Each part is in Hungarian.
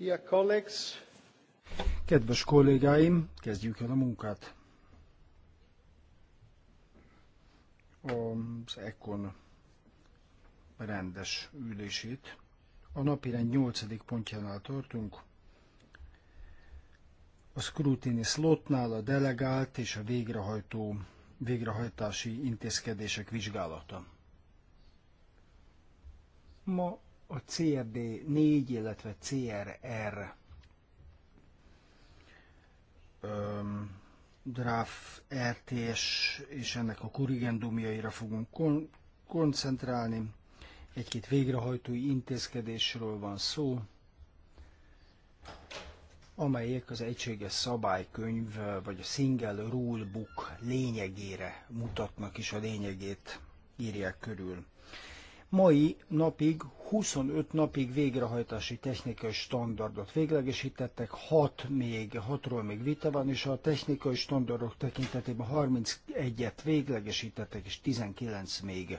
Dear colleagues. Kedves kollégáim, kezdjük el a munkát. Az ECON rendes ülését. A napirend 8. pontjánál tartunk. A scrutiny slotnál a delegált és a végrehajtó végrehajtási intézkedések vizsgálata. Ma a CRD 4, illetve CRR um, draft RTS és ennek a korrigendumjaira fogunk kon- koncentrálni. Egy-két végrehajtói intézkedésről van szó, amelyek az egységes szabálykönyv vagy a Single rulebook lényegére mutatnak és a lényegét írják körül mai napig 25 napig végrehajtási technikai standardot véglegesítettek, 6 még, 6-ról még vita van, és a technikai standardok tekintetében 31-et véglegesítettek, és 19 még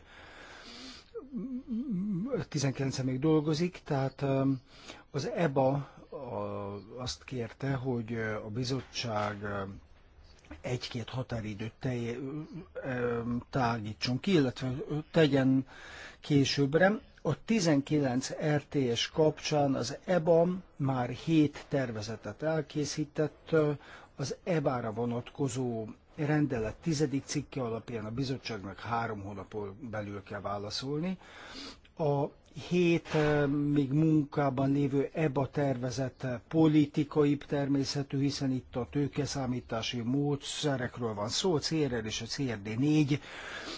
19 még dolgozik, tehát az EBA azt kérte, hogy a bizottság egy-két határidőt tágítson ki, illetve tegyen későbbre. A 19 RTS er kapcsán az EBA már 7 tervezetet elkészített, az EBA-ra vonatkozó rendelet tizedik cikke alapján a bizottságnak három hónapon belül kell válaszolni. A hét még munkában lévő EBA tervezett politikai természetű, hiszen itt a tőkeszámítási módszerekről van szó, CRR és a CRD4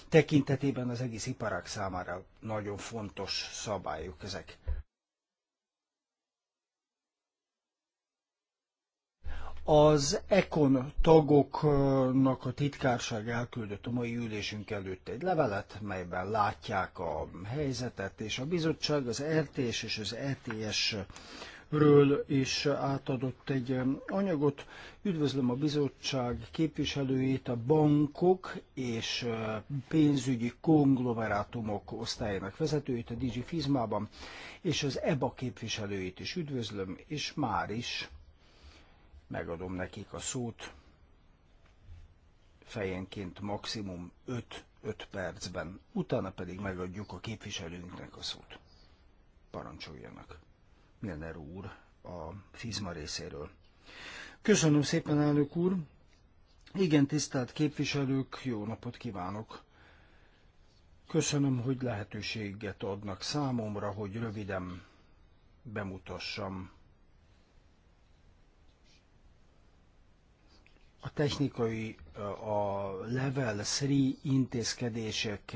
tekintetében az egész iparák számára nagyon fontos szabályok ezek. az ECON tagoknak a titkárság elküldött a mai ülésünk előtt egy levelet, melyben látják a helyzetet, és a bizottság az RTS és az ETS ről is átadott egy anyagot. Üdvözlöm a bizottság képviselőjét, a bankok és pénzügyi konglomerátumok osztályának vezetőjét a Digi Fizmában, és az EBA képviselőjét is üdvözlöm, és már is megadom nekik a szót, fejenként maximum 5-5 percben, utána pedig megadjuk a képviselőnknek a szót. Parancsoljanak. Milner úr a FIZMA részéről. Köszönöm szépen, elnök úr! Igen, tisztelt képviselők, jó napot kívánok! Köszönöm, hogy lehetőséget adnak számomra, hogy röviden bemutassam a technikai, a level 3 intézkedések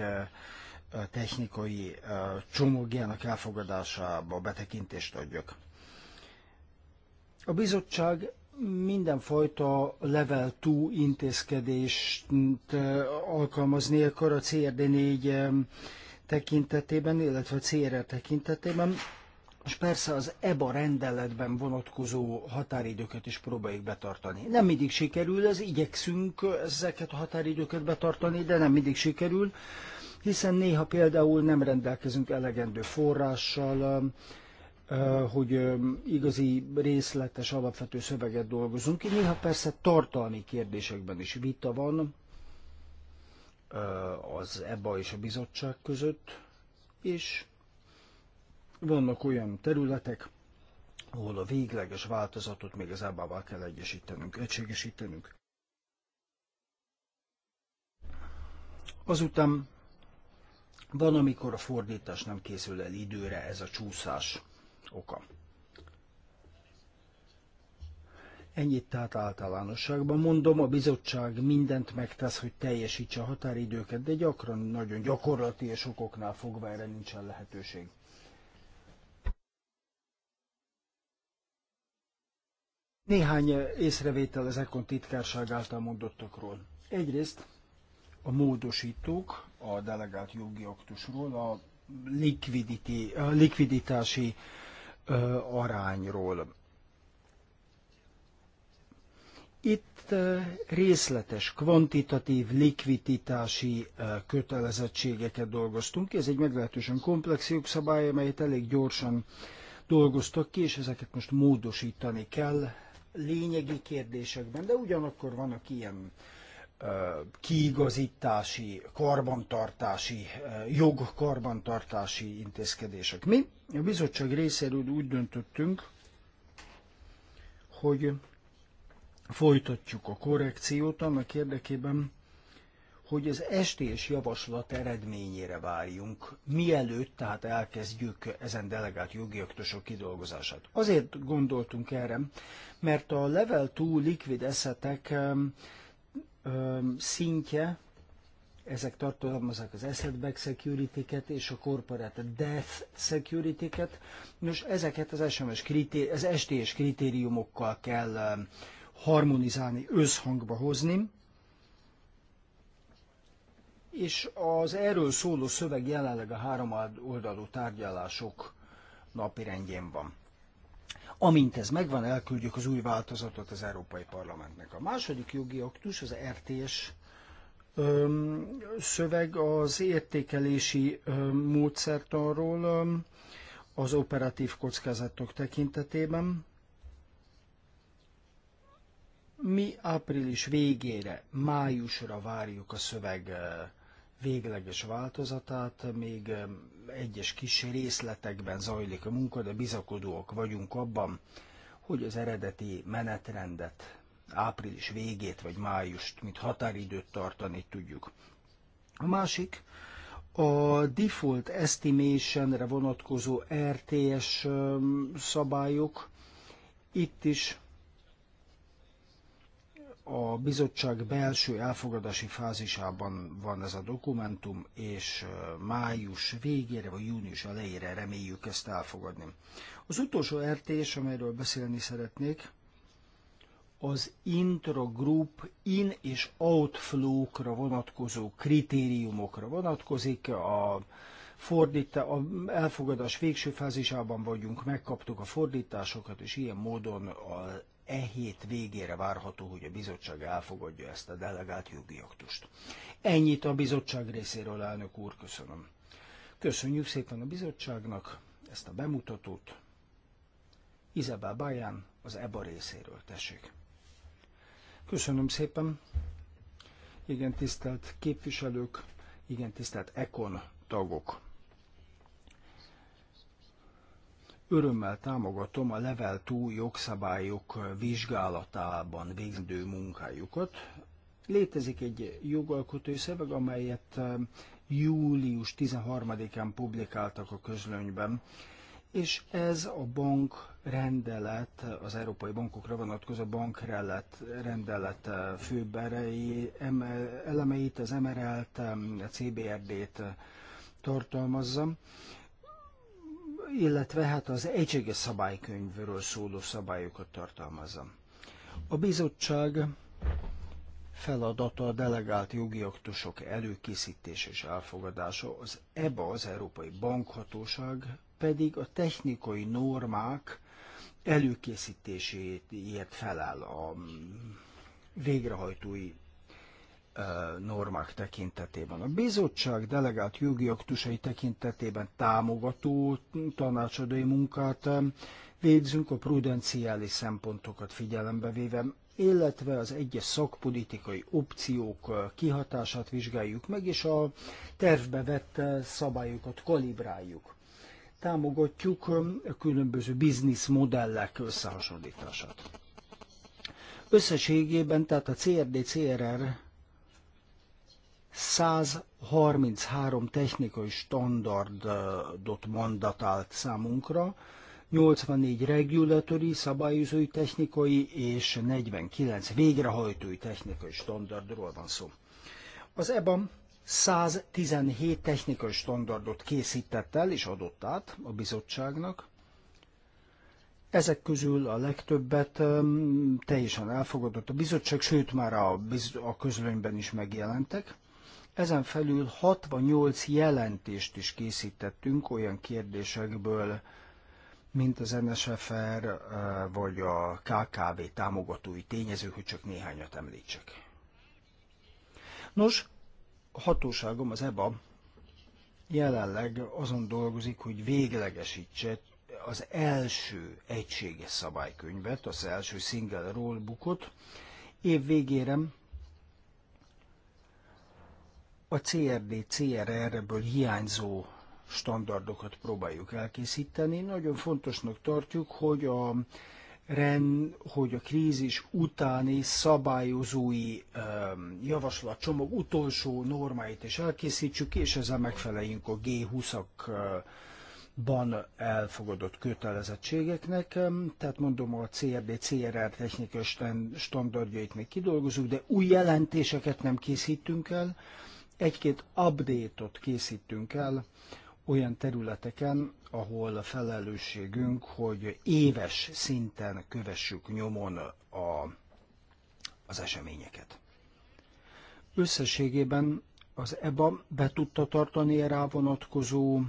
technikai csomagjának elfogadásába betekintést adjak. A bizottság mindenfajta level 2 intézkedést alkalmazni akar a CRD 4 tekintetében, illetve a CRR e tekintetében és persze az EBA rendeletben vonatkozó határidőket is próbáljuk betartani. Nem mindig sikerül, ez igyekszünk ezeket a határidőket betartani, de nem mindig sikerül, hiszen néha például nem rendelkezünk elegendő forrással, hogy igazi részletes, alapvető szöveget dolgozunk Néha persze tartalmi kérdésekben is vita van az EBA és a bizottság között, és vannak olyan területek, ahol a végleges változatot még az ábával e kell egyesítenünk, egységesítenünk. Azután van, amikor a fordítás nem készül el időre, ez a csúszás oka. Ennyit tehát általánosságban mondom, a bizottság mindent megtesz, hogy teljesítse a határidőket, de gyakran, nagyon gyakorlati és okoknál fogva erre nincsen lehetőség. Néhány eh, észrevétel az Ekon titkárság által mondottakról. Egyrészt a módosítók a delegált jogi aktusról, a, a likviditási ö, eh, arányról. Itt eh, részletes, kvantitatív, likviditási kötelezettségeket dolgoztunk ki. Ez egy meglehetősen komplex jogszabály, amelyet elég gyorsan dolgoztak ki, és ezeket most módosítani kell, lényegi kérdésekben, de ugyanakkor vannak ilyen kiigazítási, karbantartási, jogkarbantartási intézkedések. Mi a bizottság részéről úgy döntöttünk, hogy folytatjuk a korrekciót annak érdekében, hogy az estés javaslat eredményére várjunk, mielőtt tehát elkezdjük ezen delegált jogi aktusok kidolgozását. Azért gondoltunk erre, mert a level 2 liquid eszetek um, um, szintje, ezek tartalmazzák az asset back security és a corporate death security-ket. Nos, ezeket az, SMS kritéri- az STS kritériumokkal kell um, harmonizálni, összhangba hozni és az erről szóló szöveg jelenleg a három oldalú tárgyalások rendjén van. Amint ez megvan, elküldjük az új változatot az Európai Parlamentnek. A második jogi aktus, az RTS öm, szöveg az értékelési öm, arról öm, az operatív kockázatok tekintetében. Mi április végére, májusra várjuk a szöveg végleges változatát, még egyes kis részletekben zajlik a munka, de bizakodóak vagyunk abban, hogy az eredeti menetrendet április végét vagy májust, mint határidőt tartani tudjuk. A másik, a default estimationre vonatkozó RTS szabályok, itt is a bizottság belső elfogadási fázisában van ez a dokumentum, és május végére vagy június elejére reméljük ezt elfogadni. Az utolsó RTS, amelyről beszélni szeretnék, az intragroup in és outflow-kra vonatkozó kritériumokra vonatkozik. A fordítá, a elfogadás végső fázisában vagyunk, megkaptuk a fordításokat, és ilyen módon a e hét végére várható, hogy a bizottság elfogadja ezt a delegált jogi aktust. Ennyit a bizottság részéről, elnök úr, köszönöm. Köszönjük szépen a bizottságnak ezt a bemutatót. Izabel Baján az EBA részéről, tessék. Köszönöm szépen. Igen, tisztelt képviselők, igen, tisztelt EKON tagok. Örömmel támogatom a Level 2 jogszabályok vizsgálatában végző munkájukat. Létezik egy jogalkotói szöveg, amelyet um, július 13-án publikáltak a közlönyben, és ez a bank rendelet, az európai bankokra vonatkozó bankrelet rendelet uh, főberei elemeit, az MRL-t, er um, a CBRD-t uh, tartalmazza, illetve hát az egységes szabálykönyvről szóló szabályokat tartalmazza. A bizottság feladata a delegált jogi aktusok előkészítés és elfogadása, az EBA, az Európai Bankhatóság pedig a technikai normák előkészítéséért felel a végrehajtói normák tekintetében. A bizottság delegált jogi aktusai tekintetében támogató tanácsadói munkát végzünk a prudenciális szempontokat figyelembe véve, illetve az egyes szakpolitikai opciók kihatását vizsgáljuk meg, és a tervbe vett szabályokat kalibráljuk. Támogatjuk a különböző bizniszmodellek összehasonlítását. Összességében tehát a CRD-CRR 133 technikai standardot mandatált számunkra, 84 regulatóri szabályozói technikai és 49 végrehajtói technikai standardról van szó. Az EBAM 117 technikai standardot készített el és adott át a bizottságnak. Ezek közül a legtöbbet um, teljesen elfogadott a bizottság, sőt már a, a közlönyben is megjelentek. Ezen felül 68 jelentést is készítettünk olyan kérdésekből, mint az NSFR eh, vagy a KKV támogatói tényezők, hogy csak néhányat említsek. Nos, hatóságom, az EBA jelenleg azon dolgozik, hogy véglegesítse az első egységes szabálykönyvet, az első single rule bookot. Év végére a CRD, CRR-ből hiányzó standardokat próbáljuk elkészíteni. Nagyon fontosnak tartjuk, hogy a ren, hogy a krízis utáni szabályozói javaslatcsomag utolsó normáit is elkészítsük, és ezzel megfeleljünk a G20-akban elfogadott kötelezettségeknek. Tehát mondom, a CRD, CRR technikai standardjait még kidolgozunk, de új jelentéseket nem készítünk el, egy-két update-ot készítünk el olyan területeken, ahol a felelősségünk, hogy éves szinten kövessük nyomon a, az eseményeket. Összességében az EBA be tudta tartani a rá vonatkozó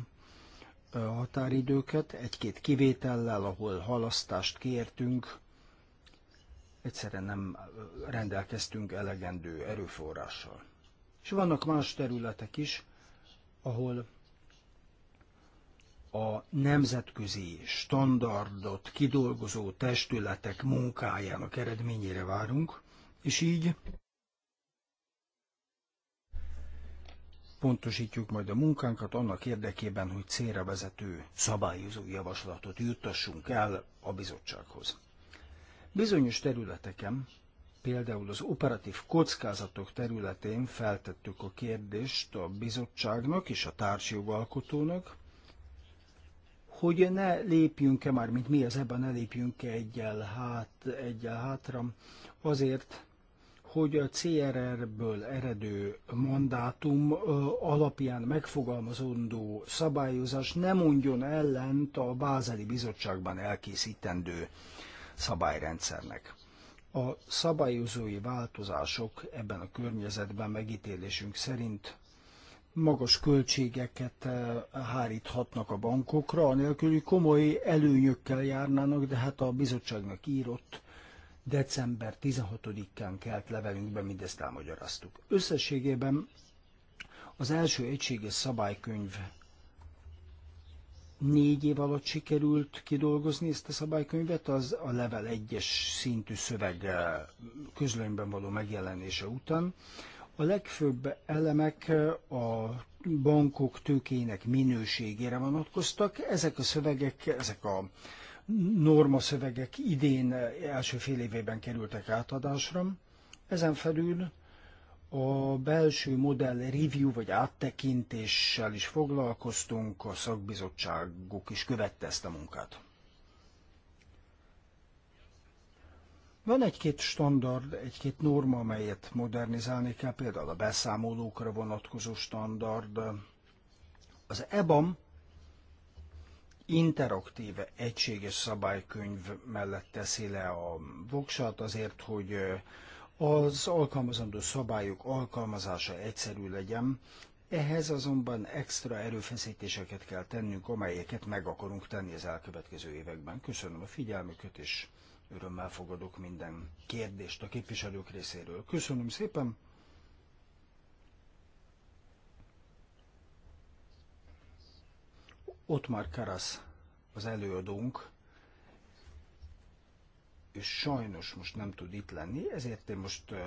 határidőket, egy-két kivétellel, ahol halasztást kértünk, egyszerűen nem rendelkeztünk elegendő erőforrással. És vannak más területek is, ahol a nemzetközi standardot kidolgozó testületek munkájának eredményére várunk, és így pontosítjuk majd a munkánkat annak érdekében, hogy célra vezető szabályozó javaslatot juttassunk el a bizottsághoz. Bizonyos területeken például az operatív kockázatok területén feltettük a kérdést a bizottságnak és a társjogalkotónak, hogy ne lépjünk-e már, mint mi az ebben, ne lépjünk-e egyel, hát, egyel hátra, azért, hogy a CRR-ből eredő mandátum alapján megfogalmazódó szabályozás ne mondjon ellent a Bázeli Bizottságban elkészítendő szabályrendszernek. A szabályozói változások ebben a környezetben megítélésünk szerint magas költségeket eh, háríthatnak a bankokra, anélkül, hogy komoly előnyökkel járnának, de hát a bizottságnak írott december 16-án kelt levelünkben mindezt elmagyaráztuk. Összességében az első egységes szabálykönyv négy év alatt sikerült kidolgozni ezt a szabálykönyvet, az a level 1-es szintű szöveg eh, közlönyben való megjelenése után. A legfőbb elemek eh, a bankok tőkének minőségére vonatkoztak. Ezek a szövegek, ezek a norma szövegek idén eh, első fél évében kerültek átadásra. Ezen felül a belső modell review vagy áttekintéssel is foglalkoztunk, a szakbizottságok is követte ezt a munkát. Van egy-két standard, egy-két norma, amelyet modernizálni kell, például a beszámolókra vonatkozó standard. Az EBAM interaktíve egységes szabálykönyv mellett teszi le a voksat azért, hogy az alkalmazandó szabályok alkalmazása egyszerű legyen, ehhez azonban extra erőfeszítéseket kell tennünk, amelyeket meg akarunk tenni az elkövetkező években. Köszönöm a figyelmüket, és örömmel fogadok minden kérdést a képviselők részéről. Köszönöm szépen! Ott már Karasz az előadónk, és sajnos most nem tud itt lenni, ezért én most uh,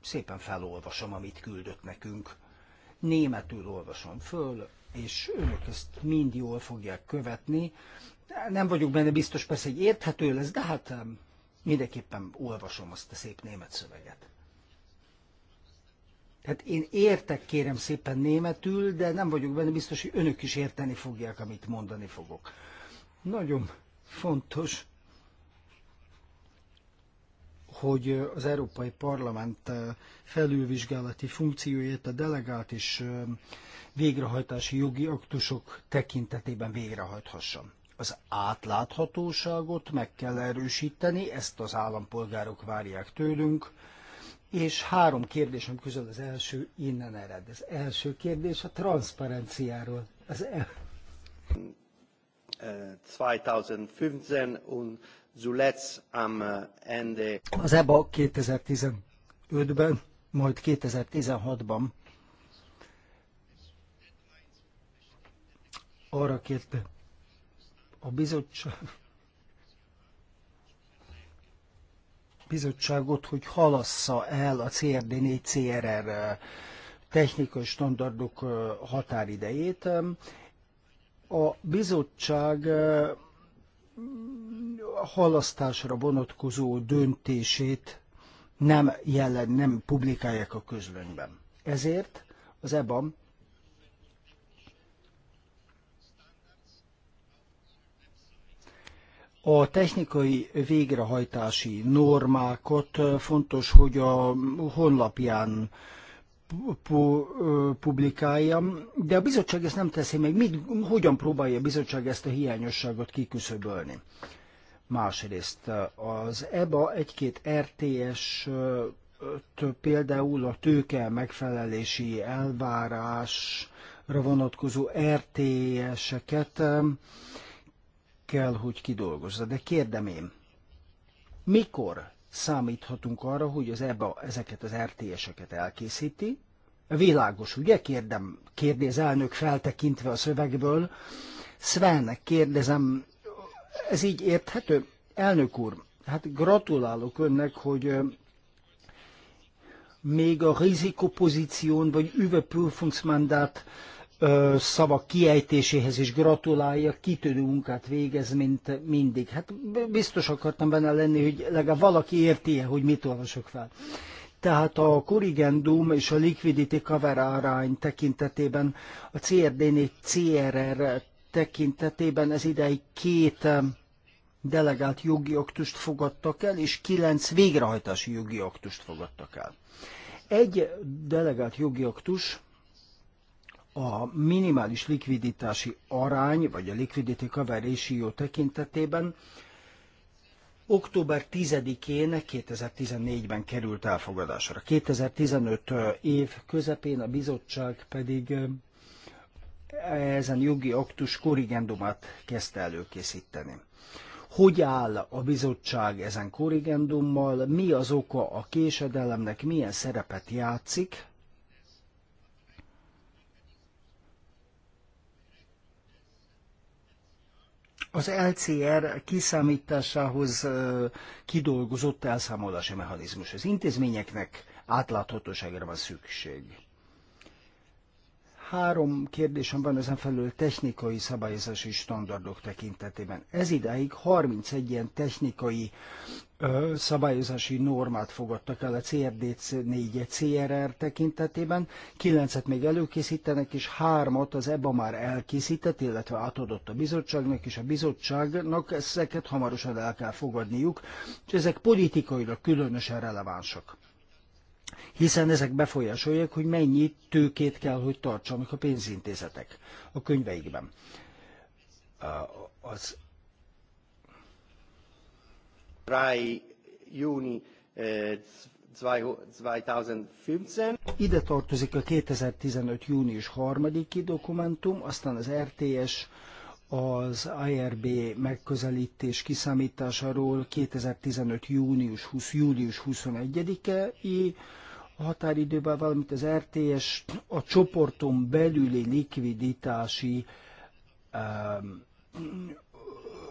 szépen felolvasom, amit küldött nekünk. Németül olvasom föl, és önök ezt mind jól fogják követni. Nem vagyok benne biztos persze, hogy érthető lesz, de hát mindenképpen olvasom azt a szép német szöveget. Tehát én értek kérem szépen németül, de nem vagyok benne biztos, hogy önök is érteni fogják, amit mondani fogok. Nagyon fontos hogy az Európai Parlament eh, felülvizsgálati funkcióját a delegált és eh, végrehajtási jogi aktusok tekintetében végrehajthassa. Az átláthatóságot meg kell erősíteni, ezt az állampolgárok várják tőlünk, és három kérdésem közül az első innen ered. Az első kérdés a transzparenciáról. Az el... Eh, 2015 und Uh, Az EBA 2015-ben, majd 2016-ban arra kérte a bizottság, bizottságot, hogy halassza el a CRD4 CRR uh, technikai standardok uh, határidejét. Um, a bizottság halasztásra vonatkozó döntését nem jelen, nem publikálják a közlönyben. Ezért az EBAM A technikai végrehajtási normákat fontos, hogy a honlapján publikálja, de a bizottság ezt nem teszi meg. Mit, hogyan próbálja a bizottság ezt a hiányosságot kiküszöbölni? Másrészt az EBA egy-két RTS er például a tőke megfelelési elvárásra vonatkozó RTS-eket er kell, hogy kidolgozza. De kérdem én, mikor számíthatunk arra, hogy az EBA ezeket az RTS-eket elkészíti. Világos, ugye? Kérdem, kérdez elnök feltekintve a szövegből. Svennek kérdezem, ez így érthető? Elnök úr, hát gratulálok önnek, hogy még a rizikopozíción vagy üvepülfunktsmandát szavak kiejtéséhez is gratulálja, kitűnő munkát végez, mint mindig. Hát biztos akartam benne lenni, hogy legalább valaki érti -e, hogy mit olvasok fel. Tehát a korrigendum és a liquidity cover arány tekintetében, a CRD-nél CRR tekintetében ez ideig két delegált jogi aktust fogadtak el, és kilenc végrehajtási jogi aktust fogadtak el. Egy delegált jogi aktus a minimális likviditási arány, vagy a liquidity cover ratio tekintetében október 10-én 2014-ben került elfogadásra. 2015 év közepén a bizottság pedig ezen jogi aktus korrigendumát kezdte előkészíteni. Hogy áll a bizottság ezen korrigendummal, mi az oka a késedelemnek, milyen szerepet játszik, az LCR kiszámításához kidolgozott elszámolási mechanizmus. Az intézményeknek átláthatóságra van szükség. Három kérdésem van ezen felül technikai szabályozási standardok tekintetében. Ez idáig 31 ilyen technikai szabályozási normát fogadtak el a CRD 4 CRR tekintetében, kilencet még előkészítenek, és hármat az EBA már elkészített, illetve átadott a bizottságnak, és a bizottságnak ezeket hamarosan el kell fogadniuk, és ezek politikailag különösen relevánsak hiszen ezek befolyásolják, hogy mennyi tőkét kell, hogy tartsanak a pénzintézetek a könyveikben. Az 3. júni 2015. Eh, Ide tartozik a 2015. június 3 dokumentum, aztán az RTS, er az IRB er megközelítés kiszámításáról 2015. június 20, július 21-e határidőben, valamint az RTS er a csoporton belüli likviditási um,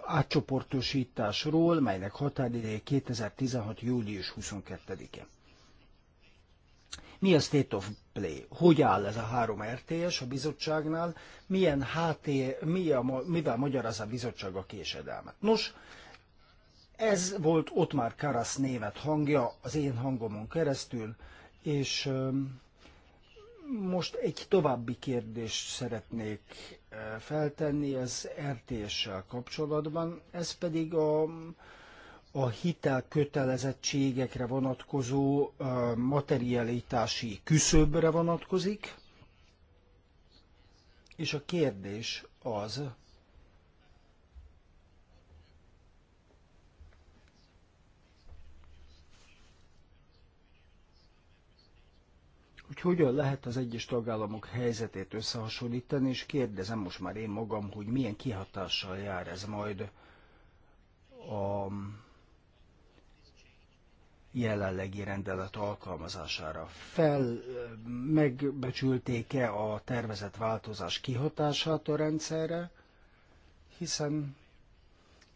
átcsoportosításról, melynek határideje 2016. július 22-e. Mi a state of play? Hogy áll ez a három RTS er a bizottságnál? Milyen HT, mi a, mivel magyaráz a bizottság a késedelmet? Nos, ez volt ott már Karasz német hangja az én hangomon keresztül, és most egy további kérdést szeretnék feltenni az RTS-sel kapcsolatban, ez pedig a, a hitel kötelezettségekre vonatkozó materialitási küszöbre vonatkozik, és a kérdés az, hogy hogyan lehet az egyes tagállamok helyzetét összehasonlítani, és kérdezem most már én magam, hogy milyen kihatással jár ez majd a jelenlegi rendelet alkalmazására. Fel megbecsülték-e a tervezett változás kihatását a rendszerre, hiszen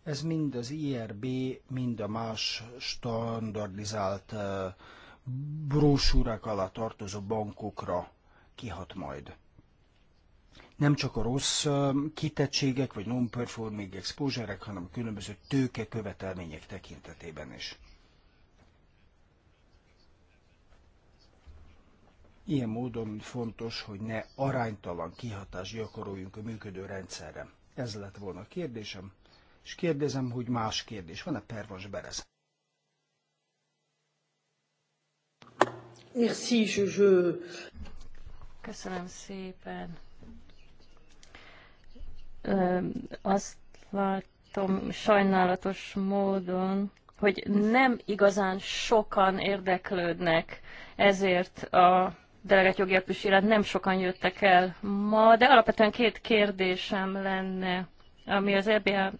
ez mind az IRB, mind a más standardizált uh, brósúrák alá tartozó bankokra kihat majd. Nem csak a rossz kitettségek vagy non-performing exposure hanem a különböző tőke követelmények tekintetében is. Ilyen módon fontos, hogy ne aránytalan kihatást gyakoroljunk a működő rendszerre. Ez lett volna a kérdésem, és kérdezem, hogy más kérdés van-e pervas berez. Merci, je, je... Köszönöm szépen. azt látom sajnálatos módon, hogy nem igazán sokan érdeklődnek ezért a delegált jogi iránt, nem sokan jöttek el ma, de alapvetően két kérdésem lenne, ami az EBA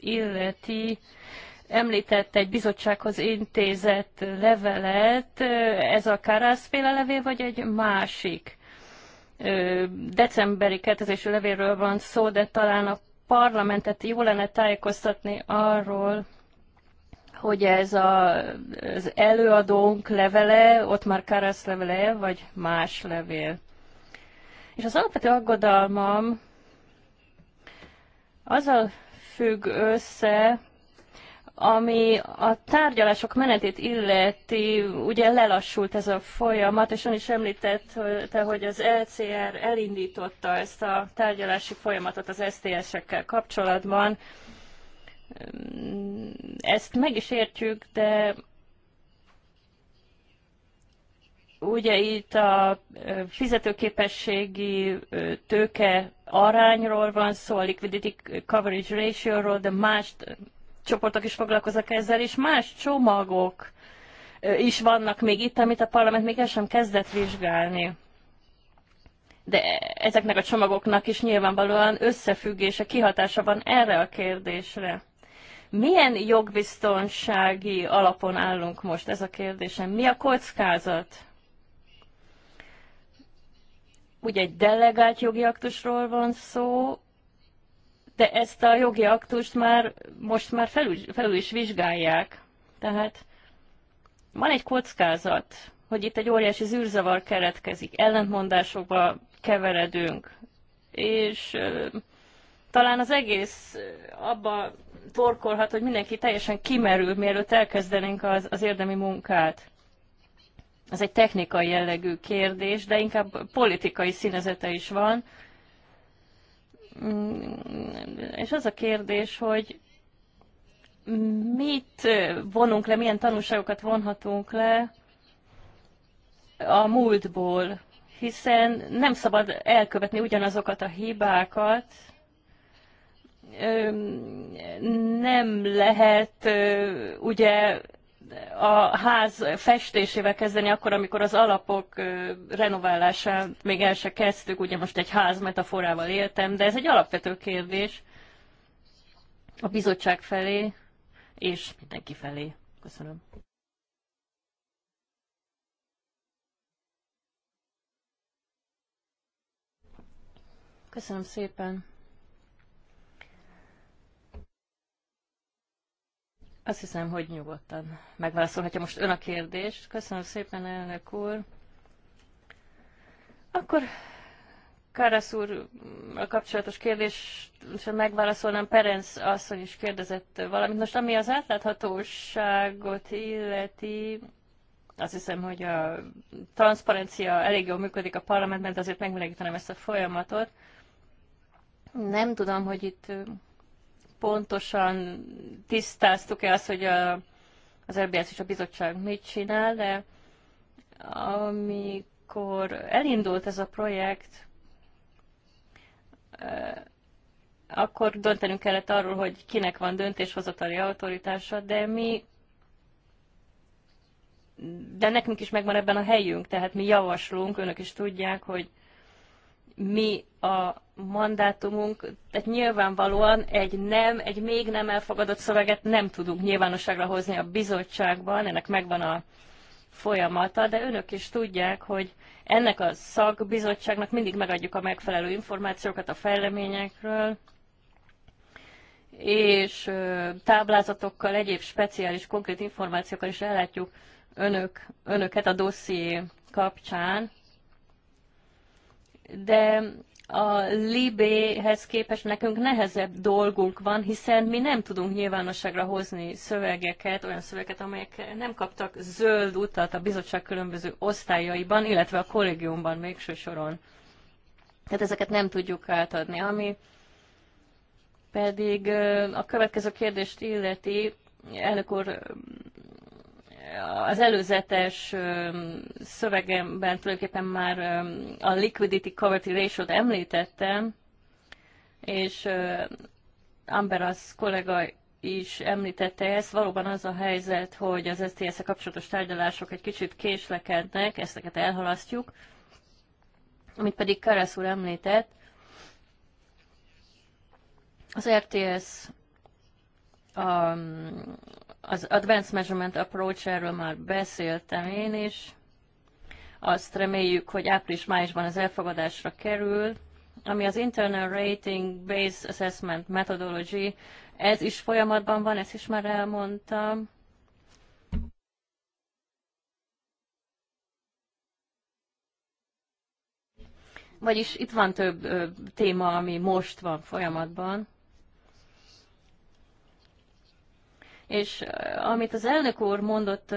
illeti említett egy bizottsághoz intézett levelet, ez a Karászféle levél, vagy egy másik decemberi kettőzésű levélről van szó, de talán a parlamentet jó lenne tájékoztatni arról, hogy ez a, az előadónk levele, ott már Karasz levele, vagy más levél. És az alapvető aggodalmam azzal függ össze, ami a tárgyalások menetét illeti, ugye lelassult ez a folyamat, és ön is említette, hogy az LCR elindította ezt a tárgyalási folyamatot az STS-ekkel kapcsolatban. Ezt meg is értjük, de ugye itt a fizetőképességi tőke arányról van szó, a liquidity coverage ratio-ról, de más csoportok is foglalkoznak ezzel, és más csomagok is vannak még itt, amit a parlament még el sem kezdett vizsgálni. De ezeknek a csomagoknak is nyilvánvalóan összefüggése, kihatása van erre a kérdésre. Milyen jogbiztonsági alapon állunk most ez a kérdésem? Mi a kockázat? Ugye egy delegált jogi aktusról van szó, de ezt a jogi aktust már most már felül, felül is vizsgálják. Tehát van egy kockázat, hogy itt egy óriási zűrzavar keretkezik, ellentmondásokba keveredünk, és ö, talán az egész abba torkolhat, hogy mindenki teljesen kimerül, mielőtt elkezdenénk az, az érdemi munkát. Ez egy technikai jellegű kérdés, de inkább politikai színezete is van Mm, és az a kérdés, hogy mit vonunk le, milyen tanulságokat vonhatunk le a múltból, hiszen nem szabad elkövetni ugyanazokat a hibákat, nem lehet ugye a ház festésével kezdeni, akkor, amikor az alapok renoválását még el se kezdtük, ugye most egy ház metaforával éltem, de ez egy alapvető kérdés a bizottság felé és mindenki felé. Köszönöm. Köszönöm szépen. Azt hiszem, hogy nyugodtan megválaszolhatja most ön a kérdést. Köszönöm szépen, elnök úr. Akkor Karasz úr a kapcsolatos kérdés, megválaszolnám, Perenc asszony is kérdezett valamit. Most ami az átláthatóságot illeti, azt hiszem, hogy a transzparencia elég jól működik a parlamentben, de azért megvilágítanám ezt a folyamatot. Nem tudom, hogy itt pontosan tisztáztuk-e azt, hogy a, az RBS és a bizottság mit csinál, de amikor elindult ez a projekt, akkor döntenünk kellett arról, hogy kinek van döntéshozatali autoritása, de mi de nekünk is megvan ebben a helyünk, tehát mi javaslunk, önök is tudják, hogy mi a mandátumunk, tehát nyilvánvalóan egy nem, egy még nem elfogadott szöveget nem tudunk nyilvánosságra hozni a bizottságban, ennek megvan a folyamata, de önök is tudják, hogy ennek a szakbizottságnak mindig megadjuk a megfelelő információkat a fejleményekről, és táblázatokkal, egyéb speciális konkrét információkkal is ellátjuk önök, önöket a dosszié kapcsán, de a Libéhez képest nekünk nehezebb dolgunk van, hiszen mi nem tudunk nyilvánosságra hozni szövegeket, olyan szövegeket, amelyek nem kaptak zöld utat a bizottság különböző osztályaiban, illetve a kollégiumban mégső soron. Tehát ezeket nem tudjuk átadni. Ami pedig a következő kérdést illeti, elnök úr az előzetes szövegemben tulajdonképpen már a liquidity coverage ratio-t említettem, és Amber az kollega is említette ezt, valóban az a helyzet, hogy az STS-e kapcsolatos tárgyalások egy kicsit késlekednek, ezteket elhalasztjuk, amit pedig Karasz úr említett, az RTS a az Advanced Measurement Approach, erről már beszéltem én is. Azt reméljük, hogy április-májusban az elfogadásra kerül, ami az Internal Rating Based Assessment Methodology, ez is folyamatban van, ezt is már elmondtam. Vagyis itt van több ö, téma, ami most van folyamatban. És amit az elnök úr mondott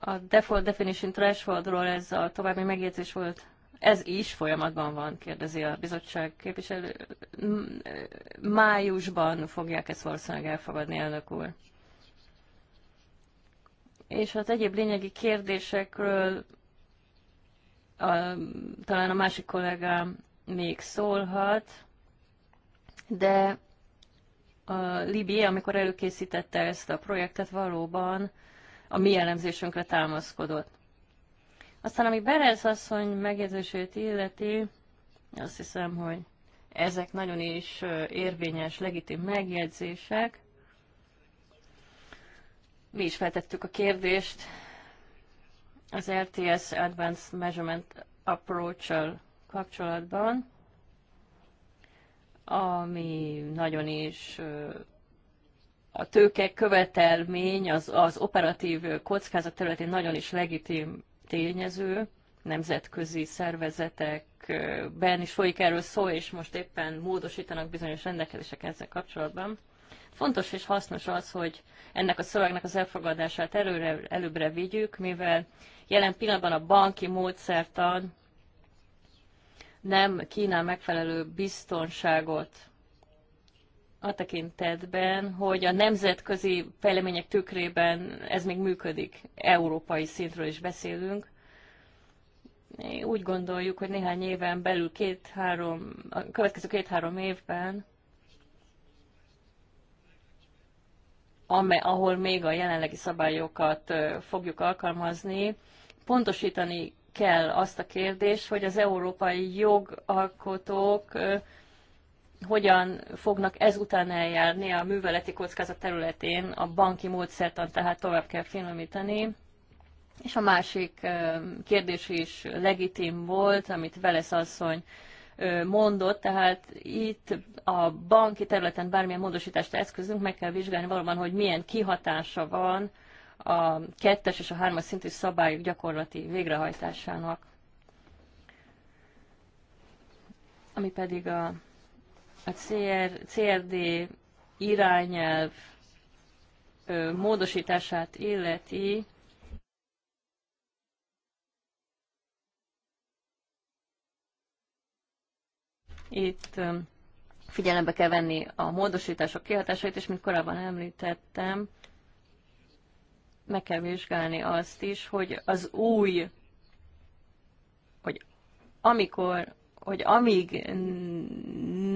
a default definition thresholdról, ez a további megjegyzés volt ez is folyamatban van, kérdezi a bizottság képviselő. Májusban fogják ezt valószínűleg elfogadni, elnök úr. És az hát egyéb lényegi kérdésekről a, talán a másik kollégám még szólhat, de a Libé, amikor előkészítette ezt a projektet, valóban a mi elemzésünkre támaszkodott. Aztán, ami Berez asszony megjegyzését illeti, azt hiszem, hogy ezek nagyon is érvényes, legitim megjegyzések. Mi is feltettük a kérdést az RTS Advanced Measurement approach kapcsolatban ami nagyon is a tőke követelmény az, az operatív kockázat területén nagyon is legitim tényező, nemzetközi szervezetekben is folyik erről szó, és most éppen módosítanak bizonyos rendelkezések ezzel kapcsolatban. Fontos és hasznos az, hogy ennek a szövegnek az elfogadását előre, előbbre vigyük, mivel jelen pillanatban a banki módszertan nem kínál megfelelő biztonságot a tekintetben, hogy a nemzetközi fejlemények tükrében ez még működik, európai szintről is beszélünk. Úgy gondoljuk, hogy néhány éven belül, két-három, a következő két-három évben, ahol még a jelenlegi szabályokat fogjuk alkalmazni, pontosítani kell azt a kérdést, hogy az európai jogalkotók hogyan fognak ezután eljárni a műveleti kockázat területén a banki módszertan, tehát tovább kell finomítani. És a másik kérdés is legitim volt, amit Velesz asszony mondott, tehát itt a banki területen bármilyen módosítást eszközünk, meg kell vizsgálni valóban, hogy milyen kihatása van a kettes és a hármas szintű szabályok gyakorlati végrehajtásának, ami pedig a, a CR, CRD irányelv ö, módosítását illeti, Itt figyelembe kell venni a módosítások kihatásait, és mint korábban említettem, meg kell vizsgálni azt is, hogy az új, hogy amikor, hogy amíg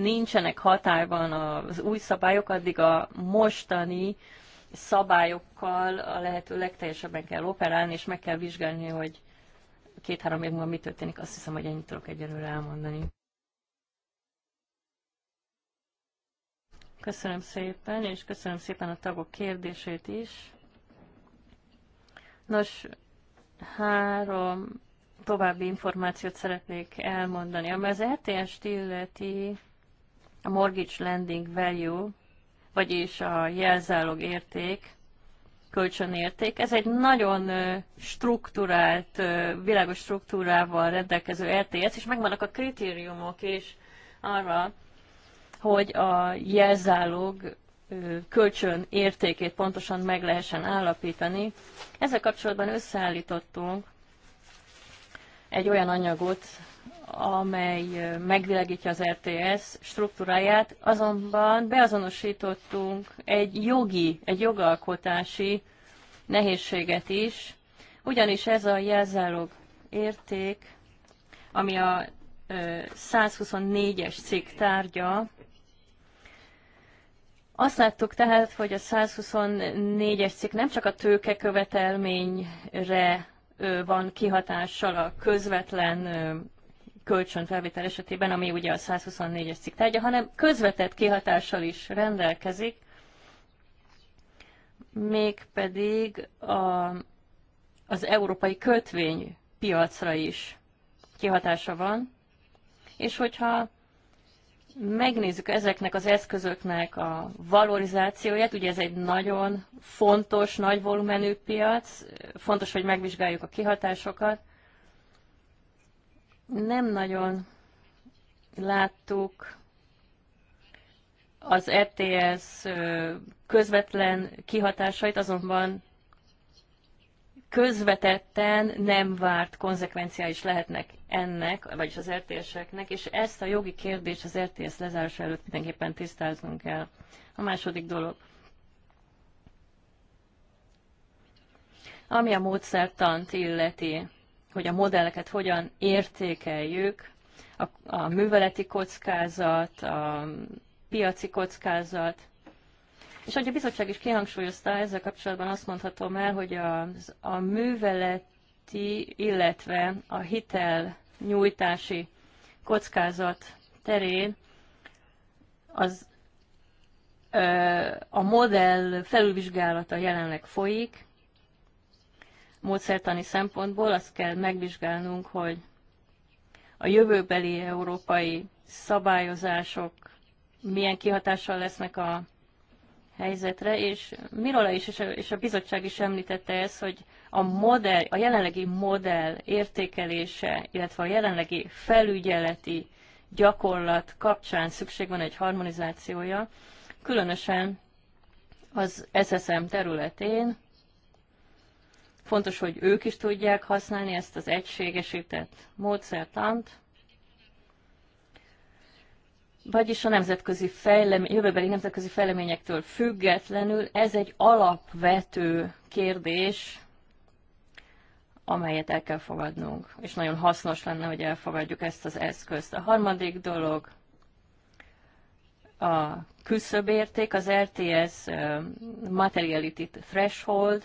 nincsenek határban az új szabályok, addig a mostani szabályokkal a lehető legteljesebben kell operálni, és meg kell vizsgálni, hogy két-három év múlva mi történik. Azt hiszem, hogy ennyit tudok egyelőre elmondani. Köszönöm szépen, és köszönöm szépen a tagok kérdését is. Nos, három további információt szeretnék elmondani. Ami az RTS-t e illeti a mortgage lending value, vagyis a jelzálog érték, kölcsönérték. Ez egy nagyon struktúrált, világos struktúrával rendelkező RTS, e és megvannak a kritériumok is arra, hogy a jelzálog kölcsön értékét pontosan meg lehessen állapítani. Ezzel kapcsolatban összeállítottunk egy olyan anyagot, amely megvilágítja az RTS struktúráját, azonban beazonosítottunk egy jogi, egy jogalkotási nehézséget is, ugyanis ez a jelzálog érték, ami a 124-es cikk tárgya, azt láttuk tehát, hogy a 124-es cikk nem csak a tőke követelményre van kihatással a közvetlen kölcsönfelvétel esetében, ami ugye a 124-es cikk tárgya, hanem közvetett kihatással is rendelkezik, mégpedig a, az európai kötvény piacra is kihatása van, és hogyha megnézzük ezeknek az eszközöknek a valorizációját, ugye ez egy nagyon fontos, nagy volumenű piac, fontos, hogy megvizsgáljuk a kihatásokat. Nem nagyon láttuk az ETS közvetlen kihatásait, azonban közvetetten nem várt konzekvenciái is lehetnek ennek, vagyis az RTS-eknek, és ezt a jogi kérdést az RTS lezárása előtt mindenképpen tisztáznunk kell. A második dolog. Ami a módszertant illeti, hogy a modelleket hogyan értékeljük, a, a műveleti kockázat, a piaci kockázat, és ahogy a bizottság is kihangsúlyozta, ezzel kapcsolatban azt mondhatom el, hogy a, a műveleti, illetve a hitel nyújtási kockázat terén az a modell felülvizsgálata jelenleg folyik. Módszertani szempontból azt kell megvizsgálnunk, hogy a jövőbeli európai szabályozások milyen kihatással lesznek a helyzetre, és Mirola is, és a, és a bizottság is említette ezt, hogy a modell, a jelenlegi modell értékelése, illetve a jelenlegi felügyeleti gyakorlat kapcsán szükség van egy harmonizációja, különösen az SSM területén. Fontos, hogy ők is tudják használni ezt az egységesített módszertant, vagyis a nemzetközi fejlem, jövőbeli nemzetközi fejleményektől függetlenül ez egy alapvető kérdés, amelyet el kell fogadnunk, és nagyon hasznos lenne, hogy elfogadjuk ezt az eszközt. A harmadik dolog a küszöbérték, az RTS Materiality Threshold,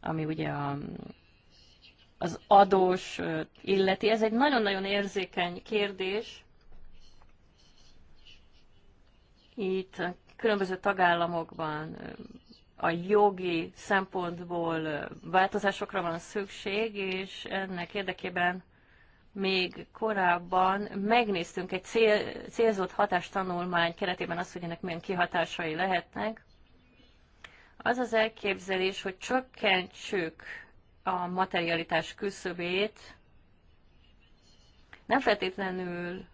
ami ugye a, az adós illeti. Ez egy nagyon-nagyon érzékeny kérdés, Itt a különböző tagállamokban a jogi szempontból változásokra van szükség, és ennek érdekében még korábban megnéztünk egy cél, célzott hatástanulmány keretében azt, hogy ennek milyen kihatásai lehetnek. Az az elképzelés, hogy csökkentsük a materialitás küszöbét, nem feltétlenül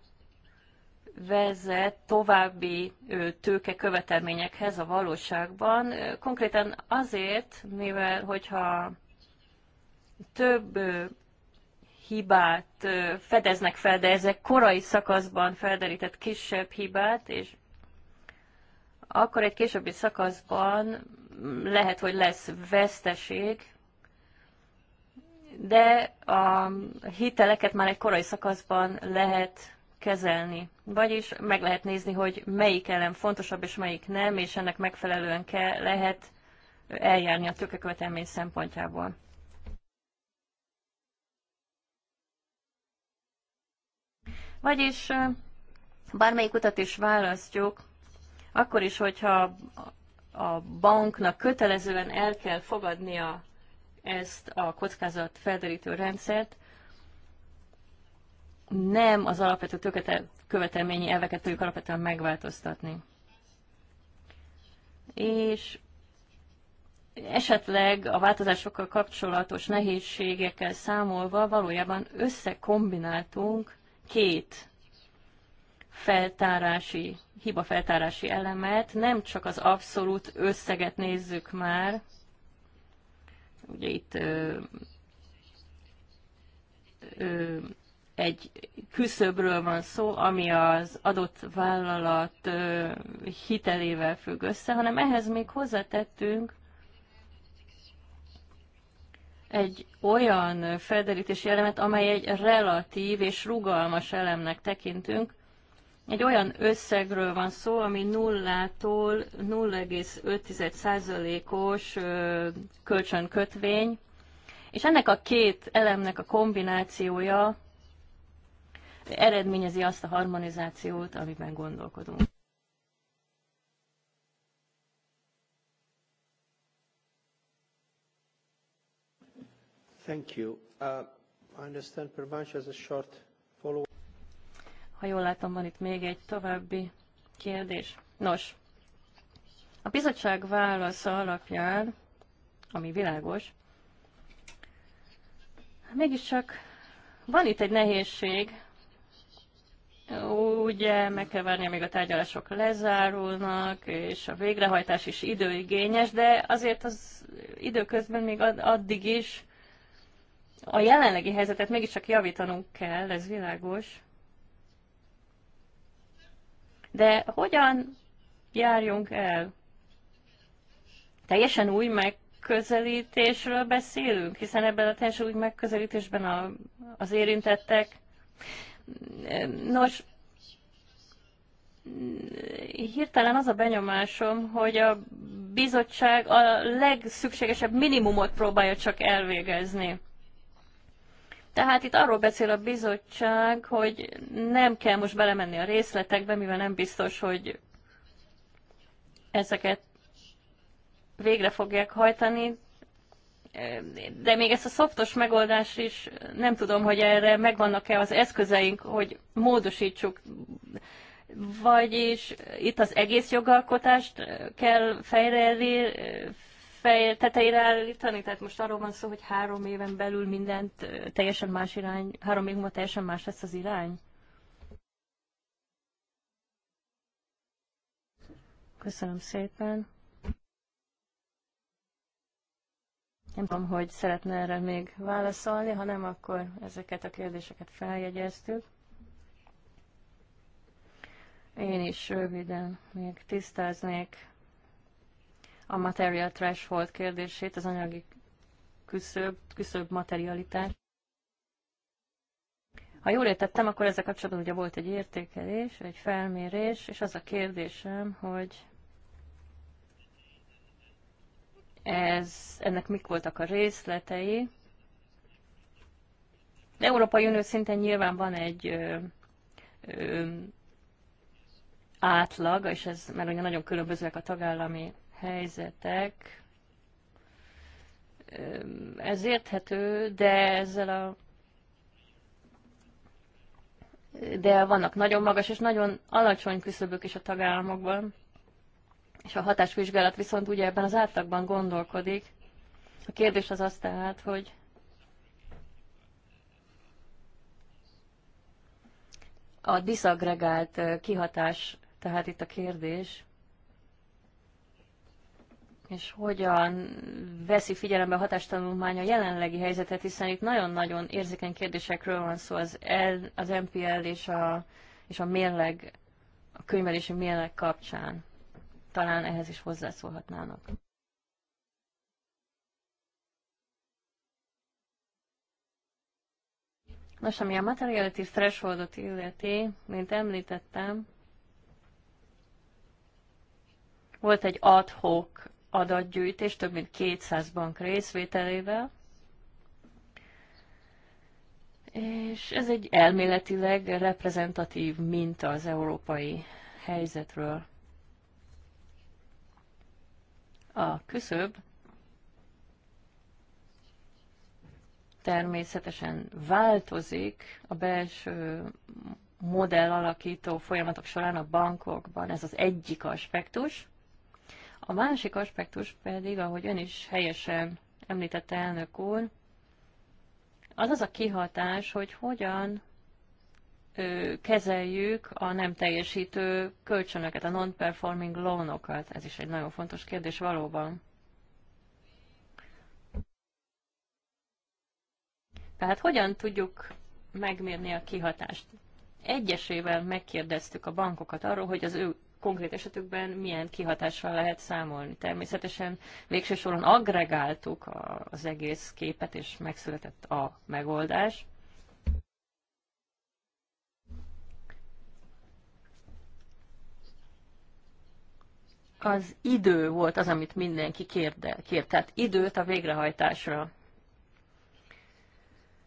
vezet további tőke követelményekhez a valóságban, konkrétan azért, mivel hogyha több hibát fedeznek fel, de ezek korai szakaszban felderített kisebb hibát, és akkor egy későbbi szakaszban lehet, hogy lesz veszteség, de a hiteleket már egy korai szakaszban lehet kezelni. Vagyis meg lehet nézni, hogy melyik ellen fontosabb és melyik nem, és ennek megfelelően kell, lehet eljárni a tőkekövetelmény szempontjából. Vagyis bármelyik utat is választjuk, akkor is, hogyha a banknak kötelezően el kell fogadnia ezt a kockázat felderítő rendszert, nem az alapvető követelményi elveket tudjuk alapvetően megváltoztatni. És esetleg a változásokkal kapcsolatos nehézségekkel számolva valójában összekombináltunk két feltárási, hiba-feltárási elemet, nem csak az abszolút összeget nézzük már, ugye itt ö, ö, egy küszöbről van szó, ami az adott vállalat hitelével függ össze, hanem ehhez még hozzátettünk egy olyan felderítési elemet, amely egy relatív és rugalmas elemnek tekintünk. Egy olyan összegről van szó, ami nullától 0,5%-os kölcsönkötvény, és ennek a két elemnek a kombinációja eredményezi azt a harmonizációt, amiben gondolkodunk. Thank you. Uh, I understand Pervanche has a short follow. Ha jól látom, van itt még egy további kérdés. Nos, a bizottság válasza alapján, ami világos, mégiscsak van itt egy nehézség, ugye meg kell várni, amíg a tárgyalások lezárulnak, és a végrehajtás is időigényes, de azért az időközben még addig is a jelenlegi helyzetet mégiscsak javítanunk kell, ez világos. De hogyan járjunk el? Teljesen új megközelítésről beszélünk, hiszen ebben a teljesen új megközelítésben a, az érintettek. Nos, hirtelen az a benyomásom, hogy a bizottság a legszükségesebb minimumot próbálja csak elvégezni. Tehát itt arról beszél a bizottság, hogy nem kell most belemenni a részletekbe, mivel nem biztos, hogy ezeket végre fogják hajtani, de még ezt a szoftos megoldást is nem tudom, hogy erre megvannak-e az eszközeink, hogy módosítsuk, vagyis itt az egész jogalkotást eh, kell fejre eh, fej, tetejére állítani? Tehát most arról van szó, hogy három éven belül mindent eh, teljesen más irány, három év múlva teljesen más lesz az irány? Köszönöm szépen. Nem tudom, hogy szeretne erre még válaszolni, ha nem, akkor ezeket a kérdéseket feljegyeztük. Én is röviden még tisztáznék a material threshold kérdését, az anyagi küszöbb, küszöbb materialitás. Ha jól értettem, akkor ezzel kapcsolatban ugye volt egy értékelés, egy felmérés, és az a kérdésem, hogy ez, ennek mik voltak a részletei. De Európai Unió szinten nyilván van egy ö, ö, átlag, és ez mert ugye nagyon különbözőek a tagállami helyzetek, ez érthető, de ezzel a de vannak nagyon magas és nagyon alacsony küszöbök is a tagállamokban, és a hatásvizsgálat viszont ugye ebben az átlagban gondolkodik. A kérdés az az tehát, hogy a diszagregált kihatás tehát itt a kérdés, és hogyan veszi figyelembe a hatástanulmány a jelenlegi helyzetet, hiszen itt nagyon-nagyon érzékeny kérdésekről van szó az, L, az MPL és a, és a mérleg, a könyvelési mérleg kapcsán. Talán ehhez is hozzászólhatnának. Nos, ami a materiality thresholdot illeti, mint említettem, volt egy adhok adatgyűjtés több mint 200 bank részvételével, és ez egy elméletileg reprezentatív minta az európai helyzetről. A küszöb természetesen változik a belső modell alakító folyamatok során a bankokban, ez az egyik aspektus. A másik aspektus pedig, ahogy ön is helyesen említette elnök úr, az az a kihatás, hogy hogyan ö, kezeljük a nem teljesítő kölcsönöket, a non-performing loanokat. Ez is egy nagyon fontos kérdés valóban. Tehát hogyan tudjuk megmérni a kihatást? Egyesével megkérdeztük a bankokat arról, hogy az ő konkrét esetükben milyen kihatással lehet számolni. Természetesen végső soron agregáltuk az egész képet, és megszületett a megoldás. Az idő volt az, amit mindenki kérde, kért, tehát időt a végrehajtásra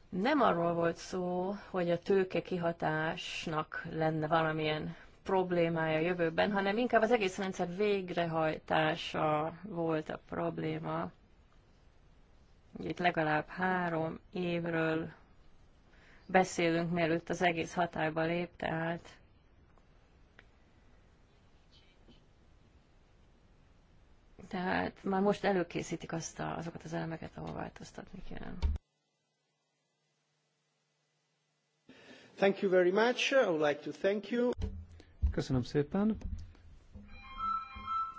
nem arról volt szó, hogy a tőke kihatásnak lenne valamilyen problémája a jövőben, hanem inkább az egész rendszer végrehajtása volt a probléma. Itt legalább három évről beszélünk, mielőtt az egész hatályba lép, tehát Tehát már most előkészítik azt a, azokat az elemeket, ahol változtatni kell. Thank you very much. I would like to thank you. Köszönöm szépen.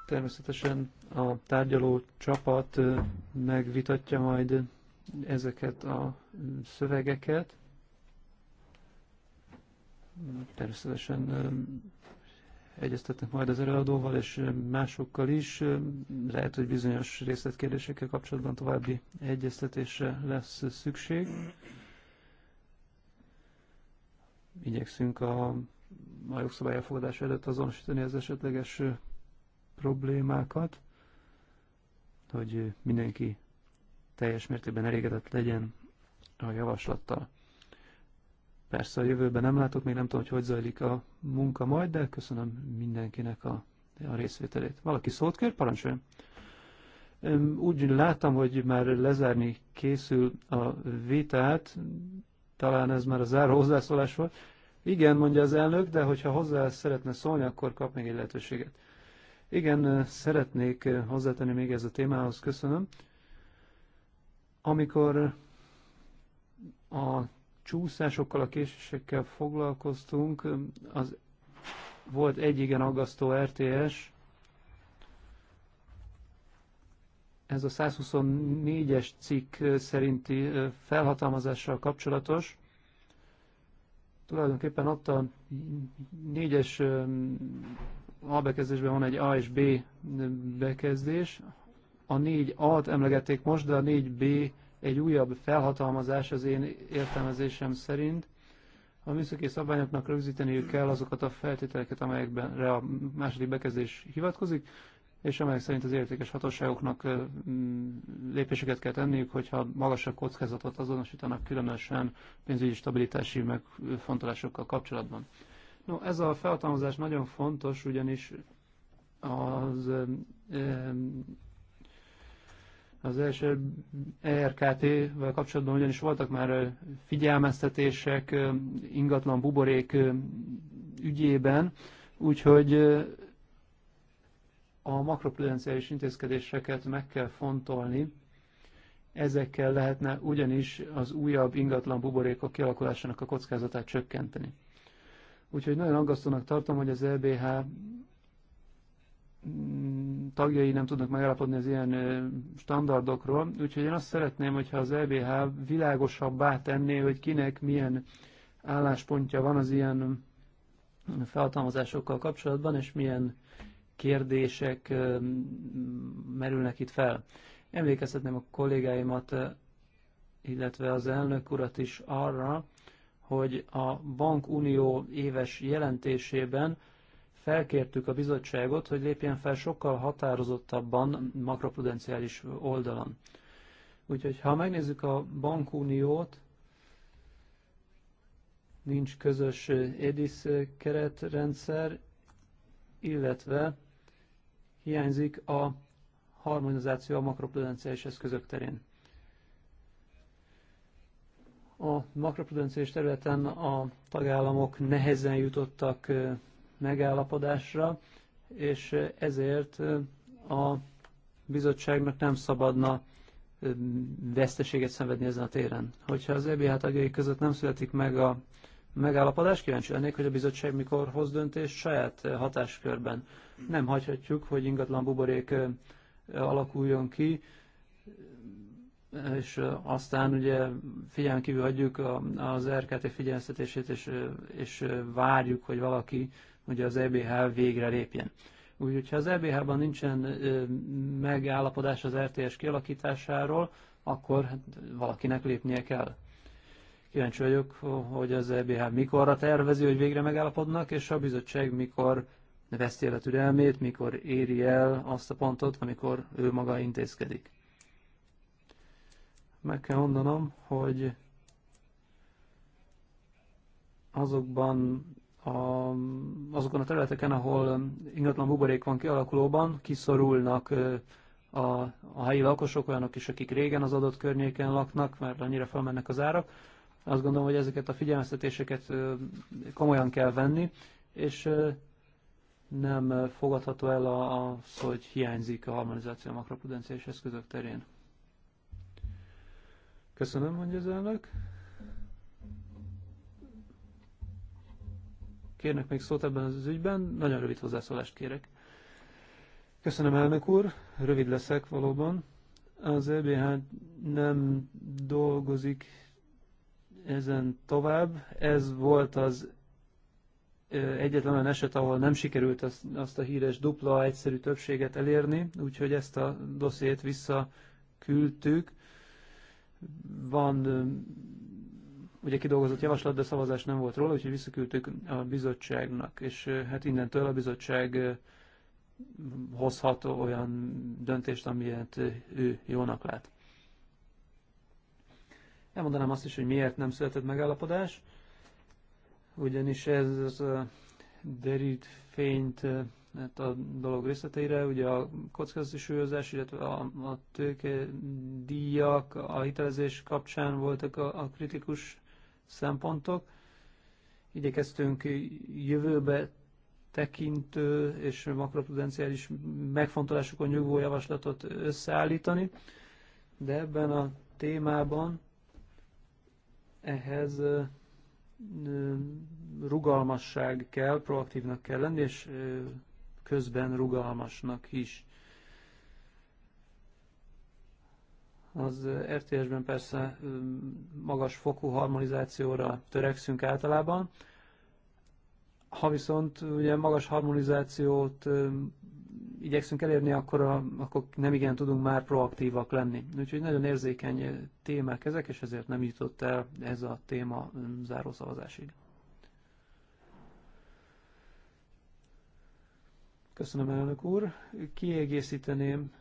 Természetesen a tárgyaló csapat megvitatja majd ezeket a szövegeket. Természetesen egyeztetnek majd az előadóval és másokkal is. Lehet, hogy bizonyos részletkérdésekkel kapcsolatban további egyeztetésre lesz szükség. Igyekszünk a a jogszabály elfogadása előtt azonosítani az esetleges problémákat, hogy mindenki teljes mértékben elégedett legyen a javaslattal. Persze a jövőben nem látok, még nem tudom, hogy hogy zajlik a munka majd, de köszönöm mindenkinek a, a részvételét. Valaki szót kér? Parancsoljon! Úgy láttam, hogy már lezárni készül a vitát, talán ez már a záró hozzászólás volt. Igen, mondja az elnök, de hogyha hozzá szeretne szólni, akkor kap még egy lehetőséget. Igen, szeretnék hozzátenni még ez a témához, köszönöm. Amikor a csúszásokkal, a késésekkel foglalkoztunk, az volt egy igen aggasztó RTS, ez a 124-es cikk szerinti felhatalmazással kapcsolatos, Tulajdonképpen ott a négyes bekezdésben van egy A és B bekezdés. A négy a t emlegették most, de a négy b egy újabb felhatalmazás az én értelmezésem szerint. A műszaki szabványoknak rögzíteniük kell azokat a feltételeket, amelyekben a második bekezdés hivatkozik és amelyek szerint az értékes hatóságoknak mm, lépéseket kell tenniük, hogyha magasabb kockázatot azonosítanak, különösen pénzügyi stabilitási megfontolásokkal kapcsolatban. No, ez a felhatalmazás nagyon fontos, ugyanis az, az első ERKT-vel kapcsolatban ugyanis voltak már figyelmeztetések ingatlan buborék ügyében, úgyhogy a makroprudenciális intézkedéseket meg kell fontolni, ezekkel lehetne ugyanis az újabb ingatlan buborékok kialakulásának a kockázatát csökkenteni. Úgyhogy nagyon aggasztónak tartom, hogy az EBH tagjai nem tudnak megállapodni az ilyen standardokról, úgyhogy én azt szeretném, hogyha az EBH világosabbá tenné, hogy kinek milyen álláspontja van az ilyen feltalmazásokkal kapcsolatban, és milyen kérdések merülnek itt fel. Emlékeztetném a kollégáimat, illetve az elnök urat is arra, hogy a Bankunió éves jelentésében felkértük a bizottságot, hogy lépjen fel sokkal határozottabban makroprudenciális oldalon. Úgyhogy ha megnézzük a bankuniót, nincs közös EDIS keretrendszer, illetve hiányzik a harmonizáció a makroprudenciális eszközök terén. A makroprudenciális területen a tagállamok nehezen jutottak megállapodásra, és ezért a bizottságnak nem szabadna veszteséget szenvedni ezen a téren. Hogyha az EBH tagjai között nem születik meg a megállapodás, kíváncsi lennék, hogy a bizottság mikor hoz döntést saját hatáskörben. Nem hagyhatjuk, hogy ingatlan buborék alakuljon ki, és aztán ugye figyelmen kívül hagyjuk az RKT figyelmeztetését, és, és várjuk, hogy valaki ugye az EBH végre lépjen. Úgyhogy ha az EBH-ban nincsen megállapodás az RTS kialakításáról, akkor hát valakinek lépnie kell. Kíváncsi vagyok, hogy az EBH mikorra tervezi, hogy végre megállapodnak, és a bizottság mikor veszti el a türelmét, mikor éri el azt a pontot, amikor ő maga intézkedik. Meg kell mondanom, hogy azokban a, azokon a területeken, ahol ingatlan buborék van kialakulóban, kiszorulnak a, a helyi lakosok, olyanok is, akik régen az adott környéken laknak, mert annyira felmennek az árak. Azt gondolom, hogy ezeket a figyelmeztetéseket komolyan kell venni, és nem fogadható el az, hogy hiányzik a harmonizáció a makropudenciális eszközök terén. Köszönöm, mondja az elnök. Kérnek még szót ebben az ügyben, nagyon rövid hozzászólást kérek. Köszönöm, elnök úr, rövid leszek valóban. Az EBH nem dolgozik ezen tovább. Ez volt az egyetlen olyan eset, ahol nem sikerült azt, azt a híres dupla egyszerű többséget elérni, úgyhogy ezt a dossziét visszaküldtük. Van ugye kidolgozott javaslat, de szavazás nem volt róla, úgyhogy visszaküldtük a bizottságnak, és hát innentől a bizottság hozhat olyan döntést, amilyet ő jónak lát. Elmondanám azt is, hogy miért nem született megállapodás ugyanis ez derít fényt hát a dolog részleteire, ugye a kockázati súlyozás, illetve a, a tőke díjak, a hitelezés kapcsán voltak a, a kritikus szempontok. Igyekeztünk jövőbe tekintő és makroprudenciális megfontolásokon nyugvó javaslatot összeállítani, de ebben a témában ehhez rugalmasság kell, proaktívnak kell lenni, és közben rugalmasnak is. Az RTS-ben persze magas fokú harmonizációra törekszünk általában, ha viszont ugye magas harmonizációt igyekszünk elérni, akkor, a, akkor nem igen tudunk már proaktívak lenni. Úgyhogy nagyon érzékeny témák ezek, és ezért nem jutott el ez a téma zárószavazásig. Köszönöm, elnök úr. Kiegészíteném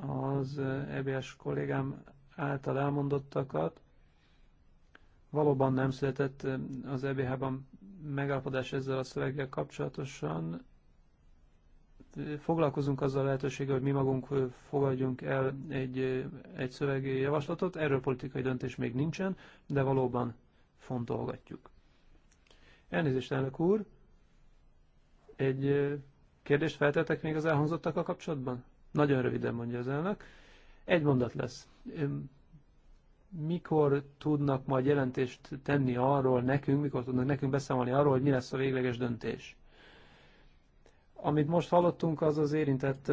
az EBS kollégám által elmondottakat. Valóban nem született az EBH-ban megállapodás ezzel a szöveggel kapcsolatosan, foglalkozunk azzal a lehetőséggel, hogy mi magunk fogadjunk el egy, egy szövegi javaslatot. Erről politikai döntés még nincsen, de valóban fontolgatjuk. Elnézést, elnök úr! Egy kérdést feltettek még az a kapcsolatban? Nagyon röviden mondja az elnök. Egy mondat lesz. Mikor tudnak majd jelentést tenni arról nekünk, mikor tudnak nekünk beszámolni arról, hogy mi lesz a végleges döntés? Amit most hallottunk, az az érintett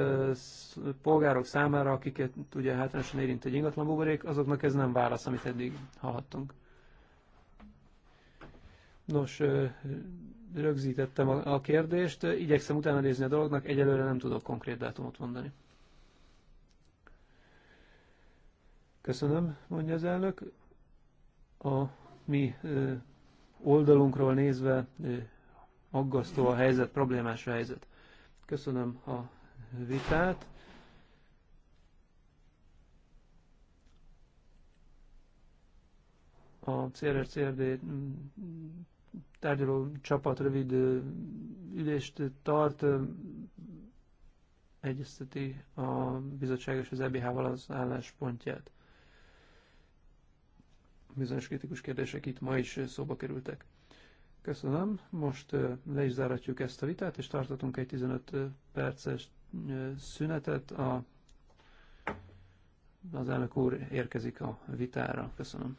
polgárok számára, akiket ugye hátrányosan érint egy ingatlan buborék, azoknak ez nem válasz, amit eddig hallhattunk. Nos, rögzítettem a kérdést, igyekszem utána nézni a dolognak, egyelőre nem tudok konkrét dátumot mondani. Köszönöm, mondja az elnök. A mi oldalunkról nézve aggasztó a helyzet, problémás a helyzet. Köszönöm a vitát. A CRR-CRD tárgyaló csapat rövid ülést tart, egyezteti a bizottság és az EBH-val az álláspontját. Bizonyos kritikus kérdések itt ma is szóba kerültek. Köszönöm. Most le is záratjuk ezt a vitát, és tartatunk egy 15 perces szünetet. A, az elnök úr érkezik a vitára. Köszönöm.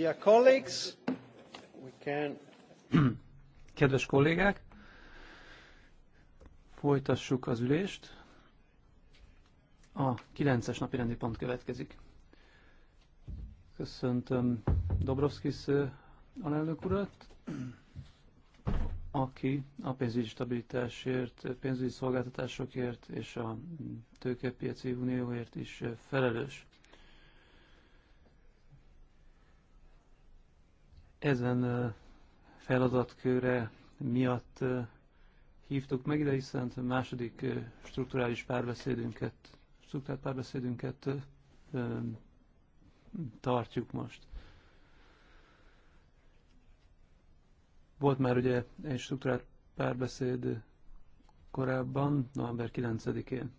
Dear colleagues, we can... Kedves kollégák, folytassuk az ülést. A 9-es napi rendi pont következik. Köszöntöm Dobrovskis alelnök urat, aki a pénzügyi stabilitásért, pénzügyi szolgáltatásokért és a tőkepiaci unióért is felelős. Ezen feladatköre miatt hívtuk meg ide, hiszen a második strukturális párbeszédünket, struktúrált párbeszédünket tartjuk most. Volt már ugye egy struktúrált párbeszéd korábban, november 9-én.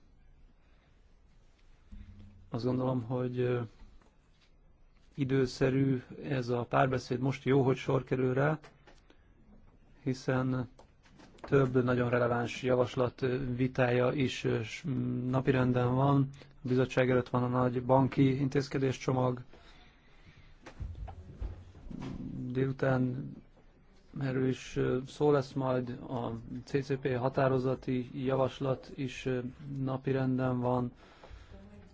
Azt gondolom, hogy időszerű ez a párbeszéd, most jó, hogy sor kerül rá, hiszen több nagyon releváns javaslat vitája is napirenden van. A bizottság előtt van a nagy banki intézkedés csomag Délután erről is szó lesz majd, a CCP határozati javaslat is napirenden van.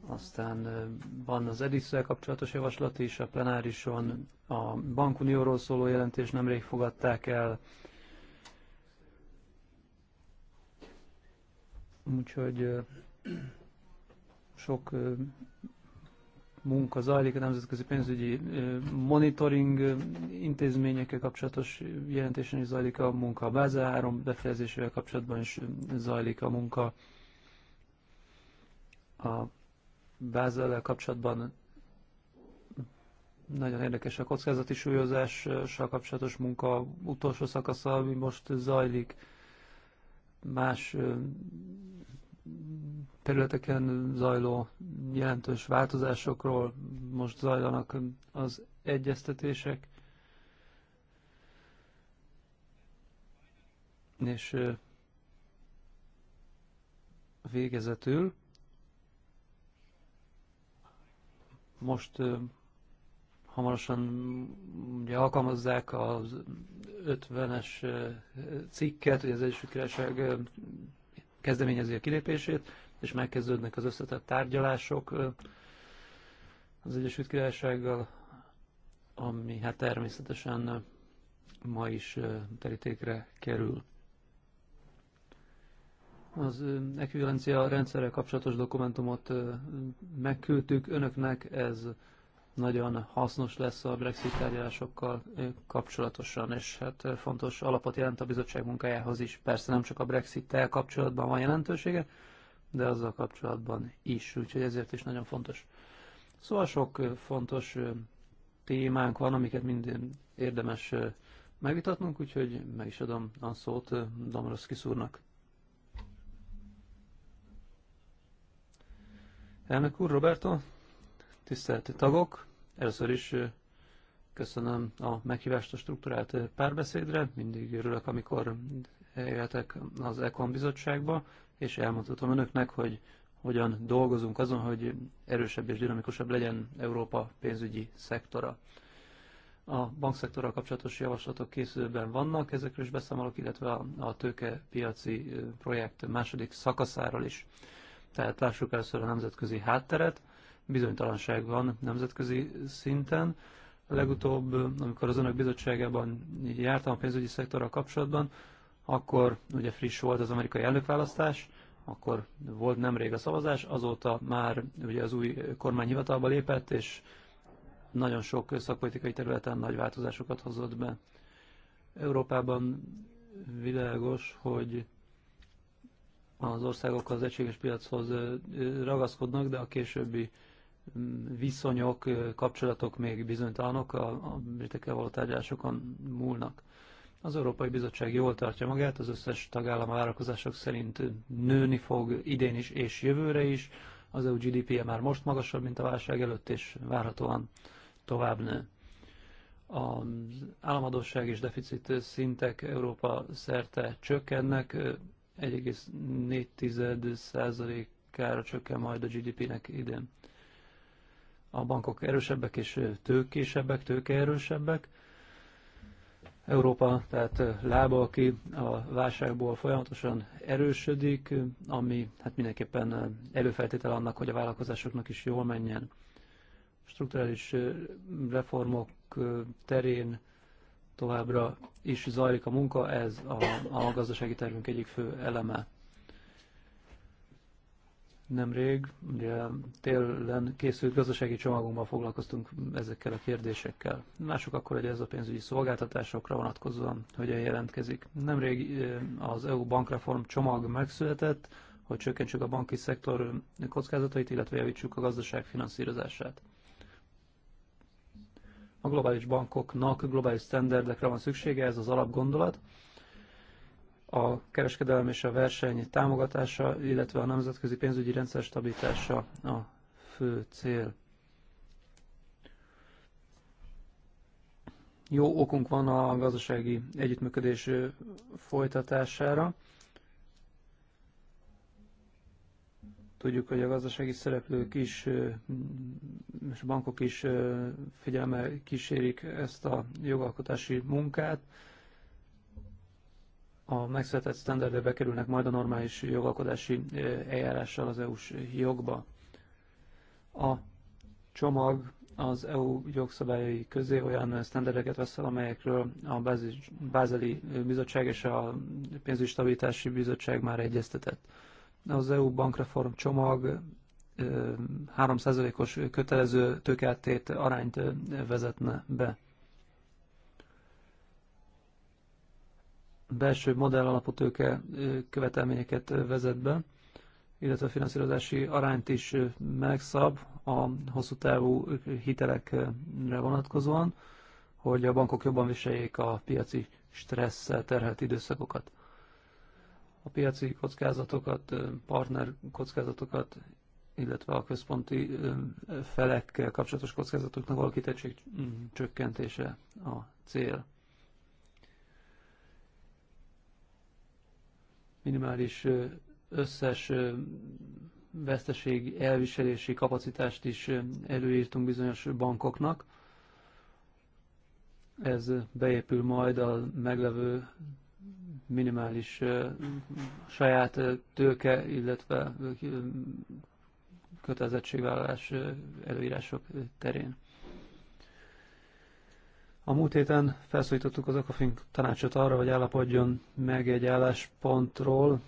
Aztán van az edis kapcsolatos javaslat is, a plenárison a bankunióról szóló jelentést nemrég fogadták el. Úgyhogy sok munka zajlik a nemzetközi pénzügyi monitoring intézményekkel kapcsolatos jelentésen is zajlik a munka, a Báza 3 befejezésével kapcsolatban is zajlik a munka, a bázel kapcsolatban nagyon érdekes a kockázati súlyozással kapcsolatos munka utolsó szakasza, ami most zajlik más területeken zajló jelentős változásokról most zajlanak az egyeztetések. És végezetül Most hamarosan ugye alkalmazzák az 50-es cikket, hogy az Egyesült Királyság kezdeményezi a kilépését, és megkezdődnek az összetett tárgyalások az Egyesült Királysággal, ami hát természetesen ma is terítékre kerül. Az ekvivalencia rendszerrel kapcsolatos dokumentumot megküldtük önöknek, ez nagyon hasznos lesz a Brexit tárgyalásokkal kapcsolatosan, és hát fontos alapot jelent a bizottság munkájához is. Persze nem csak a Brexit-tel kapcsolatban van jelentősége, de azzal kapcsolatban is, úgyhogy ezért is nagyon fontos. Szóval sok fontos témánk van, amiket minden érdemes megvitatnunk, úgyhogy meg is adom a szót Domroszki szúrnak. Elnök úr, Roberto, tisztelt tagok, először is köszönöm a meghívást a struktúrált párbeszédre. Mindig örülök, amikor éltek az ECON bizottságba, és elmondhatom önöknek, hogy hogyan dolgozunk azon, hogy erősebb és dinamikusabb legyen Európa pénzügyi szektora. A bankszektorral kapcsolatos javaslatok készülőben vannak, ezekről is beszámolok, illetve a tőkepiaci projekt második szakaszáról is. Tehát lássuk először a nemzetközi hátteret, bizonytalanság van nemzetközi szinten. Legutóbb, amikor az önök bizottságában jártam a pénzügyi szektorral kapcsolatban, akkor ugye friss volt az amerikai elnökválasztás, akkor volt nemrég a szavazás, azóta már ugye az új kormány hivatalba lépett, és nagyon sok szakpolitikai területen nagy változásokat hozott be. Európában világos, hogy az országok az egységes piachoz ragaszkodnak, de a későbbi mm, viszonyok, kapcsolatok még bizonytalanok, a, a britekkel való tárgyalásokon múlnak. Az Európai Bizottság jól tartja magát, az összes tagállam várakozások szerint nőni fog idén is és jövőre is. Az EU GDP-je már most magasabb, mint a válság előtt, és várhatóan tovább nő. Az államadóság és deficit szintek Európa szerte csökkennek, 1,4%-ára csökken majd a GDP-nek idén. A bankok erősebbek és tőkésebbek, tőkeerősebbek. Európa, tehát lába, aki a válságból folyamatosan erősödik, ami hát mindenképpen előfeltétel annak, hogy a vállalkozásoknak is jól menjen. Strukturális reformok terén továbbra is zajlik a munka, ez a, a gazdasági tervünk egyik fő eleme. Nemrég, ugye télen készült gazdasági csomagunkban foglalkoztunk ezekkel a kérdésekkel. Mások akkor, hogy ez a pénzügyi szolgáltatásokra vonatkozóan hogyan jelentkezik. Nemrég az EU bankreform csomag megszületett, hogy csökkentsük a banki szektor kockázatait, illetve javítsuk a gazdaság finanszírozását. A globális bankoknak globális standardekre van szüksége, ez az alapgondolat. A kereskedelem és a verseny támogatása, illetve a nemzetközi pénzügyi rendszer stabilitása a fő cél. Jó okunk van a gazdasági együttműködés folytatására Tudjuk, hogy a gazdasági szereplők is, és a bankok is figyelme kísérik ezt a jogalkotási munkát. A megszületett standardbe bekerülnek majd a normális jogalkotási eljárással az EU-s jogba. A csomag az EU jogszabályai közé olyan sztendereket veszel, amelyekről a Bázeli Bizottság és a Pénzügyi Stabilitási Bizottság már egyeztetett az EU bankreform csomag 3%-os kötelező tőkeltét arányt vezetne be. Belső modell alapú tőke követelményeket vezet be, illetve a finanszírozási arányt is megszab a hosszú távú hitelekre vonatkozóan, hogy a bankok jobban viseljék a piaci stresszel terhelt időszakokat a piaci kockázatokat, partner kockázatokat, illetve a központi felekkel kapcsolatos kockázatoknak való kitettség mm, csökkentése a cél. Minimális összes veszteség elviselési kapacitást is előírtunk bizonyos bankoknak. Ez beépül majd a meglevő minimális saját tőke, illetve kötelezettségvállalás előírások terén. A múlt héten felszólítottuk az Akafink tanácsot arra, hogy állapodjon meg egy álláspontról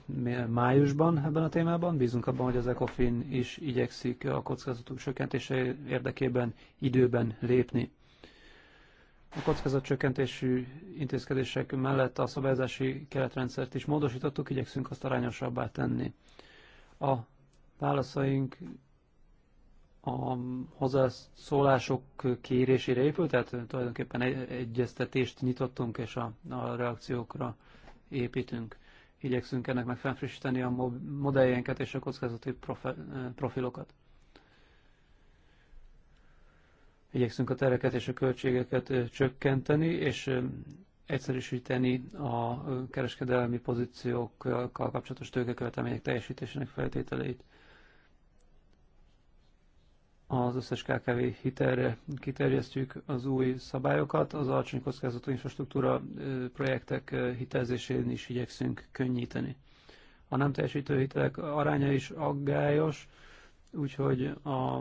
májusban ebben a témában. Bízunk abban, hogy az Ecofin is igyekszik a kockázatok csökkentése érdekében időben lépni. A kockázatcsökkentésű intézkedések mellett a szabályozási keretrendszert is módosítottuk, igyekszünk azt arányosabbá tenni. A válaszaink a hozzászólások kérésére épült, tehát tulajdonképpen egy egyeztetést nyitottunk, és a, a reakciókra építünk. Igyekszünk ennek megfelfrissíteni a modelljeinket és a kockázati eh, profilokat. Igyekszünk a tereket és a költségeket csökkenteni, és egyszerűsíteni a kereskedelmi pozíciókkal kapcsolatos tőkekövetelmények teljesítésének feltételeit. Az összes KKV hitelre kiterjesztjük az új szabályokat, az alacsony kockázatú infrastruktúra projektek hitelzésén is igyekszünk könnyíteni. A nem teljesítő hitelek aránya is aggályos, úgyhogy a,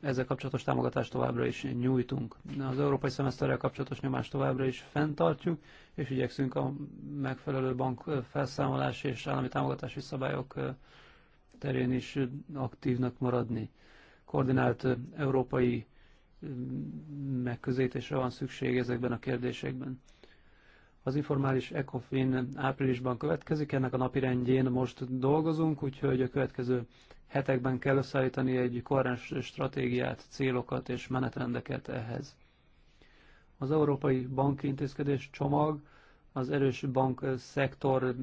ezzel kapcsolatos támogatást továbbra is nyújtunk. Az európai szemeszterrel kapcsolatos nyomást továbbra is fenntartjuk, és igyekszünk a megfelelő bank felszámolás és állami támogatási szabályok terén is aktívnak maradni. Koordinált európai megközelítésre van szükség ezekben a kérdésekben. Az informális ECOFIN áprilisban következik, ennek a napirendjén most dolgozunk, úgyhogy a következő hetekben kell összeállítani egy koherens stratégiát, célokat és menetrendeket ehhez. Az Európai Banki Intézkedés csomag az erős bank szektor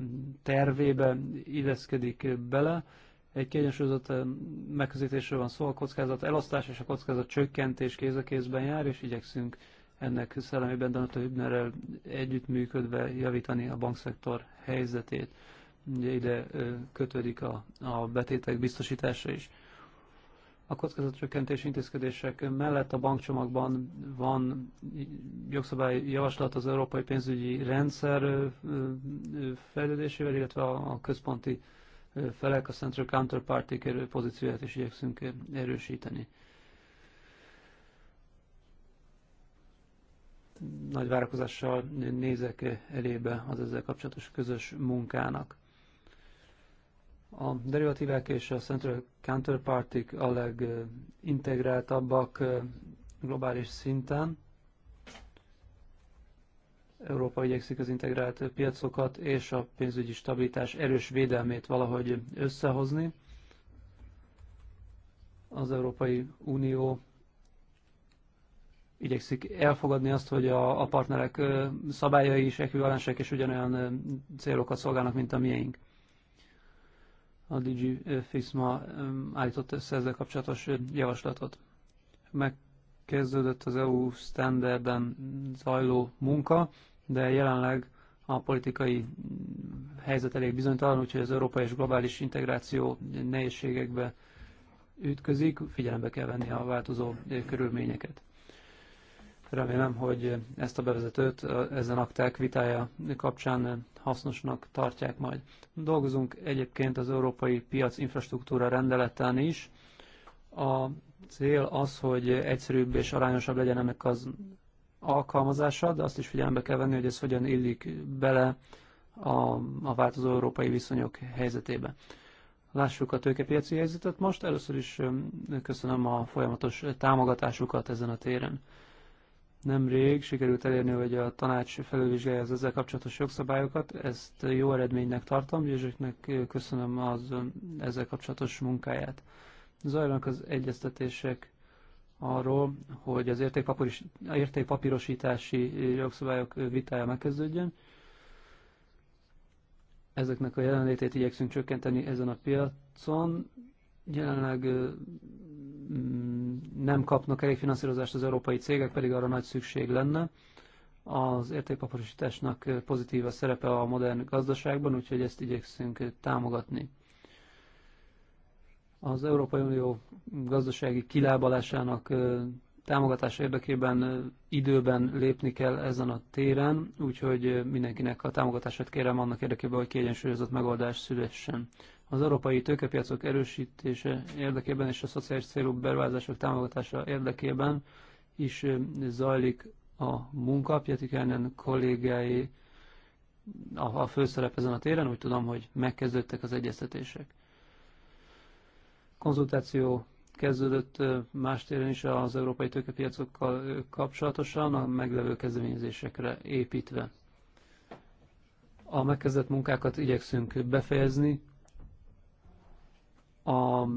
tervébe illeszkedik bele. Egy kiegyensúlyozott megközelítésről van szó, a kockázat elosztás és a kockázat csökkentés kéz a kézben jár, és igyekszünk ennek szellemében Donato Hübnerrel együttműködve javítani a bankszektor helyzetét ugye ide kötődik a, a betétek biztosítása is. A kockázatcsökkentési intézkedések mellett a bankcsomagban van jogszabály javaslat az európai pénzügyi rendszer fejlődésével, illetve a központi felek a Central Counterparty kerül pozícióját is igyekszünk erősíteni. Nagy várakozással nézek elébe az ezzel kapcsolatos közös munkának. A derivatívák és a central counterpartik a legintegráltabbak globális szinten. Európa igyekszik az integrált piacokat és a pénzügyi stabilitás erős védelmét valahogy összehozni. Az Európai Unió igyekszik elfogadni azt, hogy a, a partnerek szabályai is ekvivalensek és ugyanolyan célokat szolgálnak, mint a miénk a DG Fix ma állított össze ezzel kapcsolatos javaslatot. Megkezdődött az EU standarden zajló munka, de jelenleg a politikai helyzet elég bizonytalan, úgyhogy az európai és globális integráció nehézségekbe ütközik, figyelembe kell venni a változó körülményeket. Remélem, hogy ezt a bevezetőt ezen akták vitája kapcsán hasznosnak tartják majd. Dolgozunk egyébként az Európai Piac Infrastruktúra rendeleten is. A cél az, hogy egyszerűbb és arányosabb legyen ennek az alkalmazása, de azt is figyelembe kell venni, hogy ez hogyan illik bele a, a változó európai viszonyok helyzetébe. Lássuk a tőkepiaci helyzetet most. Először is köszönöm a folyamatos támogatásukat ezen a téren. Nemrég sikerült elérni, hogy a tanács felülvizsgálja az ezzel kapcsolatos jogszabályokat. Ezt jó eredménynek tartom, Győzsöknek köszönöm az ezzel kapcsolatos munkáját. Zajlanak az egyeztetések arról, hogy az értékpapírosítási jogszabályok vitája megkezdődjön. Ezeknek a jelenlétét igyekszünk csökkenteni ezen a piacon. Jelenleg mm, nem kapnak elég finanszírozást az európai cégek, pedig arra nagy szükség lenne. Az értékpaparosításnak pozitív a szerepe a modern gazdaságban, úgyhogy ezt igyekszünk támogatni. Az Európai Unió gazdasági kilábalásának támogatása érdekében időben lépni kell ezen a téren, úgyhogy mindenkinek a támogatását kérem annak érdekében, hogy kiegyensúlyozott megoldás szülessen. Az európai tőkepiacok erősítése érdekében és a szociális célú beruházások támogatása érdekében is zajlik a munka. Pietikánen kollégái a, a főszerep ezen a téren, úgy tudom, hogy megkezdődtek az egyeztetések. Konzultáció kezdődött más téren is az európai tőkepiacokkal kapcsolatosan, a meglevő kezdeményezésekre építve. A megkezdett munkákat igyekszünk befejezni, a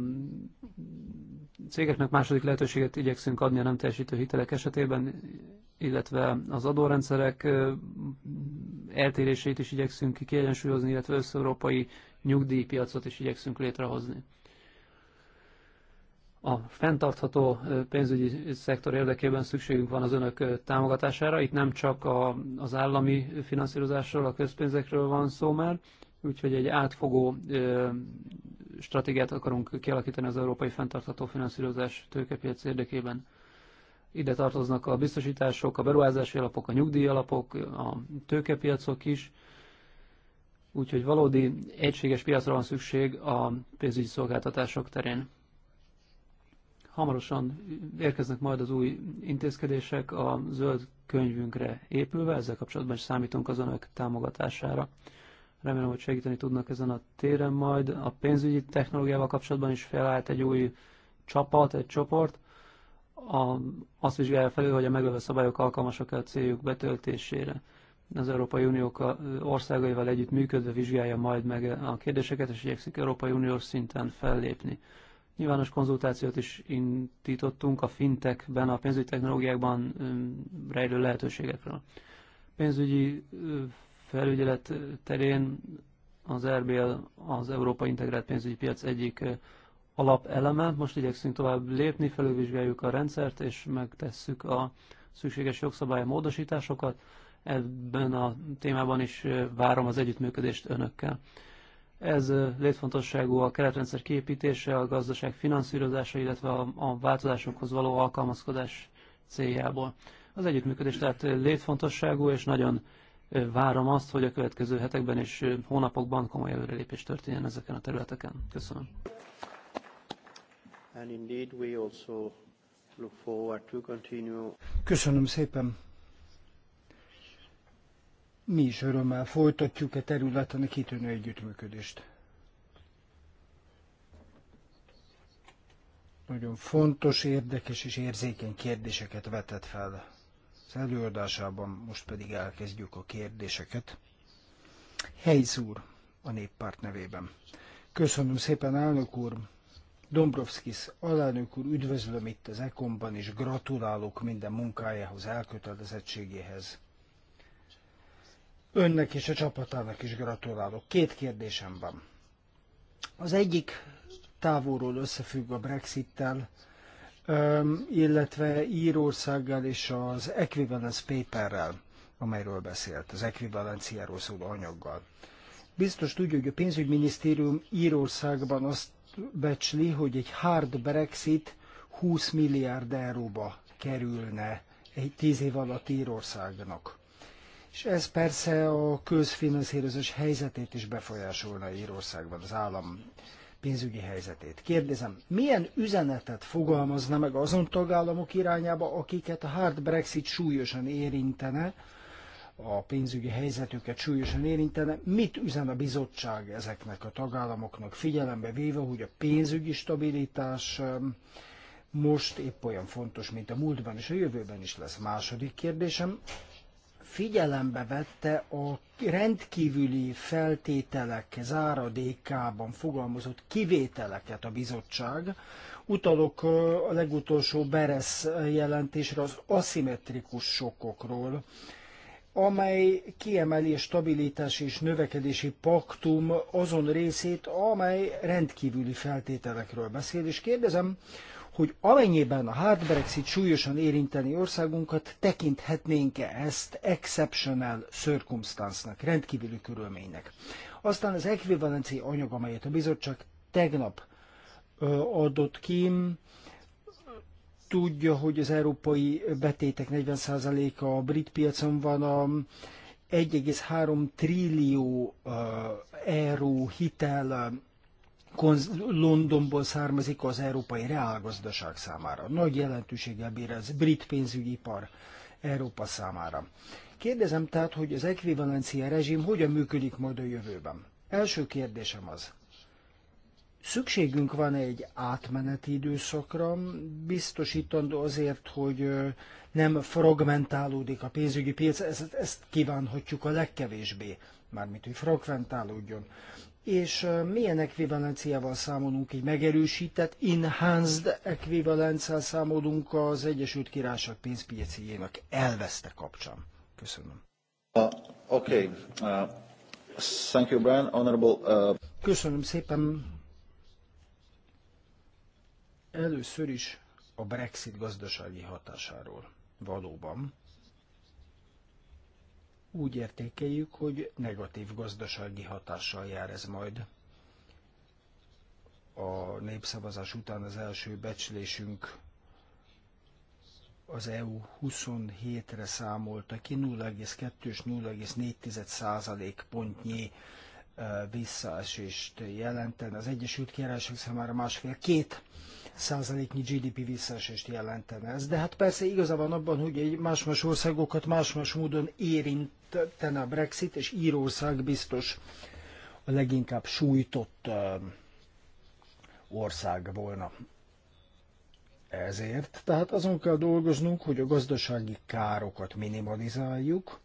cégeknek második lehetőséget igyekszünk adni a nem teljesítő hitelek esetében, illetve az adórendszerek eltérését is igyekszünk kiegyensúlyozni, illetve összeurópai nyugdíjpiacot is igyekszünk létrehozni. A fenntartható pénzügyi szektor érdekében szükségünk van az önök támogatására. Itt nem csak a, az állami finanszírozásról, a közpénzekről van szó már, Úgyhogy egy átfogó ö, stratégiát akarunk kialakítani az európai fenntartható finanszírozás tőkepiac érdekében. Ide tartoznak a biztosítások, a beruházási alapok, a nyugdíj alapok, a tőkepiacok is. Úgyhogy valódi egységes piacra van szükség a pénzügyi szolgáltatások terén. Hamarosan érkeznek majd az új intézkedések a zöld könyvünkre épülve, ezzel kapcsolatban is számítunk az önök támogatására. Remélem, hogy segíteni tudnak ezen a téren majd. A pénzügyi technológiával kapcsolatban is felállt egy új csapat, egy csoport. A, azt vizsgálja felül, hogy a meglevő szabályok alkalmasak a céljuk betöltésére. Az Európai Unió országaival együtt működve vizsgálja majd meg a kérdéseket, és igyekszik Európai Uniós szinten fellépni. Nyilvános konzultációt is indítottunk a fintekben, a pénzügyi technológiákban hm, rejlő lehetőségekről. Pénzügyi hm, felügyelet terén az RBL az Európa Integrált Pénzügyi Piac egyik eh, alapeleme. Most igyekszünk tovább lépni, felülvizsgáljuk a rendszert, és megtesszük a szükséges jogszabály módosításokat. Ebben a témában is eh, várom az együttműködést önökkel. Ez eh, létfontosságú a keretrendszer kiépítése, a gazdaság finanszírozása, illetve a, a változásokhoz való alkalmazkodás céljából. Az együttműködés tehát létfontosságú és nagyon várom azt, hogy a következő hetekben és hónapokban komoly előrelépés történjen ezeken a területeken. Köszönöm. Köszönöm szépen. Mi is örömmel folytatjuk a e területen a kitűnő együttműködést. Nagyon fontos, érdekes és érzékeny kérdéseket vetett fel az előadásában, most pedig elkezdjük a kérdéseket. Helysz úr, a néppárt nevében. Köszönöm szépen, elnök úr, Dombrovskis alelnök úr, üdvözlöm itt az Ekomban, és gratulálok minden munkájához, elkötelezettségéhez. Önnek és a csapatának is gratulálok. Két kérdésem van. Az egyik távolról összefügg a Brexittel, illetve Írországgal és az equivalence paperrel, amelyről beszélt, az equivalenciáról szóló anyaggal. Biztos tudja, hogy a pénzügyminisztérium Írországban azt becsli, hogy egy hard Brexit 20 milliárd euróba kerülne egy tíz év alatt Írországnak. És ez persze a közfinanszírozás helyzetét is befolyásolna Írországban, az állam pénzügyi helyzetét. Kérdezem, milyen üzenetet fogalmazna meg azon tagállamok irányába, akiket a hard Brexit súlyosan érintene, a pénzügyi helyzetüket súlyosan érintene, mit üzen a bizottság ezeknek a tagállamoknak figyelembe véve, hogy a pénzügyi stabilitás most épp olyan fontos, mint a múltban és a jövőben is lesz. Második kérdésem, figyelembe vette a rendkívüli feltételek záradékában fogalmazott kivételeket a bizottság. Utalok a legutolsó Beres jelentésre az aszimmetrikus sokokról, amely kiemeli a stabilitás és növekedési paktum azon részét, amely rendkívüli feltételekről beszél, és kérdezem, hogy amennyiben a hard Brexit súlyosan érinteni országunkat, tekinthetnénk-e ezt exceptional circumstance-nak, rendkívüli körülménynek. Aztán az ekvivalenciai anyag, amelyet a bizottság tegnap adott ki, tudja, hogy az európai betétek 40%-a a brit piacon van, a 1,3 trillió euró hitel Londonból származik az európai reálgazdaság számára. Nagy jelentőséggel bír ez brit pénzügyipar Európa számára. Kérdezem tehát, hogy az ekvivalencia rezsim hogyan működik majd a jövőben. Első kérdésem az, Szükségünk van egy átmeneti időszakra, biztosítandó azért, hogy nem fragmentálódik a pénzügyi piac, ezt, ezt kívánhatjuk a legkevésbé, mármint hogy fragmentálódjon és milyen ekvivalenciával számolunk, egy megerősített, enhanced ekvivalenciával számolunk az Egyesült Királyság pénzpiacijének elveszte kapcsán? Köszönöm. Uh, okay. Uh, thank you, Brian. Honorable, uh... Köszönöm szépen. Először is a Brexit gazdasági hatásáról. Valóban úgy értékeljük, hogy negatív gazdasági hatással jár ez majd. A népszavazás után az első becslésünk az EU 27-re számolta ki 0,2 és 0,4 százalék pontnyi eh, visszaesést jelenten. Az Egyesült Királyság számára másfél két százaléknyi GDP visszaesést jelentene ez. De hát persze van abban, hogy egy más-más országokat más-más módon érintene a Brexit, és Írország biztos a leginkább sújtott ország volna. Ezért, tehát azon kell dolgoznunk, hogy a gazdasági károkat minimalizáljuk,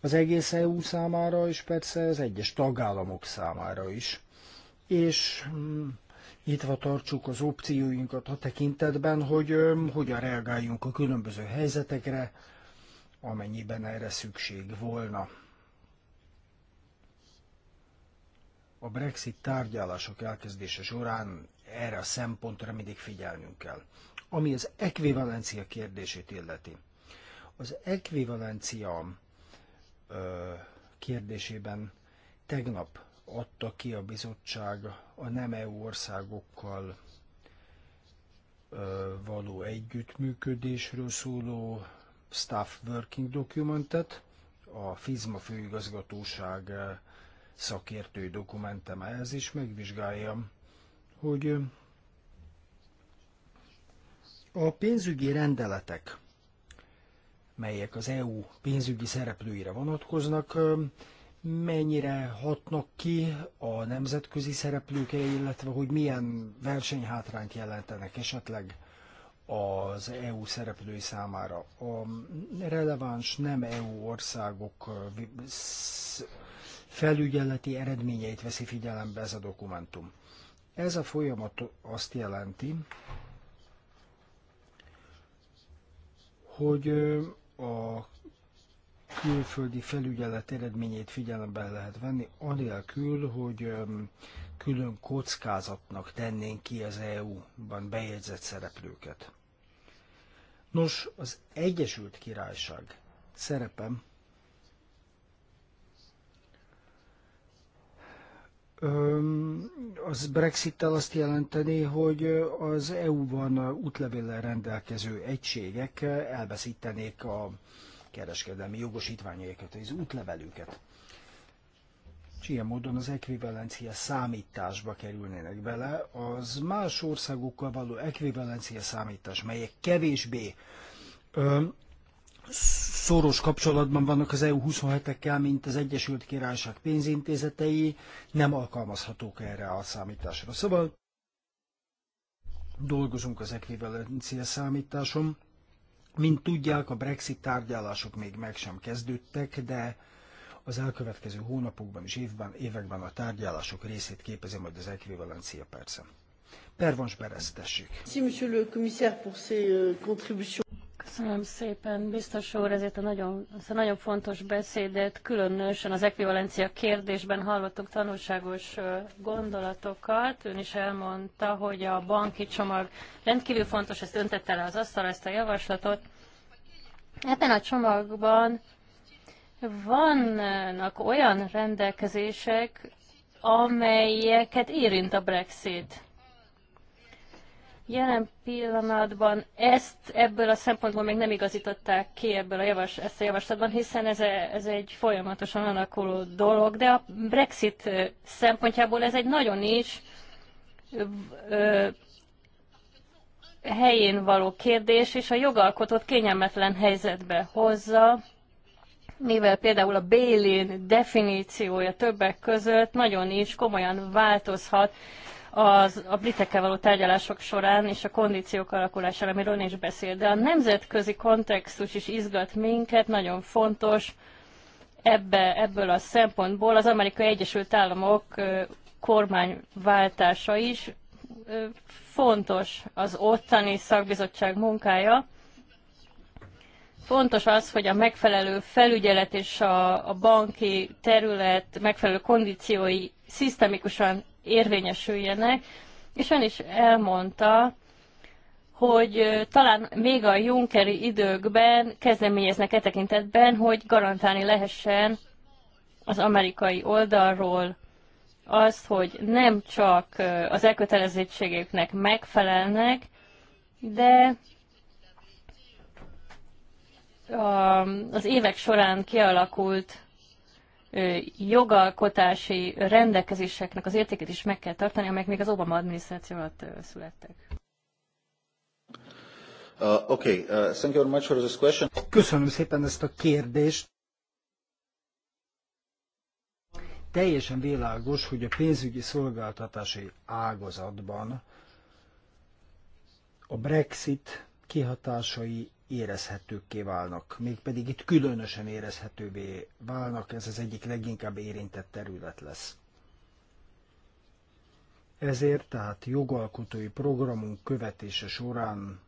az egész EU számára, és persze az egyes tagállamok számára is. És mm, nyitva tartsuk az opcióinkat a tekintetben, hogy hogyan reagáljunk a különböző helyzetekre, amennyiben erre szükség volna. A Brexit tárgyalások elkezdése során erre a szempontra mindig figyelnünk kell. Ami az ekvivalencia kérdését illeti. Az ekvivalencia kérdésében tegnap adta ki a bizottság a nem EU országokkal való együttműködésről szóló staff working dokumentet, a FIZMA főigazgatóság szakértői dokumentem ehhez is megvizsgáljam, hogy a pénzügyi rendeletek, melyek az EU pénzügyi szereplőire vonatkoznak, mennyire hatnak ki a nemzetközi szereplőkre, illetve hogy milyen versenyhátrányt jelentenek esetleg az EU szereplői számára. A releváns nem EU országok felügyeleti eredményeit veszi figyelembe ez a dokumentum. Ez a folyamat azt jelenti, hogy a külföldi felügyelet eredményét figyelembe lehet venni, anélkül, hogy külön kockázatnak tennénk ki az EU-ban bejegyzett szereplőket. Nos, az Egyesült Királyság szerepem az Brexit-tel azt jelenteni, hogy az EU-ban útlevéllel rendelkező egységek elveszítenék a kereskedelmi jogosítványaikat, az útlevelüket. És ilyen módon az ekvivalencia számításba kerülnének bele, az más országokkal való ekvivalencia számítás, melyek kevésbé ö, szoros kapcsolatban vannak az EU27-ekkel, mint az Egyesült Királyság pénzintézetei, nem alkalmazhatók erre a számításra. Szóval dolgozunk az ekvivalencia számításon, mint tudják, a Brexit tárgyalások még meg sem kezdődtek, de az elkövetkező hónapokban és évben, években a tárgyalások részét képezi majd az ekvivalencia persze. Pervans Berez, tessék. Köszönöm szépen, biztos úr, ezért a nagyon, ezt a nagyon fontos beszédet, különösen az ekvivalencia kérdésben hallottuk tanulságos gondolatokat. Ön is elmondta, hogy a banki csomag rendkívül fontos, ezt öntette le az asztalra, ezt a javaslatot. Ebben a csomagban vannak olyan rendelkezések, amelyeket érint a Brexit Jelen pillanatban ezt ebből a szempontból még nem igazították ki ebből a javas, ezt a javaslatban, hiszen ez, e, ez egy folyamatosan alakuló dolog, de a Brexit szempontjából ez egy nagyon is ö, helyén való kérdés, és a jogalkotót kényelmetlen helyzetbe hozza, mivel például a Bélin definíciója többek között nagyon is komolyan változhat az, a britekkel való tárgyalások során és a kondíciók alakulására, amiről ön is beszél. De a nemzetközi kontextus is izgat minket, nagyon fontos ebbe, ebből a szempontból az Amerikai Egyesült Államok kormányváltása is fontos az ottani szakbizottság munkája. Fontos az, hogy a megfelelő felügyelet és a, a banki terület megfelelő kondíciói szisztemikusan érvényesüljenek, és ön is elmondta, hogy talán még a Junckeri időkben kezdeményeznek e tekintetben, hogy garantálni lehessen az amerikai oldalról azt, hogy nem csak az elkötelezettségeknek megfelelnek, de az évek során kialakult jogalkotási rendelkezéseknek az értékét is meg kell tartani, amelyek még az Obama adminisztráció alatt születtek. Uh, okay. uh, thank you very much for this question. Köszönöm szépen ezt a kérdést. Teljesen világos, hogy a pénzügyi szolgáltatási ágazatban a Brexit kihatásai érezhetőkké válnak, mégpedig itt különösen érezhetővé válnak, ez az egyik leginkább érintett terület lesz. Ezért tehát jogalkotói programunk követése során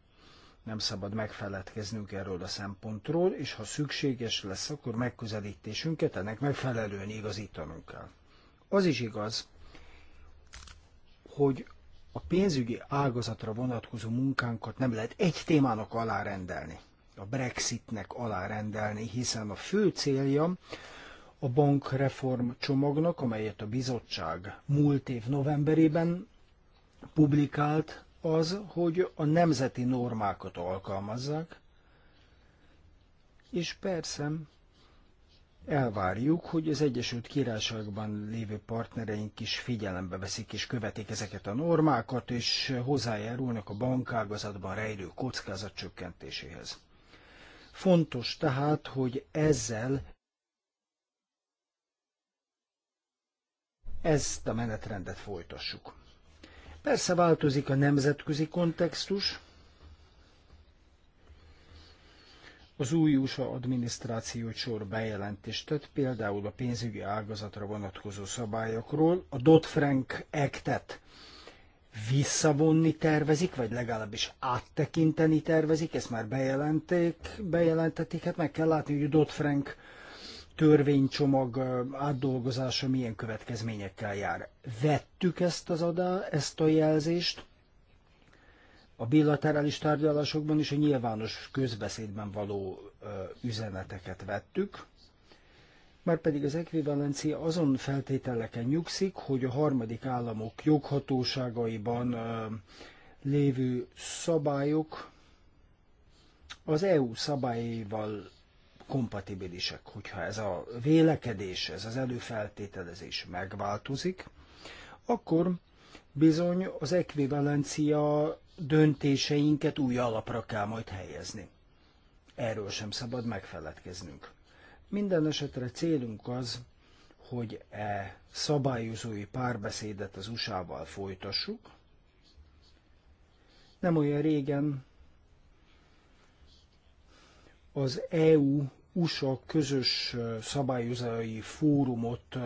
nem szabad megfeledkeznünk erről a szempontról, és ha szükséges lesz, akkor megközelítésünket ennek megfelelően igazítanunk kell. Az is igaz, hogy a pénzügyi ágazatra vonatkozó munkánkat nem lehet egy témának alárendelni, a Brexitnek alárendelni, hiszen a fő célja a bankreform csomagnak, amelyet a bizottság múlt év novemberében publikált, az, hogy a nemzeti normákat alkalmazzák, és persze elvárjuk, hogy az Egyesült Királyságban lévő partnereink is figyelembe veszik és követik ezeket a normákat, és hozzájárulnak a bankágazatban rejlő kockázat csökkentéséhez. Fontos tehát, hogy ezzel ezt a menetrendet folytassuk. Persze változik a nemzetközi kontextus, az új USA adminisztrációt sor bejelentést tett, például a pénzügyi ágazatra vonatkozó szabályokról, a Dodd-Frank Act-et visszavonni tervezik, vagy legalábbis áttekinteni tervezik, ezt már bejelenték, bejelentették, hát meg kell látni, hogy a Dodd-Frank törvénycsomag átdolgozása milyen következményekkel jár. Vettük ezt az adá, ezt a jelzést, a bilaterális tárgyalásokban és a nyilvános közbeszédben való üzeneteket vettük, már pedig az ekvivalencia azon feltételeken nyugszik, hogy a harmadik államok joghatóságaiban lévő szabályok az EU szabályaival kompatibilisek. Hogyha ez a vélekedés, ez az előfeltételezés megváltozik, akkor bizony az ekvivalencia döntéseinket új alapra kell majd helyezni. Erről sem szabad megfeledkeznünk. Minden esetre célunk az, hogy e szabályozói párbeszédet az USA-val folytassuk. Nem olyan régen az EU-USA közös szabályozói fórumot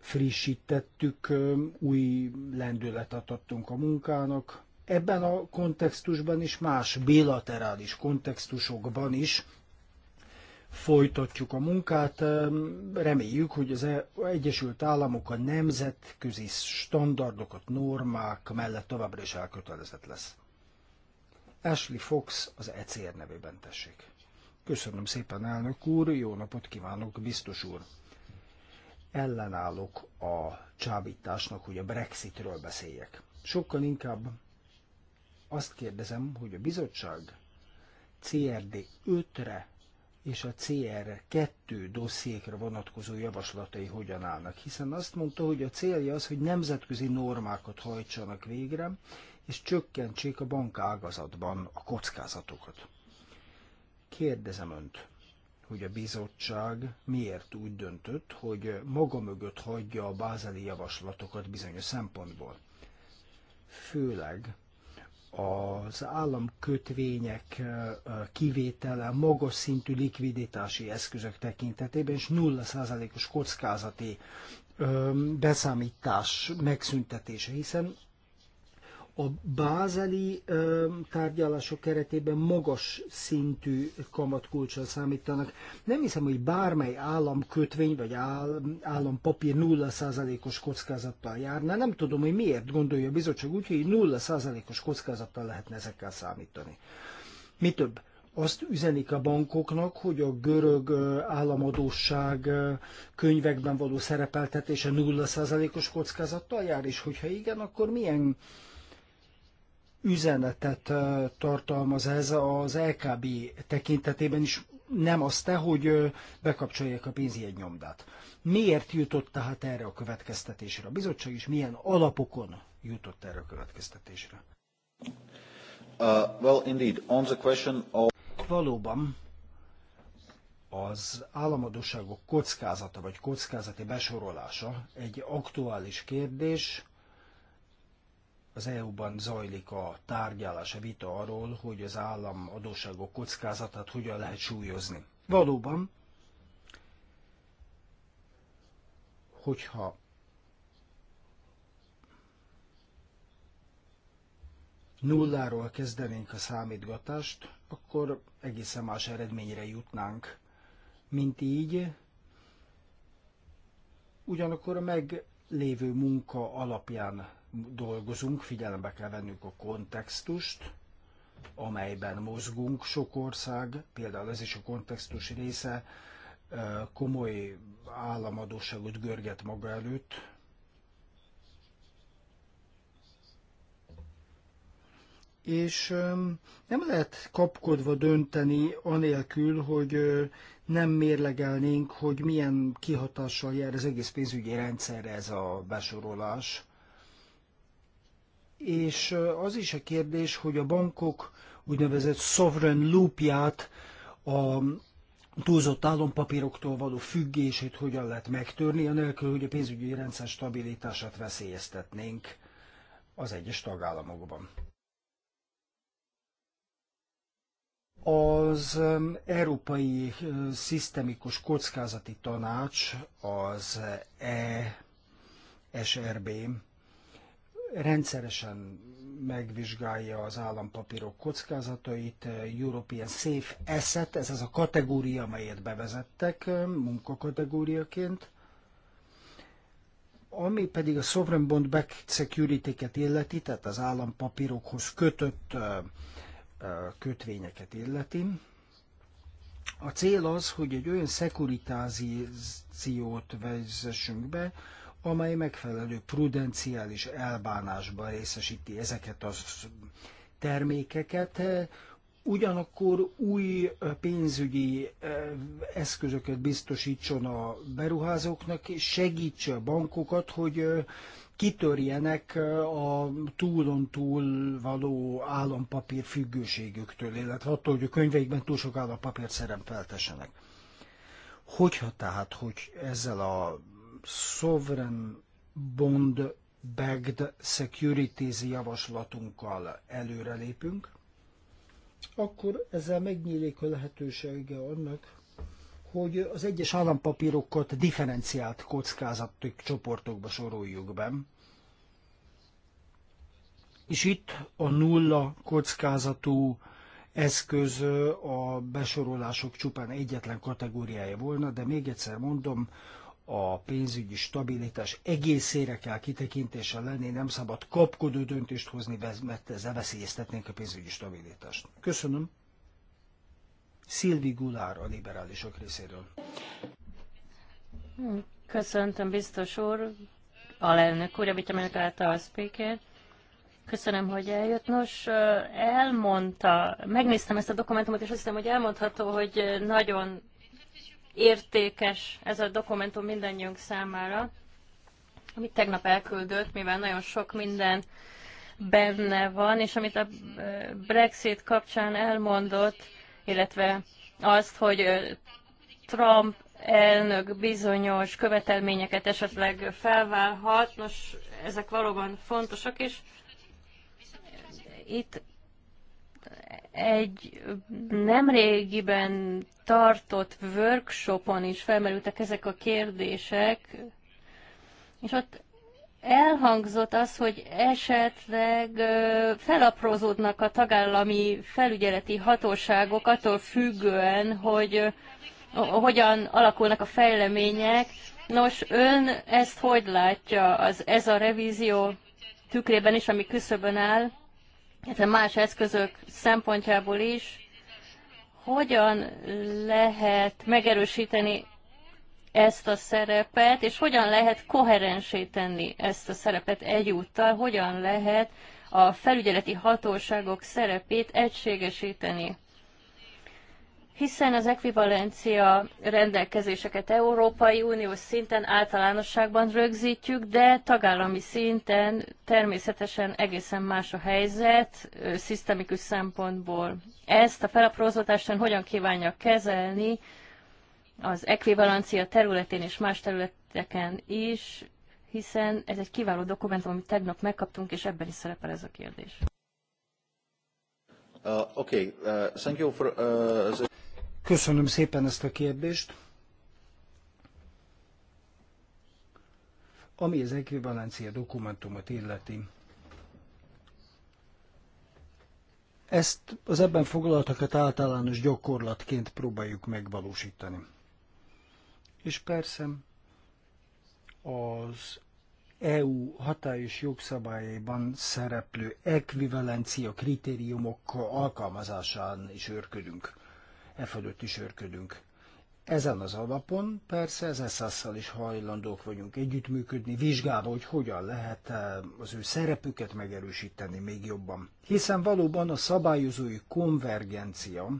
frissítettük, új lendületet adtunk a munkának, ebben a kontextusban is, más bilaterális kontextusokban is folytatjuk a munkát. Reméljük, hogy az e- Egyesült Államok a nemzetközi standardokat, normák mellett továbbra is elkötelezett lesz. Ashley Fox az ECR nevében tessék. Köszönöm szépen, elnök úr, jó napot kívánok, biztos úr. Ellenállok a csábításnak, hogy a Brexitről beszéljek. Sokkal inkább azt kérdezem, hogy a bizottság CRD 5-re és a CR2 dossziékra vonatkozó javaslatai hogyan állnak, hiszen azt mondta, hogy a célja az, hogy nemzetközi normákat hajtsanak végre, és csökkentsék a bankágazatban a kockázatokat. Kérdezem Önt, hogy a bizottság miért úgy döntött, hogy maga mögött hagyja a bázeli javaslatokat bizonyos szempontból. Főleg az államkötvények kivétele magas szintű likviditási eszközök tekintetében, és 0%-os kockázati beszámítás megszüntetése, hiszen a bázeli tárgyalások keretében magas szintű kamatkulcsal számítanak. Nem hiszem, hogy bármely államkötvény vagy állampapír 0%-os kockázattal járna. Nem tudom, hogy miért gondolja a bizottság úgy, hogy 0%-os kockázattal lehetne ezekkel számítani. Mi több, azt üzenik a bankoknak, hogy a görög államadóság könyvekben való szerepeltetése 0%-os kockázattal jár, és hogyha igen, akkor milyen üzenetet tartalmaz ez az LKB tekintetében is, nem az te, hogy bekapcsolják a pénzjegy nyomdát. Miért jutott tehát erre a következtetésre a bizottság, és milyen alapokon jutott erre a következtetésre? Uh, well, indeed, on the question of... Valóban az államadóságok kockázata vagy kockázati besorolása egy aktuális kérdés, az EU-ban zajlik a tárgyalás, a vita arról, hogy az állam adósságok kockázatát hogyan lehet súlyozni. Valóban, hogyha nulláról kezdenénk a számítgatást, akkor egészen más eredményre jutnánk, mint így. Ugyanakkor a meglévő munka alapján dolgozunk, figyelembe kell vennünk a kontextust, amelyben mozgunk sok ország, például ez is a kontextus része, komoly államadóságot görget maga előtt. És nem lehet kapkodva dönteni anélkül, hogy nem mérlegelnénk, hogy milyen kihatással jár az egész pénzügyi rendszerre ez a besorolás és az is a kérdés, hogy a bankok úgynevezett sovereign loopját, a túlzott állampapíroktól való függését hogyan lehet megtörni, anélkül, hogy a pénzügyi rendszer stabilitását veszélyeztetnénk az egyes tagállamokban. Az Európai Szisztemikus Kockázati Tanács, az ESRB, rendszeresen megvizsgálja az állampapírok kockázatait, European Safe Asset, ez az a kategória, amelyet bevezettek munkakategóriaként, ami pedig a Sovereign Bond Back Security-ket illeti, tehát az állampapírokhoz kötött kötvényeket illeti. A cél az, hogy egy olyan szekuritáziót vezessünk be, amely megfelelő prudenciális elbánásban részesíti ezeket a termékeket, ugyanakkor új pénzügyi eh, eszközöket biztosítson a beruházóknak, és segítse a bankokat, hogy eh, kitörjenek eh, a túlon túl való állampapír függőségüktől, illetve attól, hogy a könyveikben túl sok állampapírt szerepeltessenek. Hogyha tehát, hogy ezzel a sovereign bond backed securities javaslatunkkal előrelépünk, akkor ezzel megnyílik a lehetősége annak, hogy az egyes állampapírokat differenciált kockázati csoportokba soroljuk be. És itt a nulla kockázatú eszköz a besorolások csupán egyetlen kategóriája volna, de még egyszer mondom, a pénzügyi stabilitás egészére kell kitekintéssel lenni, nem szabad kapkodó döntést hozni, mert ezzel veszélyeztetnénk a pénzügyi stabilitást. Köszönöm. Szilvi Gulár a liberálisok részéről. Köszöntöm biztos úr, alelnök úr, amit által a speaker. Köszönöm, hogy eljött. Nos, elmondta, megnéztem ezt a dokumentumot, és azt hiszem, hogy elmondható, hogy nagyon értékes ez a dokumentum mindannyiunk számára, amit tegnap elküldött, mivel nagyon sok minden benne van, és amit a Brexit kapcsán elmondott, illetve azt, hogy Trump elnök bizonyos követelményeket esetleg felválhat, nos, ezek valóban fontosak, és itt egy nemrégiben tartott workshopon is felmerültek ezek a kérdések, és ott elhangzott az, hogy esetleg felaprózódnak a tagállami felügyeleti hatóságok attól függően, hogy hogyan alakulnak a fejlemények. Nos, ön ezt hogy látja? Az, ez a revízió tükrében is, ami küszöbön áll, illetve más eszközök szempontjából is, hogyan lehet megerősíteni ezt a szerepet, és hogyan lehet koherensé tenni ezt a szerepet egyúttal, hogyan lehet a felügyeleti hatóságok szerepét egységesíteni hiszen az ekvivalencia rendelkezéseket Európai Uniós szinten általánosságban rögzítjük, de tagállami szinten természetesen egészen más a helyzet szisztemikus szempontból. Ezt a felaprózótáson hogyan kívánja kezelni az ekvivalencia területén és más területeken is, hiszen ez egy kiváló dokumentum, amit tegnap megkaptunk, és ebben is szerepel ez a kérdés. Uh, okay. uh, thank you for, uh... Köszönöm szépen ezt a kérdést. Ami az ekvivalencia dokumentumot illeti, ezt az ebben foglaltakat általános gyakorlatként próbáljuk megvalósítani. És persze az EU hatályos jogszabályaiban szereplő ekvivalencia kritériumok alkalmazásán is őrködünk e fölött is örködünk. Ezen az alapon persze az ESZ-szal is hajlandók vagyunk együttműködni, vizsgálva, hogy hogyan lehet e, az ő szerepüket megerősíteni még jobban. Hiszen valóban a szabályozói konvergencia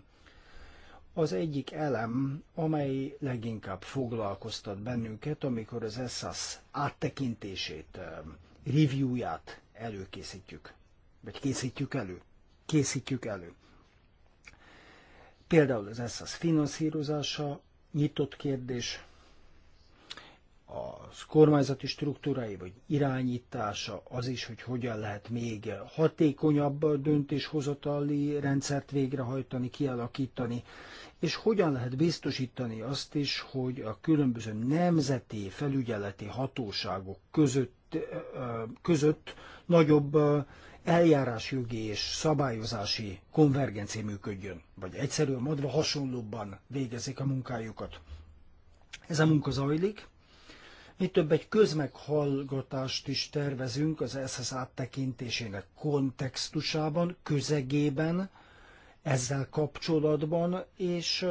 az egyik elem, amely leginkább foglalkoztat bennünket, amikor az ESZ áttekintését, e, reviewját előkészítjük. Vagy készítjük elő. Készítjük elő. Például az ESZASZ finanszírozása nyitott kérdés, a kormányzati struktúrái vagy irányítása, az is, hogy hogyan lehet még hatékonyabb döntéshozatali rendszert végrehajtani, kialakítani, és hogyan lehet biztosítani azt is, hogy a különböző nemzeti felügyeleti hatóságok között, között nagyobb eljárásjogi és szabályozási konvergencia működjön, vagy egyszerűen mondva hasonlóbban végezik a munkájukat. Ez a munka zajlik, mi több egy közmeghallgatást is tervezünk az SS áttekintésének kontextusában, közegében, ezzel kapcsolatban, és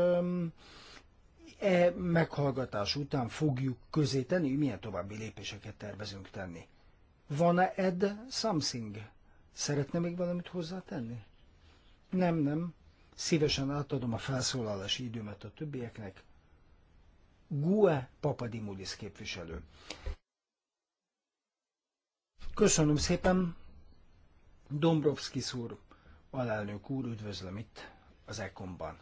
e meghallgatás után fogjuk közé tenni, milyen további lépéseket tervezünk tenni. Van-e Ed Something Szeretne még valamit hozzátenni? Nem, nem. Szívesen átadom a felszólalási időmet a többieknek. Gue Papadimulis képviselő. Köszönöm szépen, Dombrovskis úr, alelnök úr, üdvözlöm itt az ECOM-ban.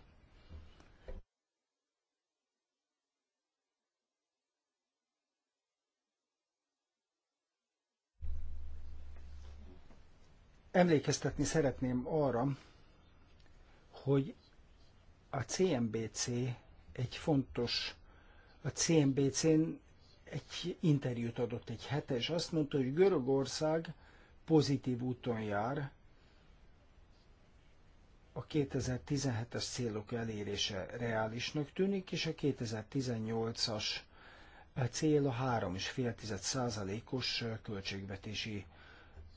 Emlékeztetni szeretném arra, hogy a CNBC egy fontos, a cnbc n egy interjút adott egy hete, és azt mondta, hogy Görögország pozitív úton jár a 2017-es célok elérése reálisnak tűnik, és a 2018-as cél a 3,5%-os költségvetési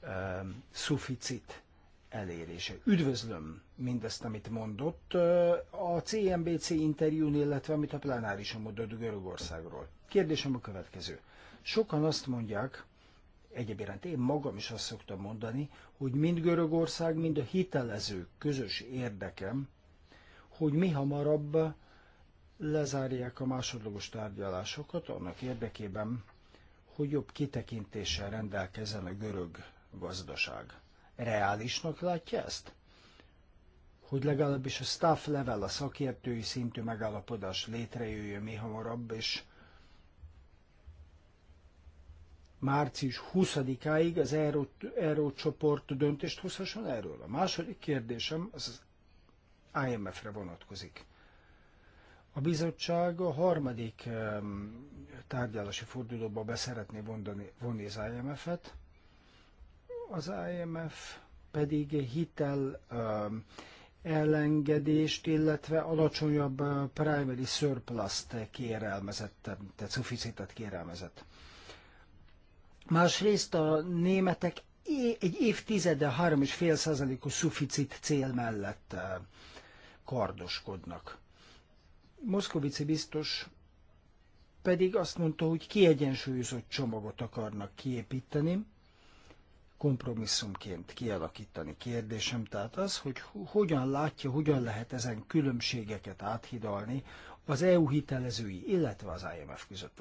Um, szuficit elérése. Üdvözlöm mindezt, amit mondott uh, a CNBC interjún, illetve amit a plenárison mondott Görögországról. Kérdésem a következő. Sokan azt mondják, egyébként én magam is azt szoktam mondani, hogy mind Görögország, mind a hitelezők közös érdekem, hogy mi hamarabb lezárják a másodlagos tárgyalásokat annak érdekében, hogy jobb kitekintéssel rendelkezzen a görög gazdaság. Reálisnak látja ezt? Hogy legalábbis a staff level, a szakértői szintű megállapodás létrejöjjön mi hamarabb, és március 20-áig az Euró, csoport döntést hozhasson erről. A második kérdésem az, az IMF-re vonatkozik. A bizottság a harmadik um, tárgyalási fordulóba beszeretné vonni az IMF-et, az IMF pedig hitel um, elengedést, illetve alacsonyabb uh, primary surplus-t kérelmezett, tehát szuficitet kérelmezett. Másrészt a németek egy évtizede 35 százalékos szuficit cél mellett uh, kardoskodnak. Moszkovici biztos pedig azt mondta, hogy kiegyensúlyozott csomagot akarnak kiépíteni, kompromisszumként kialakítani. Kérdésem tehát az, hogy hogyan látja, hogyan lehet ezen különbségeket áthidalni az EU hitelezői, illetve az IMF között.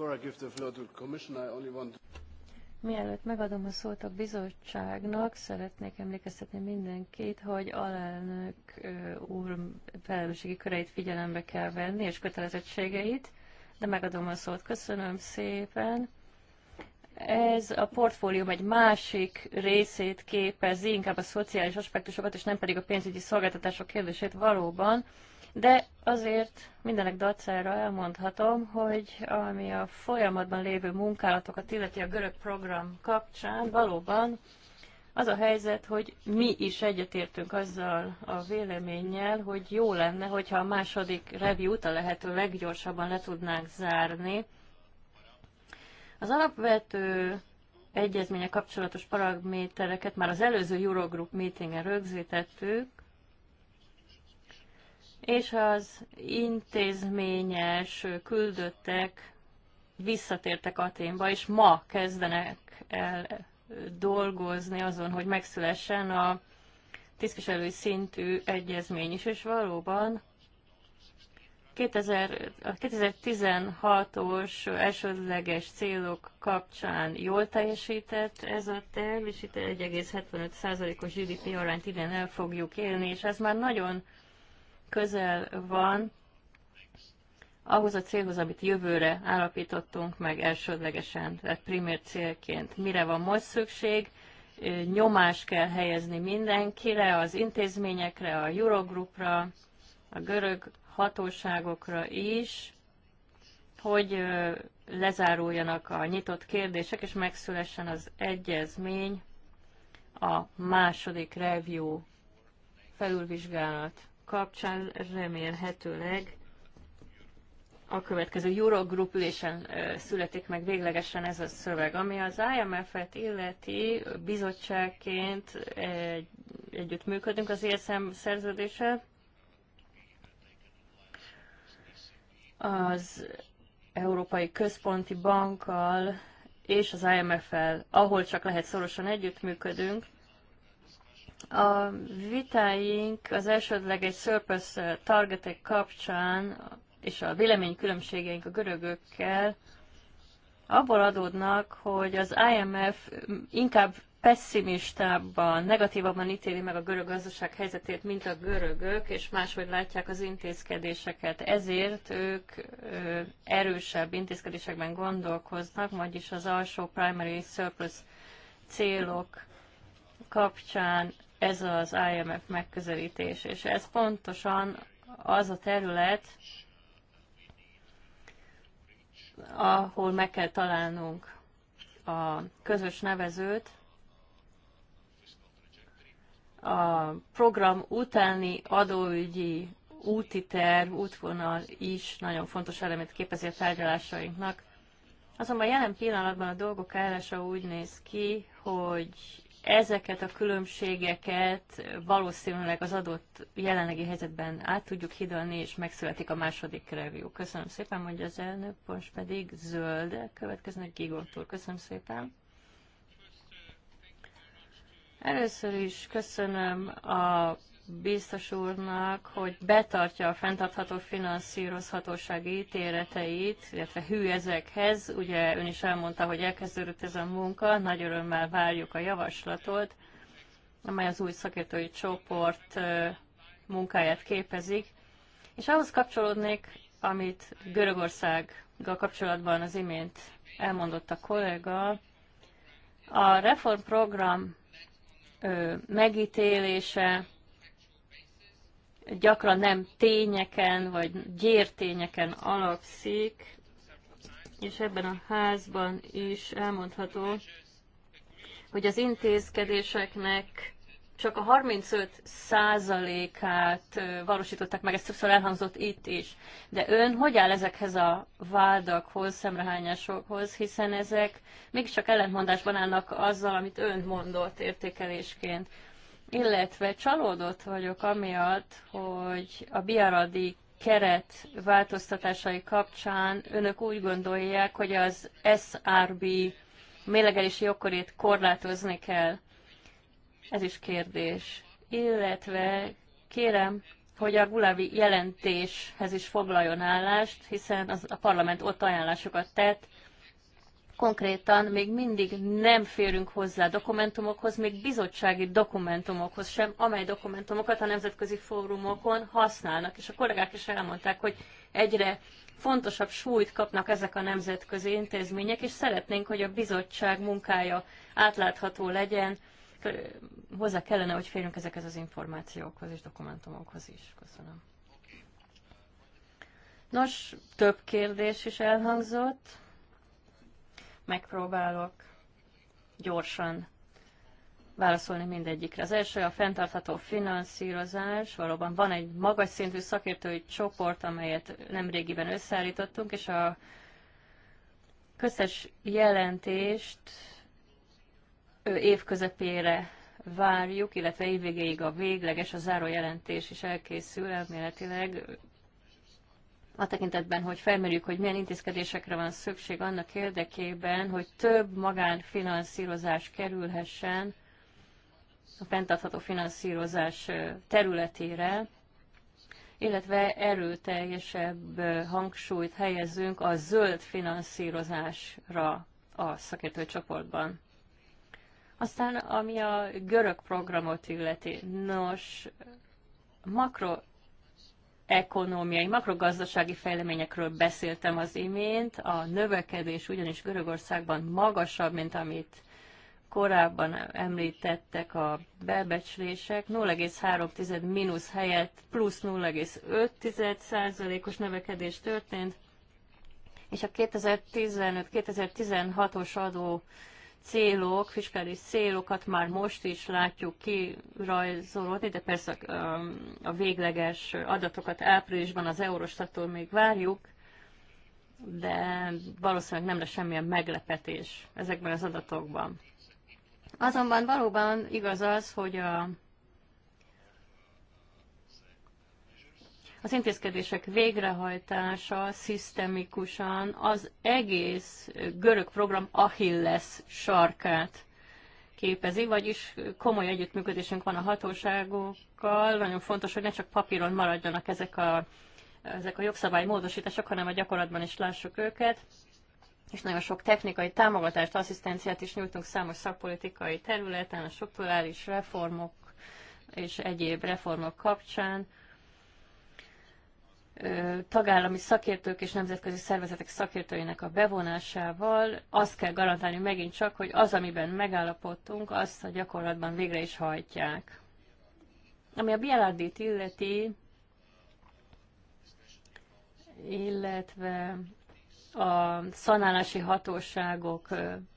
Mielőtt megadom a szót a bizottságnak, szeretnék emlékeztetni mindenkit, hogy alelnök úr felelősségi köreit figyelembe kell venni, és kötelezettségeit, de megadom a szót. Köszönöm szépen ez a portfólium egy másik részét képezi, inkább a szociális aspektusokat, és nem pedig a pénzügyi szolgáltatások kérdését valóban, de azért mindenek dacára elmondhatom, hogy ami a folyamatban lévő munkálatokat illeti a görög program kapcsán, valóban az a helyzet, hogy mi is egyetértünk azzal a véleménnyel, hogy jó lenne, hogyha a második review-t a lehető leggyorsabban le tudnánk zárni, az alapvető egyezménye kapcsolatos paramétereket már az előző Eurogroup meetingen rögzítettük, és az intézményes küldöttek visszatértek Aténba, és ma kezdenek el dolgozni azon, hogy megszülessen a tisztviselői szintű egyezmény is, és valóban 2016-os elsődleges célok kapcsán jól teljesített ez a terv, és itt 1,75%-os GDP arányt ide el fogjuk élni, és ez már nagyon közel van ahhoz a célhoz, amit jövőre állapítottunk meg elsődlegesen, tehát primér célként. Mire van most szükség? Nyomást kell helyezni mindenkire, az intézményekre, a Eurogroupra, a görög hatóságokra is, hogy lezáruljanak a nyitott kérdések, és megszülessen az egyezmény a második review felülvizsgálat kapcsán remélhetőleg a következő Eurogroup ülésen születik meg véglegesen ez a szöveg, ami az IMF-et illeti bizottságként együttműködünk az ESM szerződéssel, az Európai Központi Bankkal és az IMF-el, ahol csak lehet szorosan együttműködünk. A vitáink az elsődleges surplus targetek kapcsán és a véleménykülönbségeink a görögökkel abból adódnak, hogy az IMF inkább pessimistábban, negatívabban ítéli meg a görög gazdaság helyzetét, mint a görögök, és máshogy látják az intézkedéseket. Ezért ők ö, erősebb intézkedésekben gondolkoznak, vagyis az alsó primary surplus célok kapcsán ez az IMF megközelítés, és ez pontosan az a terület, ahol meg kell találnunk a közös nevezőt, a program utáni adóügyi úti terv, útvonal is nagyon fontos elemet képezi a tárgyalásainknak. Azonban jelen pillanatban a dolgok állása úgy néz ki, hogy ezeket a különbségeket valószínűleg az adott jelenlegi helyzetben át tudjuk hidalni, és megszületik a második review. Köszönöm szépen, mondja az elnök, most pedig zöld következnek Gigotól. Köszönöm szépen. Először is köszönöm a biztos úrnak, hogy betartja a fenntartható finanszírozhatóság ítéreteit, illetve hű ezekhez. Ugye ön is elmondta, hogy elkezdődött ez a munka, nagy örömmel várjuk a javaslatot, amely az új szakértői csoport munkáját képezik. És ahhoz kapcsolódnék, amit Görögországgal kapcsolatban az imént elmondott a kollega, a reformprogram megítélése gyakran nem tényeken vagy gyértényeken alapszik, és ebben a házban is elmondható, hogy az intézkedéseknek csak a 35 százalékát valósították meg, ezt többször elhangzott itt is. De ön hogy áll ezekhez a vádakhoz, szemrehányásokhoz, hiszen ezek mégiscsak ellentmondásban állnak azzal, amit ön mondott értékelésként. Illetve csalódott vagyok amiatt, hogy a biaradi keret változtatásai kapcsán önök úgy gondolják, hogy az SRB mélegelési jogkorét korlátozni kell ez is kérdés. Illetve kérem, hogy a Gulavi jelentéshez is foglaljon állást, hiszen az, a parlament ott ajánlásokat tett, konkrétan még mindig nem férünk hozzá dokumentumokhoz, még bizottsági dokumentumokhoz sem, amely dokumentumokat a nemzetközi fórumokon használnak. És a kollégák is elmondták, hogy egyre fontosabb súlyt kapnak ezek a nemzetközi intézmények, és szeretnénk, hogy a bizottság munkája átlátható legyen, hozzá kellene, hogy férjünk ezekhez az információkhoz és dokumentumokhoz is. Köszönöm. Nos, több kérdés is elhangzott. Megpróbálok gyorsan válaszolni mindegyikre. Az első a fenntartható finanszírozás. Valóban van egy magas szintű szakértői csoport, amelyet nemrégiben összeállítottunk, és a köztes jelentést év közepére várjuk, illetve évvégéig a végleges, a záró jelentés is elkészül elméletileg a tekintetben, hogy felmérjük, hogy milyen intézkedésekre van szükség annak érdekében, hogy több magánfinanszírozás kerülhessen a fenntartható finanszírozás területére, illetve erőteljesebb hangsúlyt helyezünk a zöld finanszírozásra a szakértőcsoportban. Aztán, ami a görög programot illeti, nos, makro ekonomiai, makrogazdasági fejleményekről beszéltem az imént. A növekedés ugyanis Görögországban magasabb, mint amit korábban említettek a bebecslések. 0,3 mínusz helyett plusz 0,5 százalékos növekedés történt, és a 2015-2016-os adó célok, fiskális célokat már most is látjuk kirajzolódni, de persze a végleges adatokat áprilisban az Eurostattól még várjuk, de valószínűleg nem lesz semmilyen meglepetés ezekben az adatokban. Azonban valóban igaz az, hogy a Az intézkedések végrehajtása szisztemikusan az egész görög program Achilles sarkát képezi, vagyis komoly együttműködésünk van a hatóságokkal. Nagyon fontos, hogy ne csak papíron maradjanak ezek a, ezek a jogszabály módosítások, hanem a gyakorlatban is lássuk őket és nagyon sok technikai támogatást, asszisztenciát is nyújtunk számos szakpolitikai területen, a strukturális reformok és egyéb reformok kapcsán tagállami szakértők és nemzetközi szervezetek szakértőinek a bevonásával azt kell garantálni megint csak, hogy az, amiben megállapodtunk, azt a gyakorlatban végre is hajtják. Ami a blrd illeti, illetve a szanálási hatóságok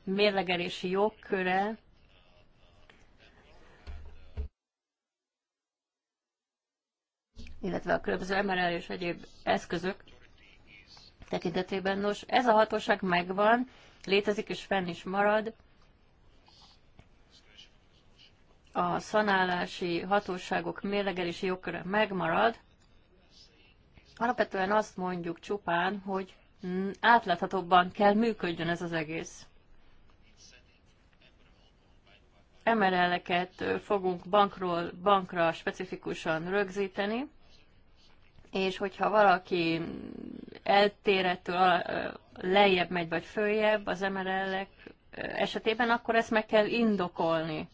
mérlegelési jogköre, illetve a különböző MRL és egyéb eszközök tekintetében. Nos, ez a hatóság megvan, létezik és fenn is marad. A szanálási hatóságok mérlegelési jogköre megmarad. Alapvetően azt mondjuk csupán, hogy átláthatóbban kell működjön ez az egész. MRL-eket fogunk bankról bankra specifikusan rögzíteni, és hogyha valaki eltérettől lejjebb megy, vagy följebb az emelelek esetében, akkor ezt meg kell indokolni.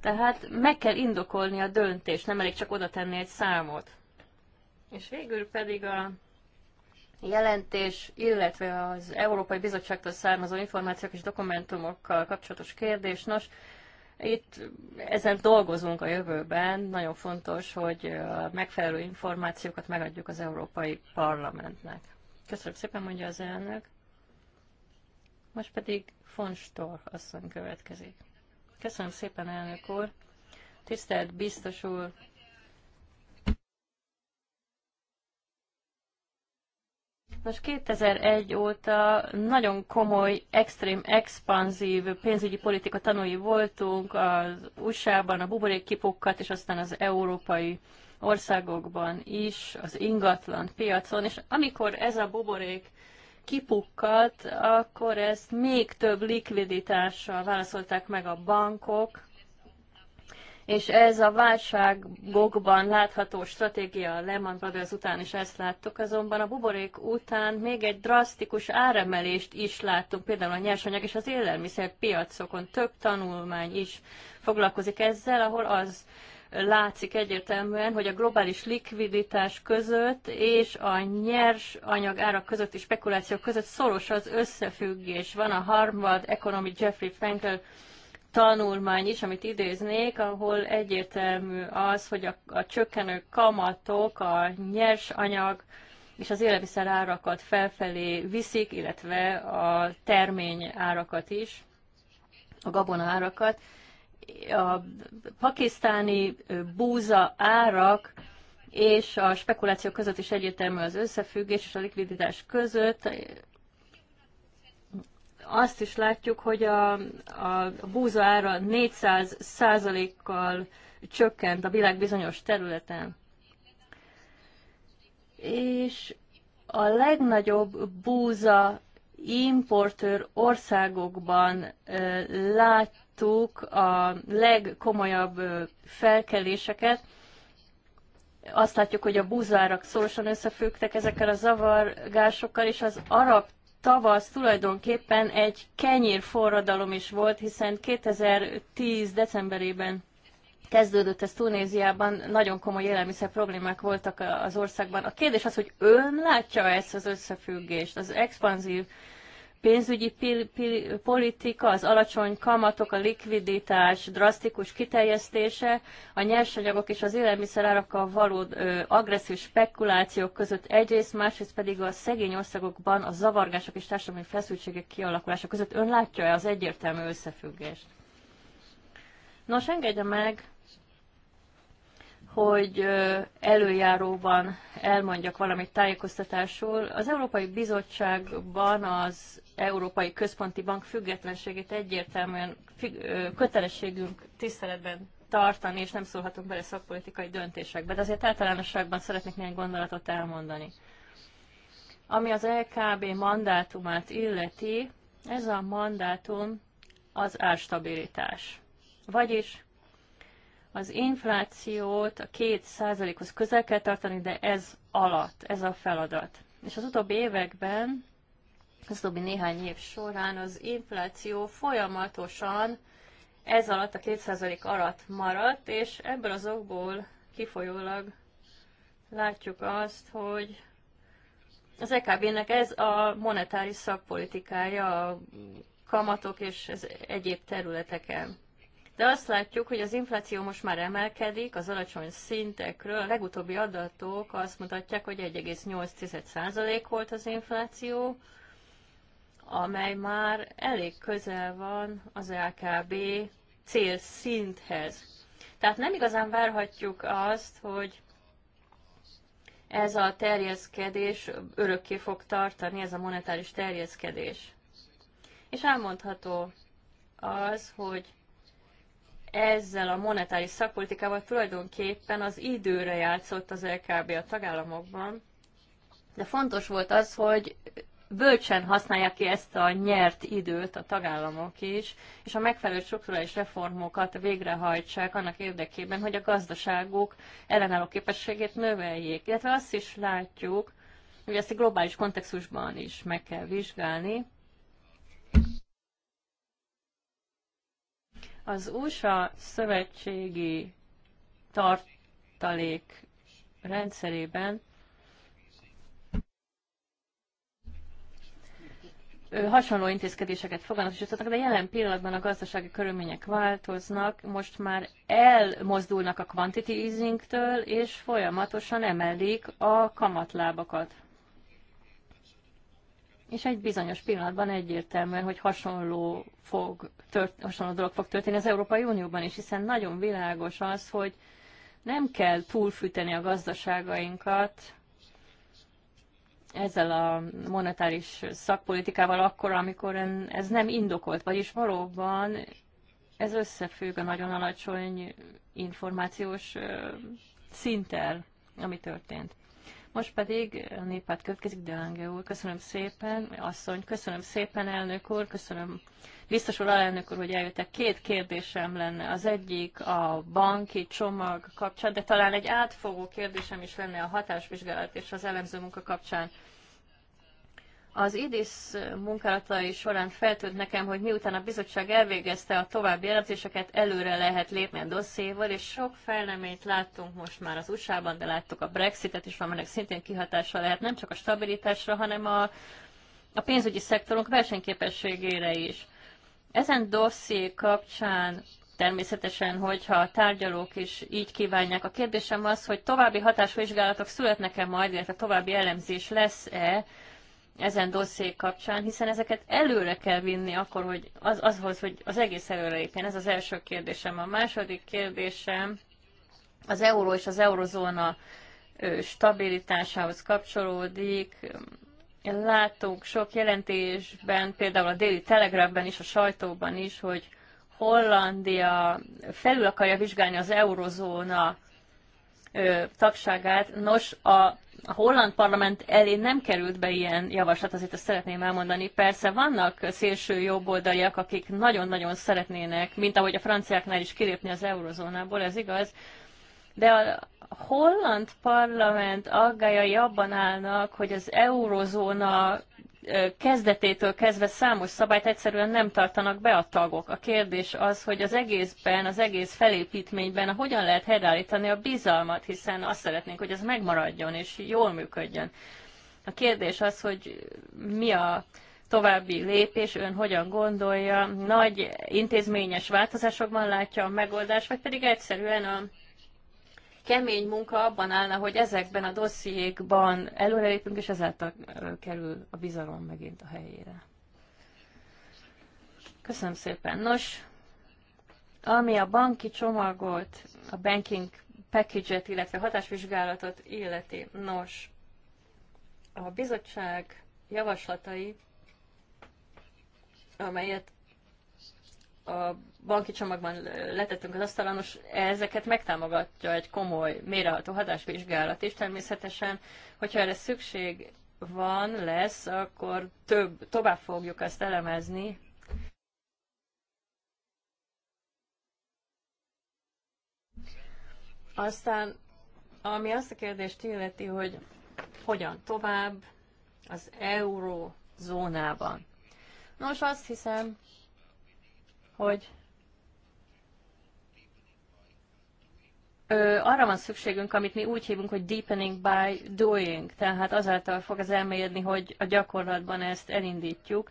Tehát meg kell indokolni a döntést, nem elég csak oda tenni egy számot. És végül pedig a jelentés, illetve az Európai Bizottságtól származó információk és dokumentumokkal kapcsolatos kérdés. Nos, itt ezen dolgozunk a jövőben. Nagyon fontos, hogy a megfelelő információkat megadjuk az Európai Parlamentnek. Köszönöm szépen, mondja az elnök. Most pedig von Storch asszony következik. Köszönöm szépen, elnök úr. Tisztelt biztos úr, Nos, 2001 óta nagyon komoly, extrém, expanzív pénzügyi politika tanúi voltunk az USA-ban, a kipukkat, és aztán az európai országokban is, az ingatlan piacon, és amikor ez a buborék kipukkadt, akkor ezt még több likviditással válaszolták meg a bankok, és ez a válságokban látható stratégia Lehman Brothers után is ezt láttuk, azonban a buborék után még egy drasztikus áremelést is láttunk, például a nyersanyag és az élelmiszer piacokon. Több tanulmány is foglalkozik ezzel, ahol az látszik egyértelműen, hogy a globális likviditás között és a nyers anyag árak közötti spekulációk között szoros az összefüggés. Van a Harvard Economy Jeffrey Frankel tanulmány is, amit idéznék, ahol egyértelmű az, hogy a, a csökkenő kamatok, a nyersanyag és az élelmiszer árakat felfelé viszik, illetve a termény árakat is, a gabona árakat. A pakisztáni búza árak és a spekuláció között is egyértelmű az összefüggés, és a likviditás között azt is látjuk, hogy a, a búza ára 400 százalékkal csökkent a világ bizonyos területen. És a legnagyobb búza importőr országokban láttuk a legkomolyabb felkeléseket. Azt látjuk, hogy a búzárak szorosan összefüggtek ezekkel a zavargásokkal, és az arab tavasz tulajdonképpen egy kenyérforradalom is volt, hiszen 2010. decemberében kezdődött ez Tunéziában, nagyon komoly élelmiszer problémák voltak az országban. A kérdés az, hogy ön látja ezt az összefüggést, az expanzív pénzügyi politika, az alacsony kamatok, a likviditás drasztikus kiterjesztése, a nyersanyagok és az élelmiszerárakkal való ö, agresszív spekulációk között egyrészt, másrészt pedig a szegény országokban a zavargások és társadalmi feszültségek kialakulása között ön látja-e az egyértelmű összefüggést? Nos, engedje meg, hogy előjáróban elmondjak valamit tájékoztatásul. Az Európai Bizottságban az Európai Központi Bank függetlenségét egyértelműen kötelességünk tiszteletben tartani, és nem szólhatunk bele szakpolitikai döntésekbe, de azért általánosságban szeretnék néhány gondolatot elmondani. Ami az LKB mandátumát illeti, ez a mandátum az árstabilitás. Vagyis az inflációt a két százalékhoz közel kell tartani, de ez alatt, ez a feladat. És az utóbbi években, az utóbbi néhány év során az infláció folyamatosan ez alatt, a 2% alatt maradt, és ebből az okból kifolyólag látjuk azt, hogy az EKB-nek ez a monetáris szakpolitikája a kamatok és ez egyéb területeken de azt látjuk, hogy az infláció most már emelkedik, az alacsony szintekről a legutóbbi adatok azt mutatják, hogy 1,8% volt az infláció, amely már elég közel van az LKB célszinthez. Tehát nem igazán várhatjuk azt, hogy ez a terjeszkedés örökké fog tartani, ez a monetáris terjeszkedés. És elmondható az, hogy ezzel a monetáris szakpolitikával tulajdonképpen az időre játszott az LKB a tagállamokban, de fontos volt az, hogy bölcsen használják ki ezt a nyert időt a tagállamok is, és a megfelelő struktúrális reformokat végrehajtsák annak érdekében, hogy a gazdaságuk ellenálló képességét növeljék. Illetve azt is látjuk, hogy ezt a globális kontextusban is meg kell vizsgálni, Az USA szövetségi tartalék rendszerében hasonló intézkedéseket foganatosítottak, de jelen pillanatban a gazdasági körülmények változnak, most már elmozdulnak a quantity easing-től, és folyamatosan emelik a kamatlábakat és egy bizonyos pillanatban egyértelműen, hogy hasonló, fog, tört, hasonló dolog fog történni az Európai Unióban is, hiszen nagyon világos az, hogy nem kell túlfűteni a gazdaságainkat ezzel a monetáris szakpolitikával akkor, amikor ez nem indokolt, vagyis valóban ez összefügg a nagyon alacsony információs szinttel, ami történt. Most pedig a néppárt következik, Delange úr, köszönöm szépen, asszony, köszönöm szépen, elnök úr, köszönöm biztos úr, alelnök úr, hogy eljöttek. Két kérdésem lenne. Az egyik a banki csomag kapcsán, de talán egy átfogó kérdésem is lenne a hatásvizsgálat és az elemző munka kapcsán. Az IDISZ munkálatai során feltűnt nekem, hogy miután a bizottság elvégezte a további elemzéseket, előre lehet lépni a dosszéval, és sok felnemét láttunk most már az USA-ban, de láttuk a Brexitet is, amelynek szintén kihatása lehet nem csak a stabilitásra, hanem a, a pénzügyi szektorunk versenyképességére is. Ezen dosszié kapcsán természetesen, hogyha a tárgyalók is így kívánják. A kérdésem az, hogy további hatásvizsgálatok születnek-e majd, illetve további elemzés lesz-e, ezen dosszék kapcsán, hiszen ezeket előre kell vinni akkor, hogy az, azhoz, hogy az egész előre lépjen. Ez az első kérdésem. A második kérdésem az euró és az eurozóna stabilitásához kapcsolódik. Látunk sok jelentésben, például a déli telegrafben is, a sajtóban is, hogy Hollandia felül akarja vizsgálni az eurozóna tagságát. Nos, a a holland parlament elé nem került be ilyen javaslat, azért ezt szeretném elmondani. Persze vannak szélső jobboldaliak, akik nagyon-nagyon szeretnének, mint ahogy a franciáknál is kilépni az eurozónából, ez igaz, de a holland parlament aggájai abban állnak, hogy az eurozóna kezdetétől kezdve számos szabályt egyszerűen nem tartanak be a tagok. A kérdés az, hogy az egészben, az egész felépítményben hogyan lehet helyreállítani a bizalmat, hiszen azt szeretnénk, hogy ez megmaradjon és jól működjön. A kérdés az, hogy mi a további lépés, ön hogyan gondolja, nagy intézményes változásokban látja a megoldást, vagy pedig egyszerűen a kemény munka abban állna, hogy ezekben a dossziékban előrelépünk, és ezáltal kerül a bizalom megint a helyére. Köszönöm szépen. Nos, ami a banki csomagot, a banking package-et, illetve hatásvizsgálatot illeti. Nos, a bizottság javaslatai, amelyet a banki csomagban letettünk az asztalra, most ezeket megtámogatja egy komoly méreható hatásvizsgálat is. Természetesen, hogyha erre szükség van, lesz, akkor több, tovább fogjuk ezt elemezni. Aztán, ami azt a kérdést illeti, hogy hogyan tovább az eurózónában? Nos, azt hiszem, hogy ö, arra van szükségünk, amit mi úgy hívunk, hogy deepening by doing, tehát azáltal fog az elmélyedni, hogy a gyakorlatban ezt elindítjuk,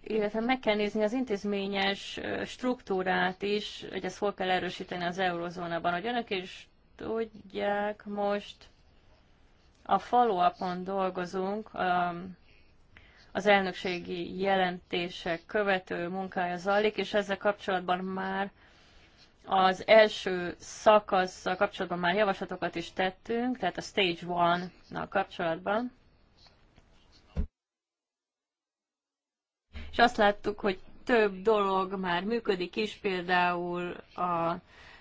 illetve meg kell nézni az intézményes struktúrát is, hogy ezt hol kell erősíteni az eurozónában. Hogy önök is tudják, most a follow-upon dolgozunk, um, az elnökségi jelentések követő munkája zajlik, és ezzel kapcsolatban már az első szakasszal kapcsolatban már javaslatokat is tettünk, tehát a Stage 1-nal kapcsolatban. És azt láttuk, hogy több dolog már működik is, például a,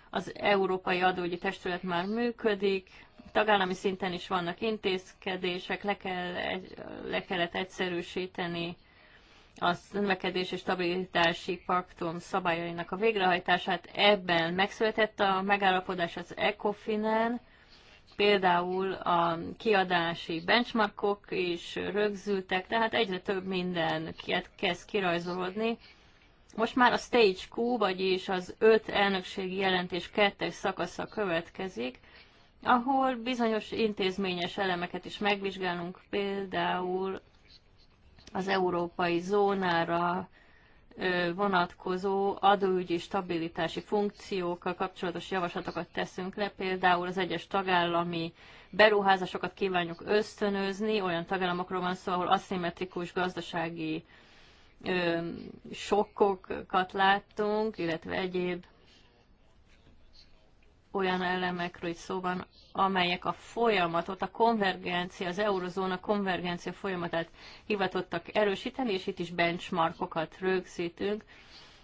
az Európai Adógyi Testület már működik, tagállami szinten is vannak intézkedések, le, kell, le kellett egyszerűsíteni a növekedés és stabilitási paktum szabályainak a végrehajtását. Ebben megszületett a megállapodás az ECOFIN-en, például a kiadási benchmarkok is rögzültek, tehát egyre több minden kezd kirajzolódni. Most már a Stage Q, vagyis az öt elnökségi jelentés kettes szakasza következik, ahol bizonyos intézményes elemeket is megvizsgálunk, például az európai zónára vonatkozó adóügyi stabilitási funkciókkal kapcsolatos javaslatokat teszünk le, például az egyes tagállami beruházásokat kívánjuk ösztönözni, olyan tagállamokról van szó, ahol aszimmetrikus gazdasági sokkokat láttunk, illetve egyéb olyan elemekről is szó van, amelyek a folyamatot, a konvergencia, az eurozóna konvergencia folyamatát hivatottak erősíteni, és itt is benchmarkokat rögzítünk,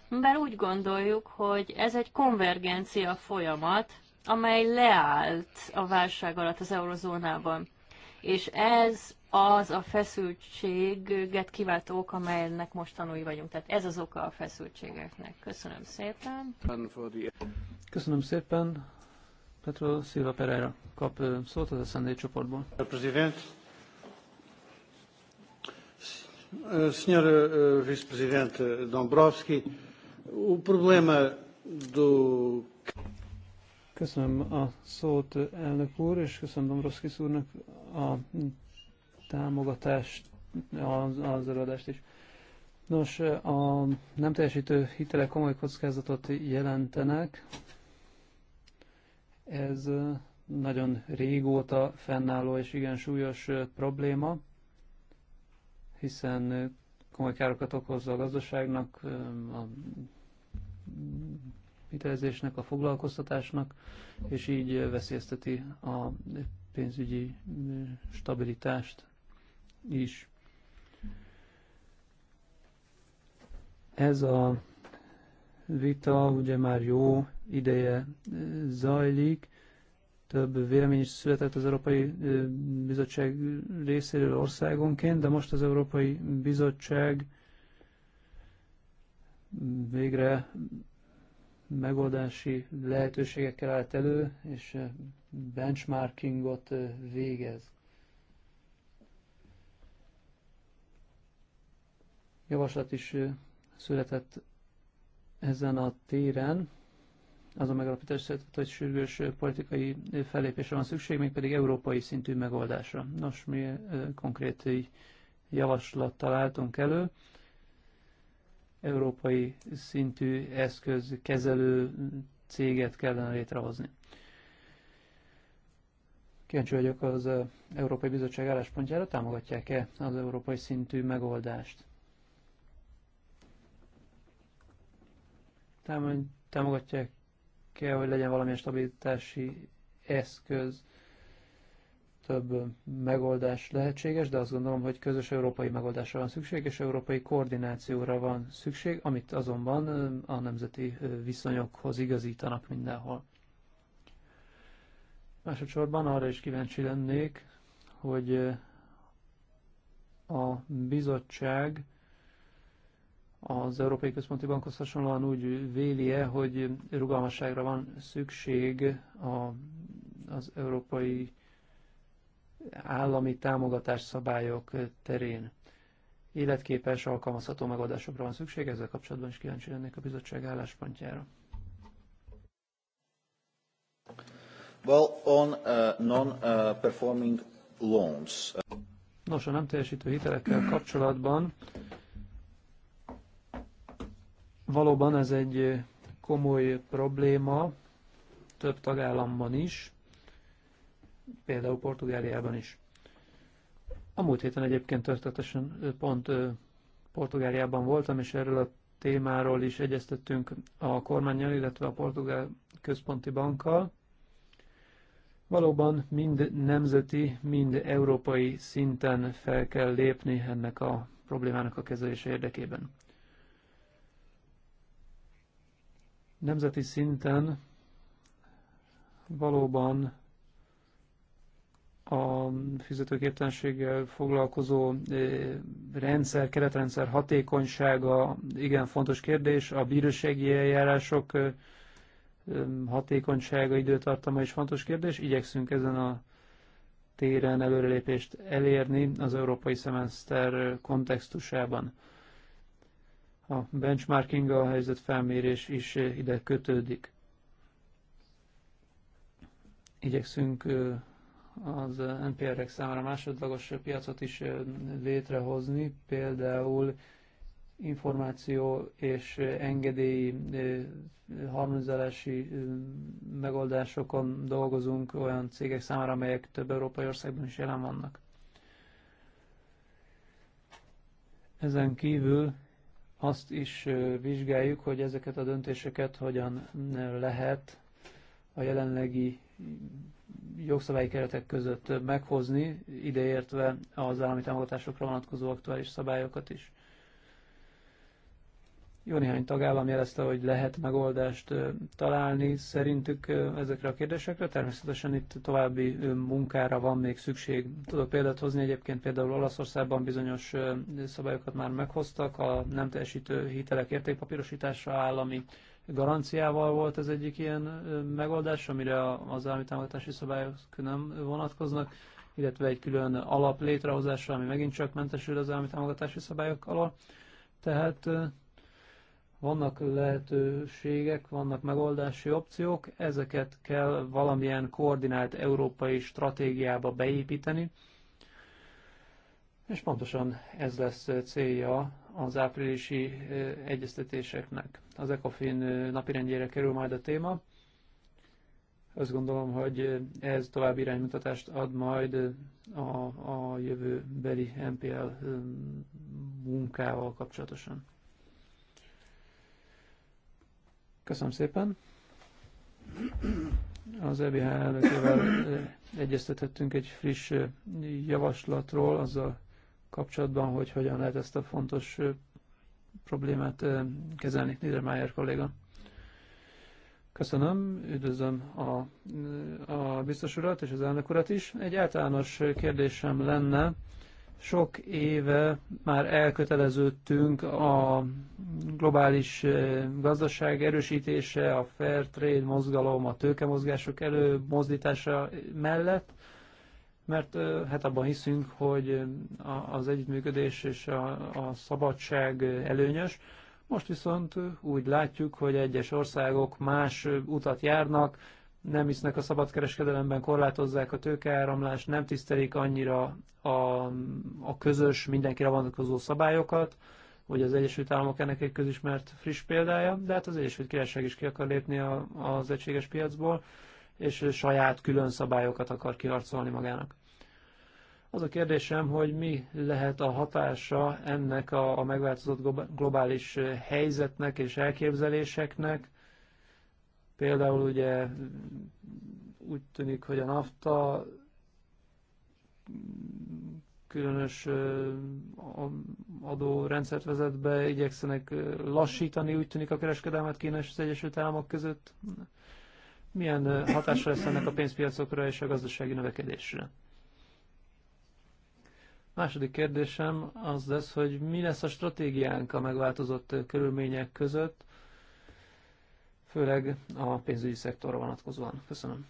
mert úgy gondoljuk, hogy ez egy konvergencia folyamat, amely leállt a válság alatt az eurozónában. És ez az a feszültséget kiváltó ok, amelynek most tanulni vagyunk. Tehát ez az oka a feszültségeknek. Köszönöm szépen. Köszönöm szépen Petro Silva Pereira kap szót az SZND csoportból. President. Senhor Vice-Presidente Dombrovski, o problema do... Köszönöm a szót, elnök úr, és köszönöm Dombrovski úrnak a támogatást, az, az előadást is. Nos, a nem teljesítő hitelek komoly kockázatot jelentenek, ez nagyon régóta fennálló és igen súlyos probléma, hiszen komoly károkat okozza a gazdaságnak, a hitelezésnek, a foglalkoztatásnak, és így veszélyezteti a pénzügyi stabilitást is. Ez a vita ugye már jó ideje eh, zajlik, több vélemény is született az Európai eh, Bizottság részéről országonként, de most az Európai Bizottság végre megoldási lehetőségekkel állt elő, és eh, benchmarkingot végez. Javaslat is született ezen a téren az a megalapítás szerint, hogy sürgős politikai fellépésre van szükség, mégpedig európai szintű megoldásra. Nos, mi eh, konkrét javaslat találtunk elő. Európai szintű eszköz kezelő céget kellene létrehozni. Kíváncsi vagyok az eh, Európai Bizottság álláspontjára, támogatják-e az európai szintű megoldást? támogatják kell, hogy legyen valamilyen stabilitási eszköz, több megoldás lehetséges, de azt gondolom, hogy közös európai megoldásra van szükség, és európai koordinációra van szükség, amit azonban a nemzeti viszonyokhoz igazítanak mindenhol. Másodszorban arra is kíváncsi lennék, hogy a bizottság az Európai Központi Bankhoz hasonlóan úgy véli-e, hogy rugalmasságra van szükség a, az európai állami támogatás szabályok terén. Életképes, alkalmazható megoldásokra van szükség, ezzel kapcsolatban is kíváncsi lennék a bizottság álláspontjára. Well, on uh, non-performing loans. Nos, a nem teljesítő hitelekkel kapcsolatban Valóban ez egy komoly probléma több tagállamban is, például Portugáliában is. A múlt héten egyébként történetesen pont Portugáliában voltam, és erről a témáról is egyeztettünk a kormányjal, illetve a Portugál Központi Bankkal. Valóban mind nemzeti, mind európai szinten fel kell lépni ennek a problémának a kezelése érdekében. Nemzeti szinten valóban a fizetőképtelenséggel foglalkozó eh, rendszer, keretrendszer hatékonysága igen fontos kérdés, a bírósági eljárások eh, eh, hatékonysága, időtartama is fontos kérdés. Igyekszünk ezen a téren előrelépést elérni az európai szemeszter kontextusában. A benchmarking, a helyzetfelmérés is eh, ide kötődik. Igyekszünk eh, az NPR-ek számára másodlagos piacot is eh, létrehozni, például információ és engedélyi harmonizálási megoldásokon dolgozunk olyan cégek számára, amelyek több európai országban is jelen vannak. Ezen kívül azt is vizsgáljuk, hogy ezeket a döntéseket hogyan lehet a jelenlegi jogszabályi keretek között meghozni, ideértve az állami támogatásokra vonatkozó aktuális szabályokat is. Jó néhány tagállam jelezte, hogy lehet megoldást találni szerintük ezekre a kérdésekre. Természetesen itt további munkára van még szükség. Tudok példát hozni egyébként, például Olaszországban bizonyos szabályokat már meghoztak, a nem teljesítő hitelek értékpapírosítása állami garanciával volt ez egyik ilyen megoldás, amire az állami támogatási szabályok nem vonatkoznak, illetve egy külön alap létrehozása, ami megint csak mentesül az állami támogatási szabályok alól. Tehát vannak lehetőségek, vannak megoldási opciók, ezeket kell valamilyen koordinált európai stratégiába beépíteni, és pontosan ez lesz célja az áprilisi egyeztetéseknek. Az ECOFIN napirendjére kerül majd a téma. Azt gondolom, hogy ez további iránymutatást ad majd a, a jövőbeli MPL munkával kapcsolatosan. Köszönöm szépen. Az EBH elnökével eh, egyeztethettünk egy friss eh, javaslatról azzal kapcsolatban, hogy hogyan lehet ezt a fontos eh, problémát kezelni, Niedermayer kolléga. Köszönöm, üdvözlöm a, a biztos urat és az elnök urat is. Egy általános kérdésem lenne sok éve már elköteleződtünk a globális eh, gazdaság erősítése, a fair trade mozgalom, a tőkemozgások előmozdítása mellett, mert eh, hát abban hiszünk, hogy eh, az együttműködés és a, a szabadság előnyös. Most viszont úgy látjuk, hogy egyes országok más utat járnak, nem hisznek a szabadkereskedelemben, korlátozzák a tőkeáramlást, nem tisztelik annyira a, a közös, mindenkire vonatkozó szabályokat, hogy az Egyesült Államok ennek egy közismert friss példája, de hát az Egyesült Királyság is ki akar lépni a, az egységes piacból, és saját külön szabályokat akar kiharcolni magának. Az a kérdésem, hogy mi lehet a hatása ennek a, a megváltozott globális helyzetnek és elképzeléseknek, Például ugye úgy tűnik, hogy a NAFTA különös adórendszert vezet be, igyekszenek lassítani, úgy tűnik a kereskedelmet Kína és az Egyesült Államok között. Milyen hatása lesz ennek a pénzpiacokra és a gazdasági növekedésre? Második kérdésem az lesz, hogy mi lesz a stratégiánk a megváltozott körülmények között, főleg a pénzügyi szektorra vonatkozóan. Köszönöm.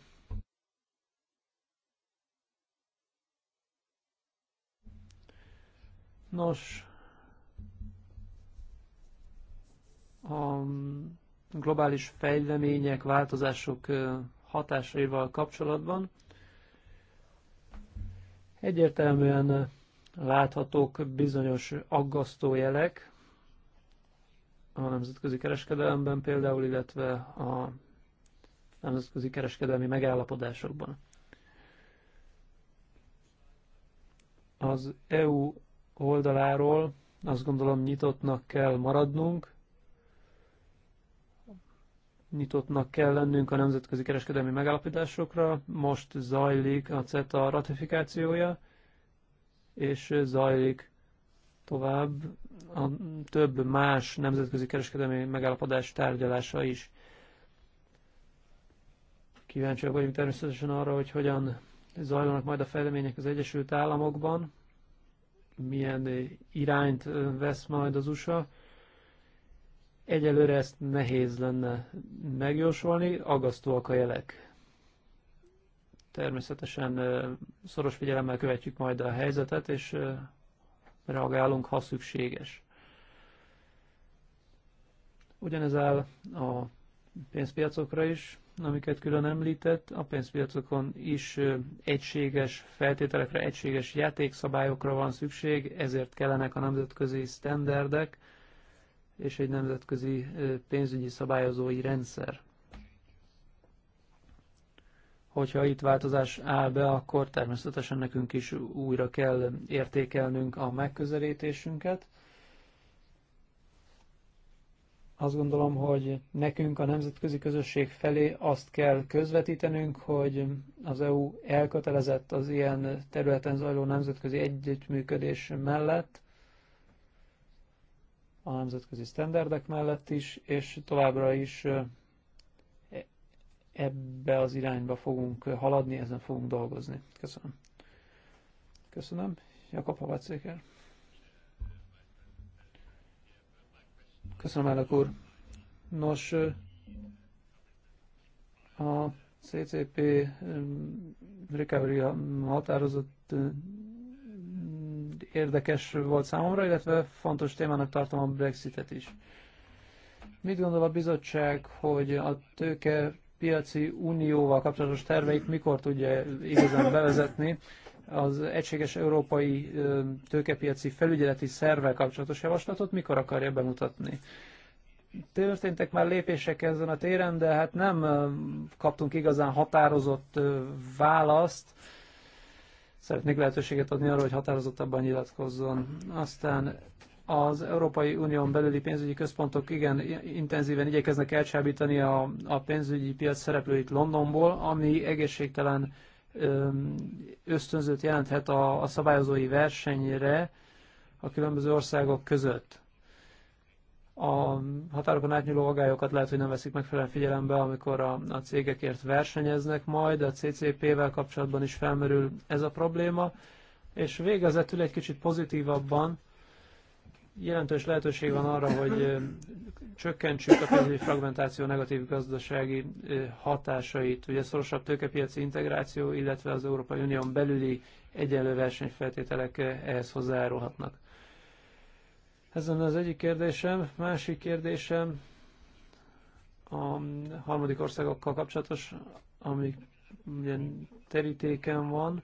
Nos, a globális fejlemények, változások hatásaival kapcsolatban egyértelműen láthatók bizonyos aggasztó jelek, a nemzetközi kereskedelemben például, illetve a nemzetközi kereskedelmi megállapodásokban. Az EU oldaláról azt gondolom nyitottnak kell maradnunk, nyitottnak kell lennünk a nemzetközi kereskedelmi megállapításokra. Most zajlik a CETA ratifikációja, és zajlik tovább a több más nemzetközi kereskedelmi megállapodás tárgyalása is. Kíváncsiak vagyunk természetesen arra, hogy hogyan zajlanak majd a fejlemények az Egyesült Államokban, milyen irányt vesz majd az USA. Egyelőre ezt nehéz lenne megjósolni, agasztóak a jelek. Természetesen szoros figyelemmel követjük majd a helyzetet, és reagálunk, ha szükséges. Ugyanez áll a pénzpiacokra is, amiket külön említett. A pénzpiacokon is egységes feltételekre, egységes játékszabályokra van szükség, ezért kellenek a nemzetközi sztenderdek és egy nemzetközi pénzügyi szabályozói rendszer hogyha itt változás áll be, akkor természetesen nekünk is újra kell értékelnünk a megközelítésünket. Azt gondolom, hogy nekünk a nemzetközi közösség felé azt kell közvetítenünk, hogy az EU elkötelezett az ilyen területen zajló nemzetközi együttműködés mellett, a nemzetközi sztenderdek mellett is, és továbbra is ebbe az irányba fogunk haladni, ezen fogunk dolgozni. Köszönöm. Köszönöm. Jakab Havacéker. Köszönöm, elnök úr. Nos, a CCP recovery határozott érdekes volt számomra, illetve fontos témának tartom a Brexitet is. Mit gondol a bizottság, hogy a tőke piaci unióval kapcsolatos terveit mikor tudja igazán bevezetni az egységes európai tőkepiaci felügyeleti szervvel kapcsolatos javaslatot, mikor akarja bemutatni? Történtek már lépések ezen a téren, de hát nem kaptunk igazán határozott választ. Szeretnék lehetőséget adni arra, hogy határozottabban nyilatkozzon. Aztán az Európai Unión belüli pénzügyi központok igen intenzíven igyekeznek elcsábítani a, a pénzügyi piac szereplőit Londonból, ami egészségtelen ösztönzőt jelenthet a, a szabályozói versenyre a különböző országok között. A határokon átnyúló agályokat lehet, hogy nem veszik megfelelően figyelembe, amikor a, a cégekért versenyeznek majd, a CCP-vel kapcsolatban is felmerül ez a probléma. És végezetül egy kicsit pozitívabban, Jelentős lehetőség van arra, hogy csökkentsük a pénzügyi fragmentáció negatív gazdasági hatásait, ugye szorosabb tőkepiaci integráció, illetve az Európai Unión belüli egyenlő versenyfeltételek ehhez hozzájárulhatnak. Ez lenne az egyik kérdésem. Másik kérdésem a harmadik országokkal kapcsolatos, ami ugye terítéken van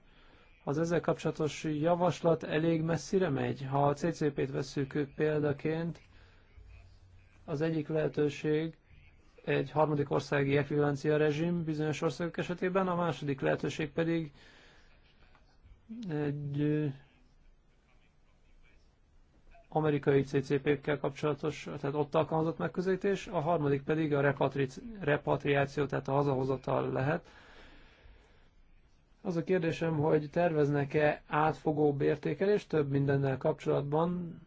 az ezzel kapcsolatos javaslat elég messzire megy. Ha a CCP-t veszük példaként, az egyik lehetőség egy harmadik országi ekvivalencia rezsim bizonyos országok esetében, a második lehetőség pedig egy amerikai CCP-kkel kapcsolatos, tehát ott alkalmazott megközelítés, a harmadik pedig a repatri repatriáció, tehát a hazahozatal lehet. Az a kérdésem, hogy terveznek-e átfogóbb értékelést több mindennel kapcsolatban,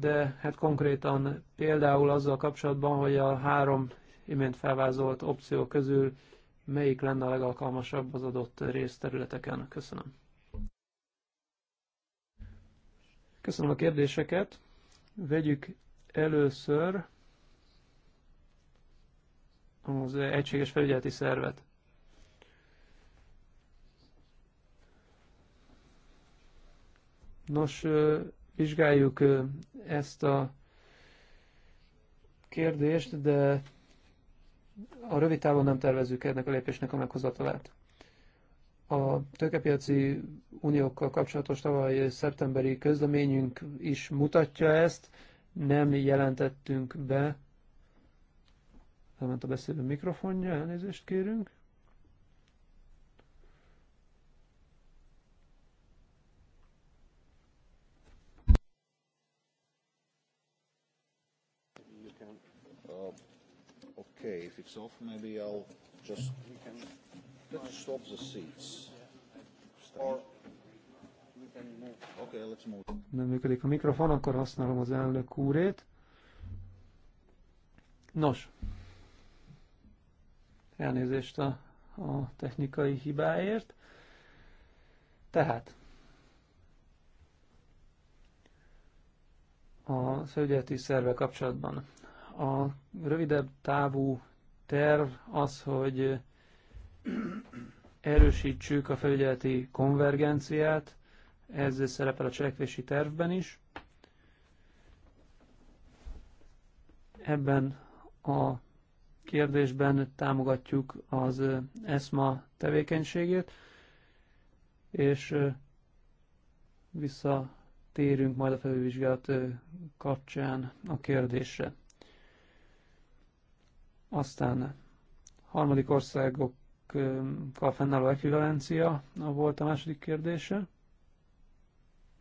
de hát konkrétan például azzal kapcsolatban, hogy a három imént felvázolt opció közül melyik lenne a legalkalmasabb az adott részterületeken. Köszönöm. Köszönöm a kérdéseket. Vegyük először az egységes felügyeleti szervet. Nos, vizsgáljuk ezt a kérdést, de a rövid távon nem tervezzük ennek a lépésnek a meghozatalát. A tőkepiaci uniókkal kapcsolatos tavaly szeptemberi közleményünk is mutatja ezt, nem jelentettünk be, elment a beszélő mikrofonja, elnézést kérünk. Okay, if it's off, maybe I'll just we can let's swap the seats. Or we can move. Okay, let's move. Nem működik a mikrofon, akkor használom az elnök úrét. Nos, elnézést a, a technikai hibáért. Tehát, a felügyeleti szerve kapcsolatban a rövidebb távú terv az, hogy erősítsük a felügyeleti konvergenciát, ez szerepel a cselekvési tervben is. Ebben a kérdésben támogatjuk az ESMA tevékenységét, és visszatérünk majd a felülvizsgálat kapcsán a kérdésre. Aztán harmadik országokkal fennálló ekvivalencia volt a második kérdése.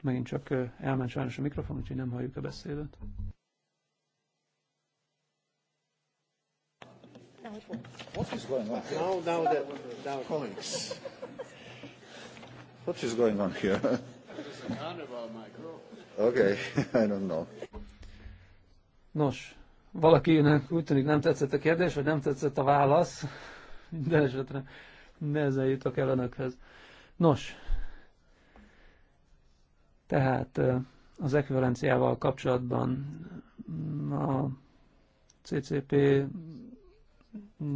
Megint csak elment sajnos a mikrofon, úgyhogy nem halljuk a beszédet. What is going on Now, now the, now colleagues. What is going on here? Okay, I don't know. Nos, valaki úgy tűnik nem tetszett a kérdés, vagy nem tetszett a válasz. de esetre nehezen jutok el önökhez. Nos, tehát az ekvivalenciával kapcsolatban a CCP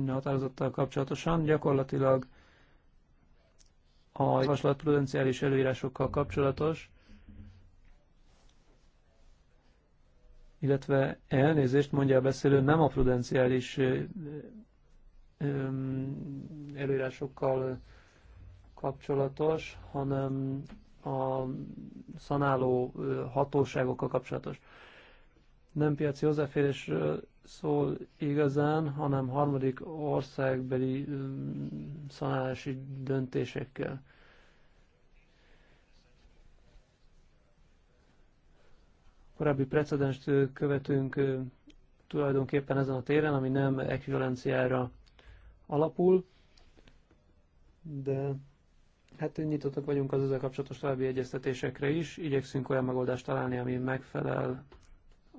határozattal kapcsolatosan gyakorlatilag a javaslat prudenciális előírásokkal kapcsolatos, illetve elnézést mondja a beszélő, nem a prudenciális előírásokkal kapcsolatos, hanem a szanáló hatóságokkal kapcsolatos. Nem piaci hozzáférésről szól igazán, hanem harmadik országbeli szanálási döntésekkel. korábbi precedenst követünk tulajdonképpen ezen a téren, ami nem ekvivalenciára alapul, de hát nyitottak vagyunk az ezzel kapcsolatos további egyeztetésekre is, igyekszünk olyan megoldást találni, ami megfelel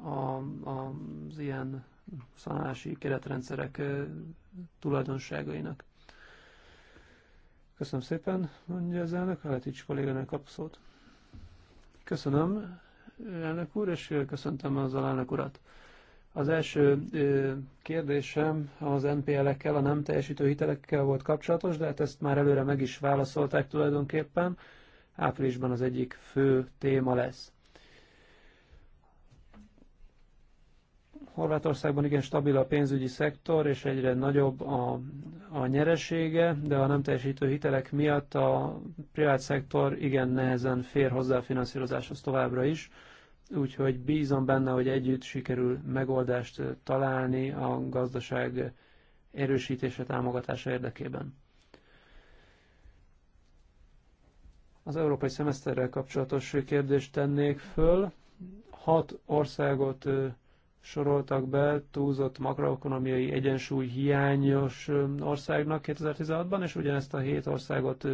a, a, az ilyen szanási keretrendszerek tulajdonságainak. Köszönöm szépen, mondja az elnök, Haletics kolléganő kap szót. Köszönöm, elnök úr, és köszöntöm az alelnök urat. Az első kérdésem az NPL-ekkel, a nem teljesítő hitelekkel volt kapcsolatos, de hát ezt már előre meg is válaszolták tulajdonképpen. Áprilisban az egyik fő téma lesz. Horvátországban igen stabil a pénzügyi szektor, és egyre nagyobb a, a nyeresége, de a nem teljesítő hitelek miatt a privát szektor igen nehezen fér hozzá a finanszírozáshoz továbbra is, úgyhogy bízom benne, hogy együtt sikerül megoldást találni a gazdaság erősítése, támogatása érdekében. Az európai szemeszterrel kapcsolatos kérdést tennék föl. Hat országot soroltak be túlzott makroekonomiai egyensúly hiányos országnak 2016-ban, és ugyanezt a 7 országot,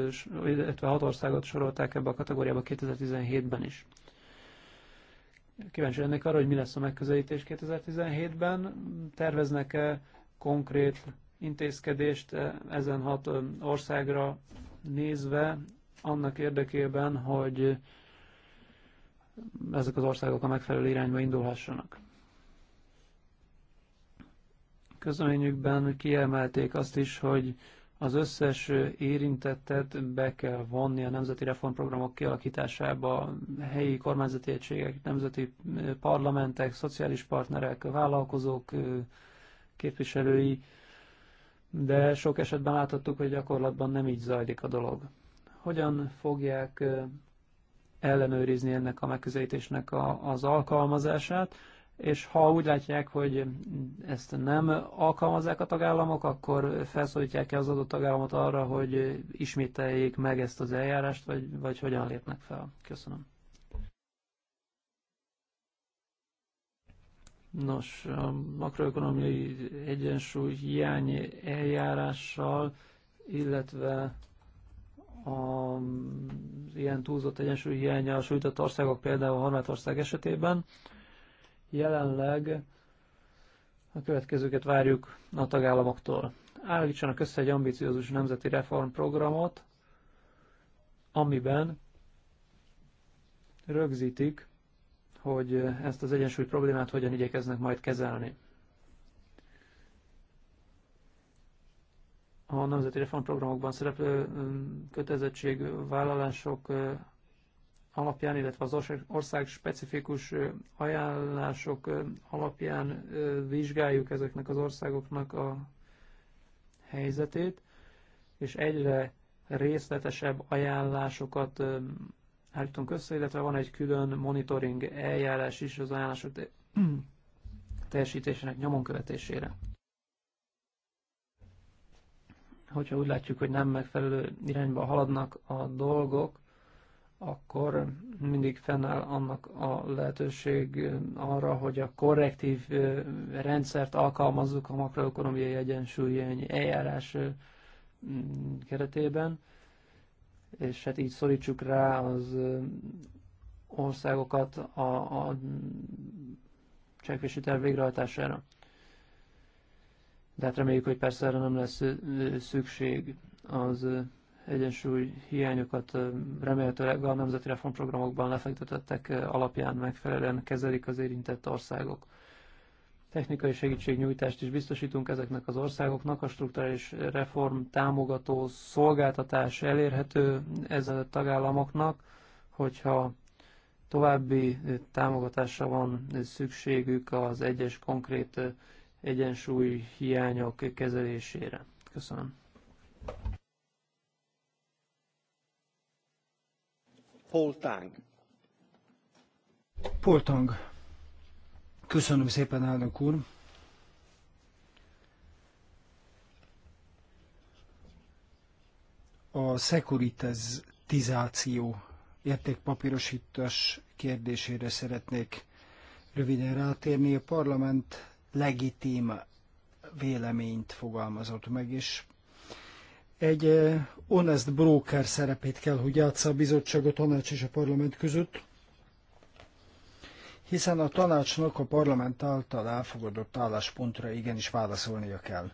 illetve 6 országot sorolták ebbe a kategóriába 2017-ben is. Kíváncsi lennék arra, hogy mi lesz a megközelítés 2017-ben. Terveznek-e konkrét intézkedést e, ezen hat országra nézve, annak érdekében, hogy ezek az országok a megfelelő irányba indulhassanak. Közleményükben kiemelték azt is, hogy az összes érintettet be kell vonni a nemzeti reformprogramok kialakításába, helyi kormányzati egységek, nemzeti parlamentek, szociális partnerek, vállalkozók, képviselői, de sok esetben láthattuk, hogy gyakorlatban nem így zajlik a dolog. Hogyan fogják ellenőrizni ennek a megközelítésnek a, az alkalmazását? és ha úgy látják, hogy ezt nem alkalmazzák a tagállamok, akkor felszólítják-e az adott tagállamot arra, hogy ismételjék meg ezt az eljárást, vagy, vagy hogyan lépnek fel? Köszönöm. Nos, a makroekonomiai egyensúly hiány eljárással, illetve a ilyen túlzott egyensúly hiánya a sújtott országok, például a Horvátország esetében, Jelenleg a következőket várjuk a tagállamoktól. Állítsanak össze egy ambiciózus nemzeti reformprogramot, amiben rögzítik, hogy ezt az egyensúly problémát hogyan igyekeznek majd kezelni. A nemzeti reformprogramokban szereplő kötelezettségvállalások alapján, illetve az ország specifikus ajánlások alapján vizsgáljuk ezeknek az országoknak a helyzetét, és egyre részletesebb ajánlásokat állítunk össze, illetve van egy külön monitoring eljárás is az ajánlások teljesítésének nyomon követésére. Hogyha úgy látjuk, hogy nem megfelelő irányba haladnak a dolgok, akkor mindig fennáll annak a lehetőség arra, hogy a korrektív rendszert alkalmazzuk a makroökonomiai egyensúlyi eljárás keretében, és hát így szorítsuk rá az országokat a, a csekvési terv végrehajtására. De hát reméljük, hogy persze erre nem lesz szükség az egyensúly hiányokat remélhetőleg a nemzeti reformprogramokban lefektetettek alapján megfelelően kezelik az érintett országok. Technikai segítségnyújtást is biztosítunk ezeknek az országoknak, a strukturális reform támogató szolgáltatás elérhető ezen a tagállamoknak, hogyha további támogatásra van szükségük az egyes konkrét egyensúly hiányok kezelésére. Köszönöm. Paul Tang. Paul Tang. Köszönöm szépen, elnök úr. A szekuritizáció értékpapírosítás kérdésére szeretnék röviden rátérni. A parlament legitim véleményt fogalmazott meg, és egy honest broker szerepét kell, hogy játsza a bizottság, a tanács és a parlament között, hiszen a tanácsnak a parlament által elfogadott álláspontra igenis válaszolnia kell.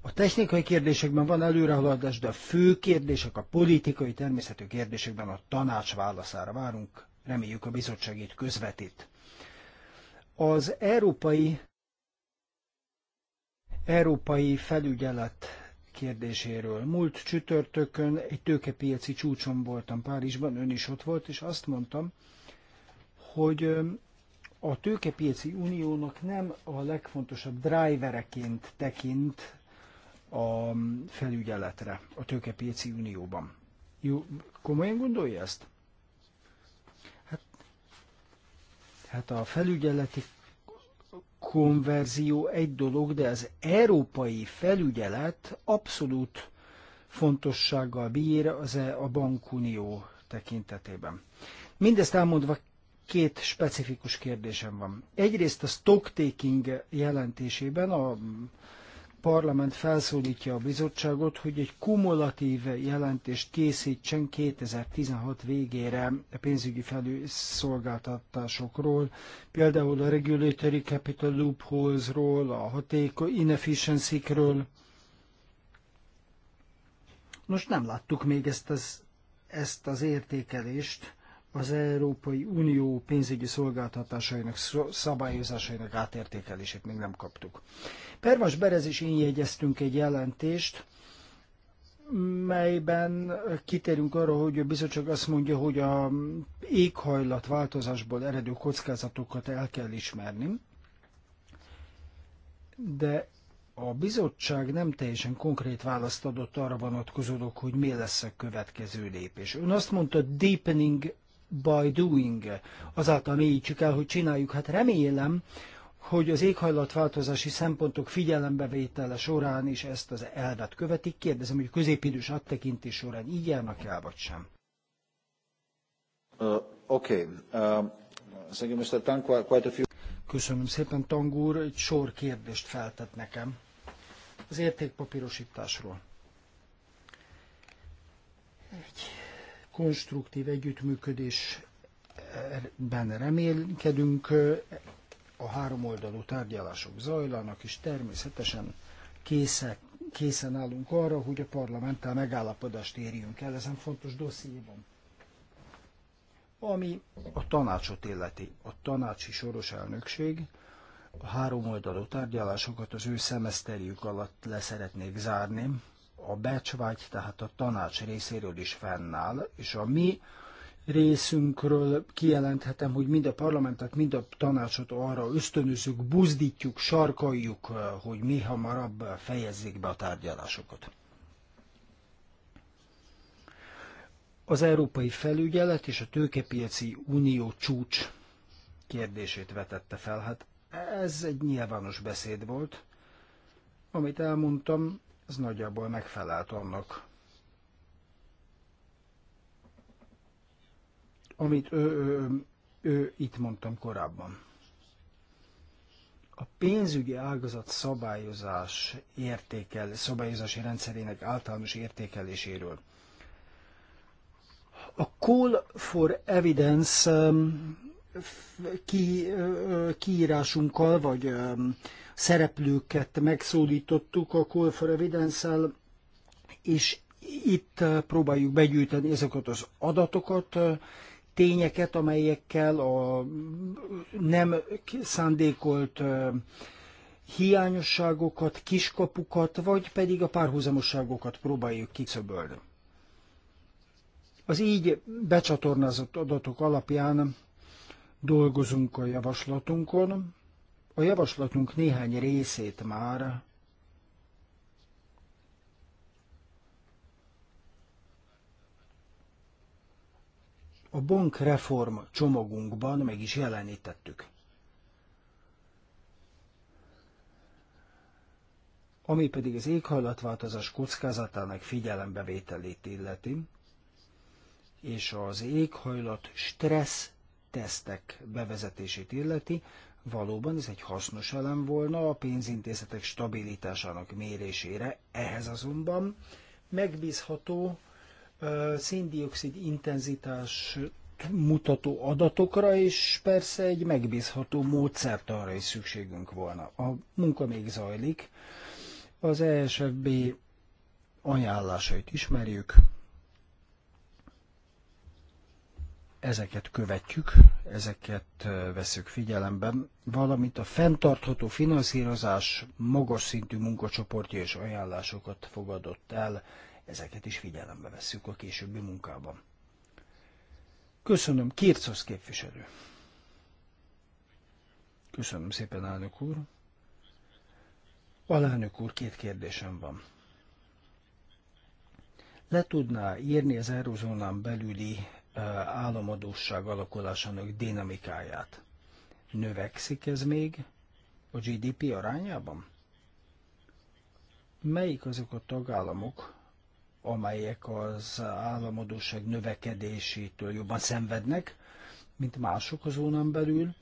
A technikai kérdésekben van előrehaladás, de a fő kérdések, a politikai természetű kérdésekben a tanács válaszára várunk, reméljük a bizottságét közvetít. Az európai európai felügyelet kérdéséről. Múlt csütörtökön egy tőkepiaci csúcson voltam Párizsban, ön is ott volt, és azt mondtam, hogy a tőkepiaci uniónak nem a legfontosabb drivereként tekint a felügyeletre a tőkepiaci unióban. Jó, komolyan gondolja ezt? Hát, hát a felügyeleti konverzió egy dolog, de az európai felügyelet abszolút fontossággal bír az e- a bankunió tekintetében. Mindezt elmondva két specifikus kérdésem van. Egyrészt a stocktaking jelentésében a parlament felszólítja a bizottságot, hogy egy kumulatív jelentést készítsen 2016 végére a pénzügyi felülszolgáltatásokról, például a regulatory capital loopholesról, a hatékony inefficiency kről Most nem láttuk még ezt az, ezt az értékelést, az Európai Unió pénzügyi szolgáltatásainak szabályozásainak átértékelését még nem kaptuk. Pervas Berez és én jegyeztünk egy jelentést, melyben kitérünk arra, hogy a bizottság azt mondja, hogy a változásból eredő kockázatokat el kell ismerni, de a bizottság nem teljesen konkrét választ adott arra vonatkozólag, hogy mi lesz a következő lépés. Ön azt mondta, deepening by doing, azáltal mélyítsük el, hogy csináljuk. Hát remélem, hogy az éghajlatváltozási szempontok figyelembevétele során is ezt az elvet követik. Kérdezem, hogy középidős áttekintés során így járnak el, vagy sem? Uh, Oké. Okay. Uh, Mr. quite a few... Köszönöm szépen, Tang úr. Egy sor kérdést feltett nekem az értékpapírosításról. Egy konstruktív együttműködésben remélkedünk, a három oldalú tárgyalások zajlanak, és természetesen készek, készen állunk arra, hogy a parlamenttel megállapodást érjünk el ezen fontos dossziéban. Ami a tanácsot illeti, a tanácsi soros elnökség a három oldalú tárgyalásokat az ő szemeszterjük alatt leszeretnék zárni, a becsvágy, tehát a tanács részéről is fennáll, és a mi részünkről kijelenthetem, hogy mind a parlamentet, mind a tanácsot arra ösztönözzük, buzdítjuk, sarkaljuk, hogy mi hamarabb fejezzék be a tárgyalásokat. Az Európai Felügyelet és a Tőkepiaci Unió csúcs kérdését vetette fel. Hát ez egy nyilvános beszéd volt, amit elmondtam, ez nagyjából megfelelt annak, amit ő, ő, ő itt mondtam korábban. A pénzügyi ágazat szabályozás értékel, szabályozási rendszerének általános értékeléséről. A Call for Evidence um, ki, kiírásunkkal, vagy um, szereplőket megszólítottuk a Call for evidence és itt eh, próbáljuk begyűjteni ezeket az adatokat, eh, tényeket, amelyekkel a nem szándékolt eh, hiányosságokat, kiskapukat, vagy pedig a párhuzamosságokat próbáljuk kicöbölni. Az így becsatornázott adatok alapján dolgozunk a javaslatunkon, a javaslatunk néhány részét már a bankreform csomagunkban meg is jelenítettük. Ami pedig az éghajlatváltozás kockázatának figyelembevételét illeti, és az éghajlat stressz tesztek bevezetését illeti, Valóban ez egy hasznos elem volna a pénzintézetek stabilitásának mérésére, ehhez azonban megbízható széndiokszid intenzitás mutató adatokra, és persze egy megbízható módszert arra is szükségünk volna. A munka még zajlik, az ESFB ajánlásait ismerjük, ezeket követjük, ezeket veszük figyelembe, valamint a fenntartható finanszírozás magas szintű munkacsoportja és ajánlásokat fogadott el, ezeket is figyelembe veszük a későbbi munkában. Köszönöm, Kircosz képviselő. Köszönöm szépen, elnök úr. Alelnök úr, két kérdésem van le tudná írni az eurozónán belüli államadóság alakulásának dinamikáját. Növekszik ez még a GDP arányában? Melyik azok a tagállamok, amelyek az államadóság növekedésétől jobban szenvednek, mint mások az zónán belül,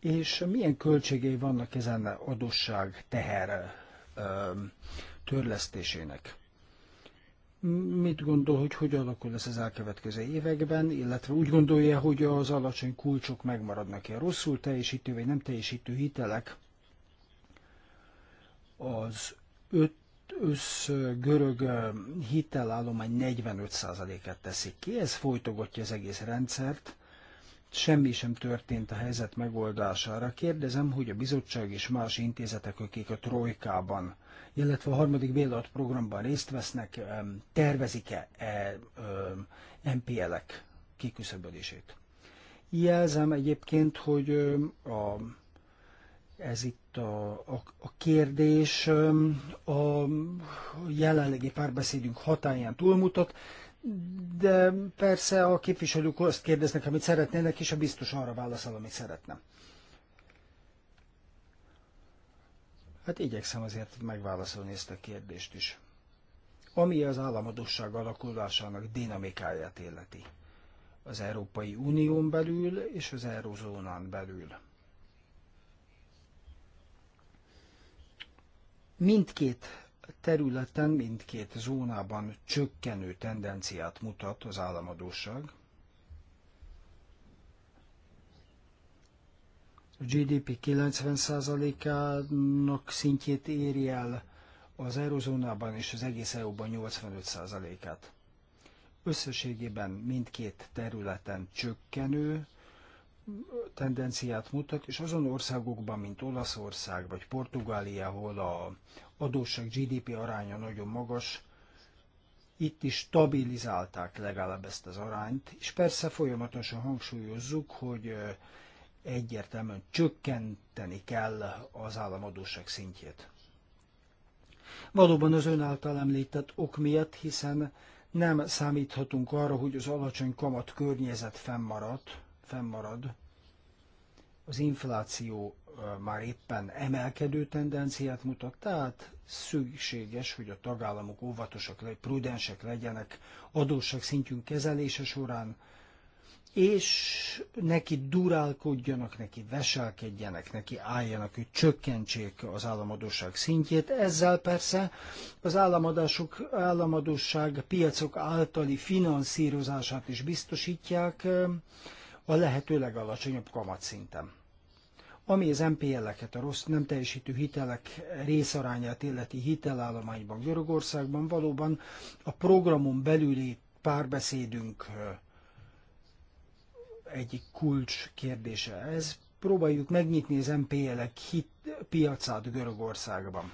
és milyen költségei vannak ezen adósság teher törlesztésének? mit gondol, hogy hogy alakul ez az elkövetkező években, illetve úgy gondolja, hogy az alacsony kulcsok megmaradnak-e rosszul teljesítő vagy nem teljesítő hitelek az öt össz görög hitelállomány 45 et teszik ki, ez folytogatja az egész rendszert, semmi sem történt a helyzet megoldására. Kérdezem, hogy a bizottság és más intézetek, akik a trojkában illetve a harmadik bérlet programban részt vesznek, tervezik-e e, MPL-ek kiküszöbölését. Jelzem egyébként, hogy a, ez itt a, a, a kérdés a jelenlegi párbeszédünk hatáján túlmutat, de persze a képviselők azt kérdeznek, amit szeretnének, és a biztos arra válaszol, amit szeretne. Hát igyekszem azért megválaszolni ezt a kérdést is. Ami az államadosság alakulásának dinamikáját illeti. Az Európai Unión belül és az Eurozónán belül. Mindkét területen, mindkét zónában csökkenő tendenciát mutat az államadóság, a GDP 90%-ának szintjét éri el, az eurozónában és az egész EU-ban 85%-át. Összességében mindkét területen csökkenő tendenciát mutat, és azon országokban, mint Olaszország vagy Portugália, ahol a adósság GDP aránya nagyon magas, itt is stabilizálták legalább ezt az arányt, és persze folyamatosan hangsúlyozzuk, hogy egyértelműen csökkenteni kell az államadóság szintjét. Valóban az ön által említett ok miatt, hiszen nem számíthatunk arra, hogy az alacsony kamat környezet fennmarad, fennmarad. Az infláció már éppen emelkedő tendenciát mutat, tehát szükséges, hogy a tagállamok óvatosak, prudensek legyenek adósság szintjünk kezelése során, és neki durálkodjanak, neki veselkedjenek, neki álljanak, hogy csökkentsék az államadóság szintjét. Ezzel persze az államadások, államadóság piacok általi finanszírozását is biztosítják a lehető legalacsonyabb kamatszinten. Ami az MPL-eket, a rossz nem teljesítő hitelek részarányát illeti hitelállományban Görögországban valóban a programon belüli párbeszédünk egyik kulcs kérdése ez. Próbáljuk megnyitni az MPL-ek piacát Görögországban.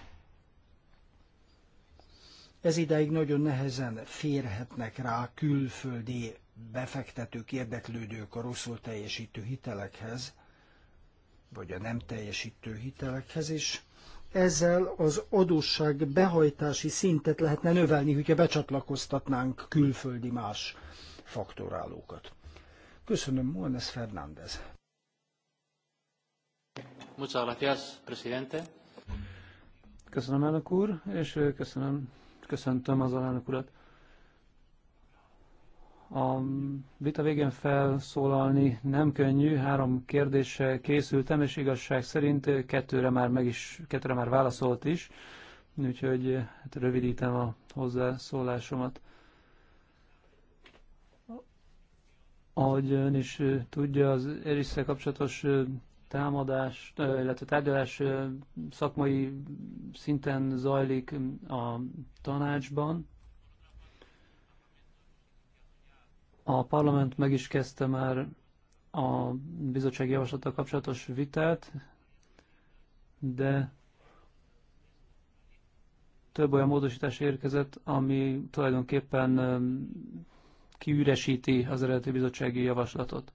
Ez ideig nagyon nehezen férhetnek rá külföldi befektetők, érdeklődők a rosszul teljesítő hitelekhez, vagy a nem teljesítő hitelekhez, is. ezzel az adósság behajtási szintet lehetne növelni, hogyha becsatlakoztatnánk külföldi más faktorálókat. Köszönöm, Molnes Fernández. Muchas gracias, presidente. Köszönöm, elnök úr, és köszönöm, köszöntöm az alelnök urat. A vita végén felszólalni nem könnyű, három kérdéssel készültem, és igazság szerint kettőre már, meg is, kettőre már válaszolt is, úgyhogy hát rövidítem a hozzászólásomat. Ahogy ön is tudja, az erisze kapcsolatos támadás, illetve tárgyalás szakmai szinten zajlik a tanácsban. A parlament meg is kezdte már a bizottság javaslata kapcsolatos vitát, de több olyan módosítás érkezett, ami tulajdonképpen kiüresíti az eredeti bizottsági javaslatot.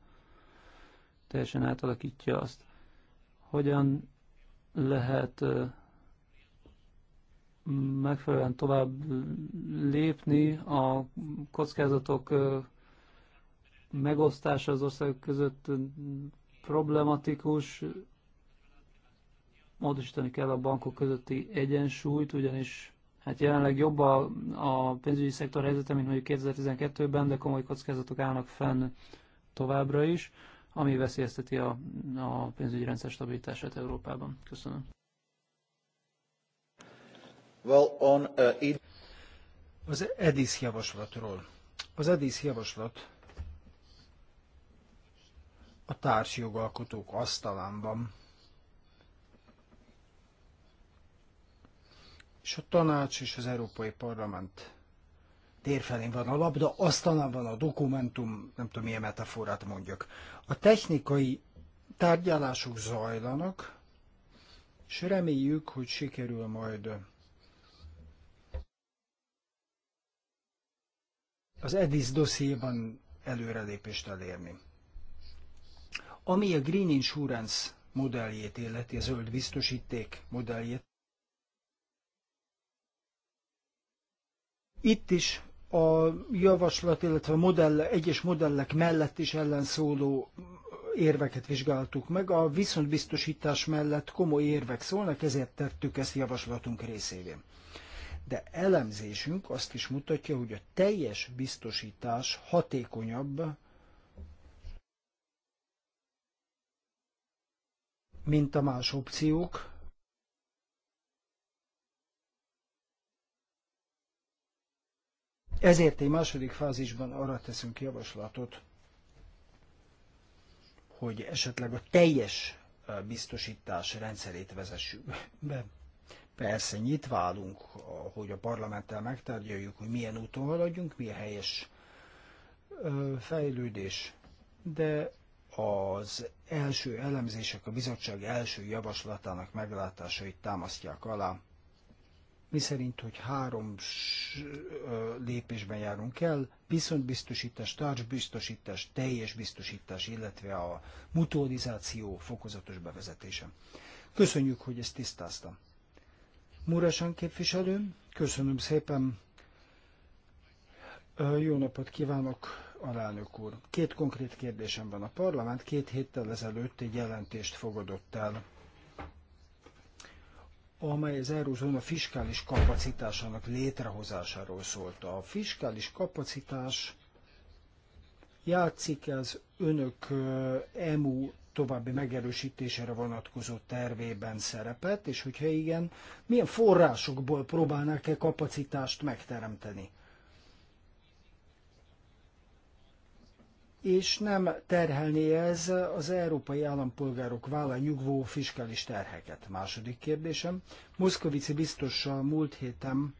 Teljesen átalakítja azt. Hogyan lehet megfelelően tovább lépni a kockázatok megosztása az ország között problematikus, módosítani kell a bankok közötti egyensúlyt, ugyanis Hát jelenleg jobb a, a pénzügyi szektor helyzete, mint mondjuk 2012-ben, de komoly kockázatok állnak fenn továbbra is, ami veszélyezteti a, a pénzügyi rendszer stabilitását Európában. Köszönöm. Well, on, uh, az EDIS javaslatról. Az EDIS javaslat a társjogalkotók asztalán van. és a tanács és az Európai Parlament térfelén van a labda, aztán van a dokumentum, nem tudom milyen metaforát mondjak. A technikai tárgyalások zajlanak, és reméljük, hogy sikerül majd az EDIS dossziéban előrelépést elérni. Ami a Green Insurance modelljét illeti, a zöld biztosíték modelljét, Itt is a javaslat, illetve modell, egyes modellek mellett is ellenszóló érveket vizsgáltuk meg, a viszontbiztosítás mellett komoly érvek szólnak, ezért tettük ezt javaslatunk részévé. De elemzésünk azt is mutatja, hogy a teljes biztosítás hatékonyabb, mint a más opciók, Ezért egy második fázisban arra teszünk javaslatot, hogy esetleg a teljes biztosítás rendszerét vezessük be. Persze nyitva állunk, hogy a parlamenttel megtárgyaljuk, hogy milyen úton haladjunk, milyen helyes fejlődés, de az első elemzések a bizottság első javaslatának meglátásait támasztják alá, szerint, hogy három lépésben járunk el, viszonybiztosítás, biztosítás, teljes biztosítás, illetve a mutualizáció fokozatos bevezetése. Köszönjük, hogy ezt tisztáztam. Múrásán képviselő, köszönöm szépen. Jó napot kívánok, alelnök úr. Két konkrét kérdésem van. A parlament két héttel ezelőtt egy jelentést fogadott el amely az Eurózóna fiskális kapacitásának létrehozásáról szólt. A fiskális kapacitás játszik az önök EMU további megerősítésére vonatkozó tervében szerepet, és hogyha igen, milyen forrásokból próbálnák-e kapacitást megteremteni? és nem terhelni ez az európai állampolgárok vállán nyugvó fiskális terheket. Második kérdésem. Moszkovici biztossal múlt héten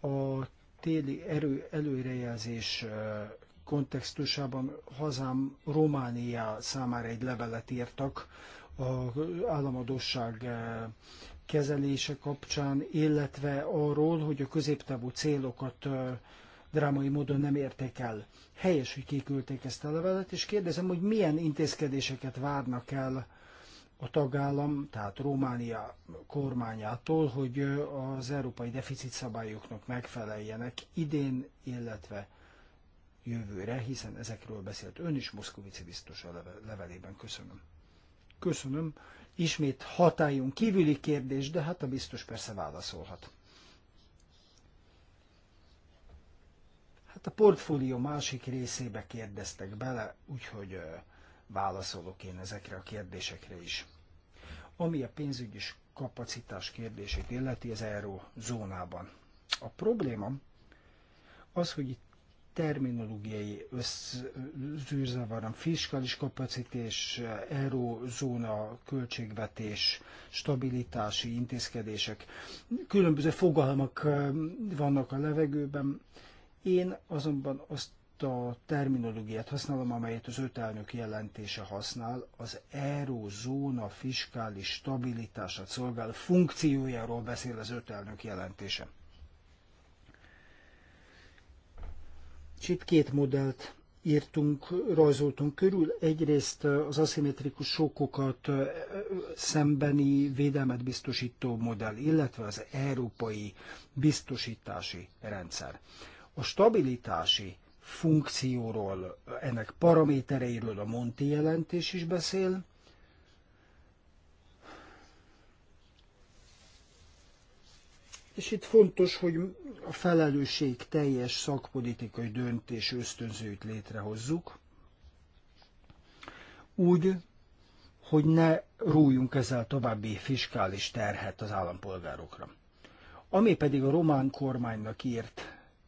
a téli erő előrejelzés kontextusában hazám Románia számára egy levelet írtak az államadóság kezelése kapcsán, illetve arról, hogy a középtávú célokat drámai módon nem érték el. Helyes, hogy kiküldték ezt a levelet, és kérdezem, hogy milyen intézkedéseket várnak el a tagállam, tehát Románia kormányától, hogy az európai deficit szabályoknak megfeleljenek idén, illetve jövőre, hiszen ezekről beszélt ön is Moszkovici biztos a levelében. Köszönöm. Köszönöm. Ismét hatályunk kívüli kérdés, de hát a biztos persze válaszolhat. A portfólió másik részébe kérdeztek bele, úgyhogy válaszolok én ezekre a kérdésekre is. Ami a pénzügyi kapacitás kérdését illeti az zónában. A probléma az, hogy itt terminológiai zűrzavarom, fiskális kapacitás, eurózóna, költségvetés, stabilitási intézkedések. Különböző fogalmak vannak a levegőben, én azonban azt a terminológiát használom, amelyet az öt elnök jelentése használ, az eurozóna fiskális stabilitását szolgál funkciójáról beszél az öt elnök jelentése. És itt két modellt írtunk, rajzoltunk körül. Egyrészt az aszimmetrikus sokokat szembeni védelmet biztosító modell, illetve az európai biztosítási rendszer. A stabilitási funkcióról, ennek paramétereiről a Monti jelentés is beszél, És itt fontos, hogy a felelősség teljes szakpolitikai döntés ösztönzőit létrehozzuk, úgy, hogy ne rújunk ezzel további fiskális terhet az állampolgárokra. Ami pedig a román kormánynak írt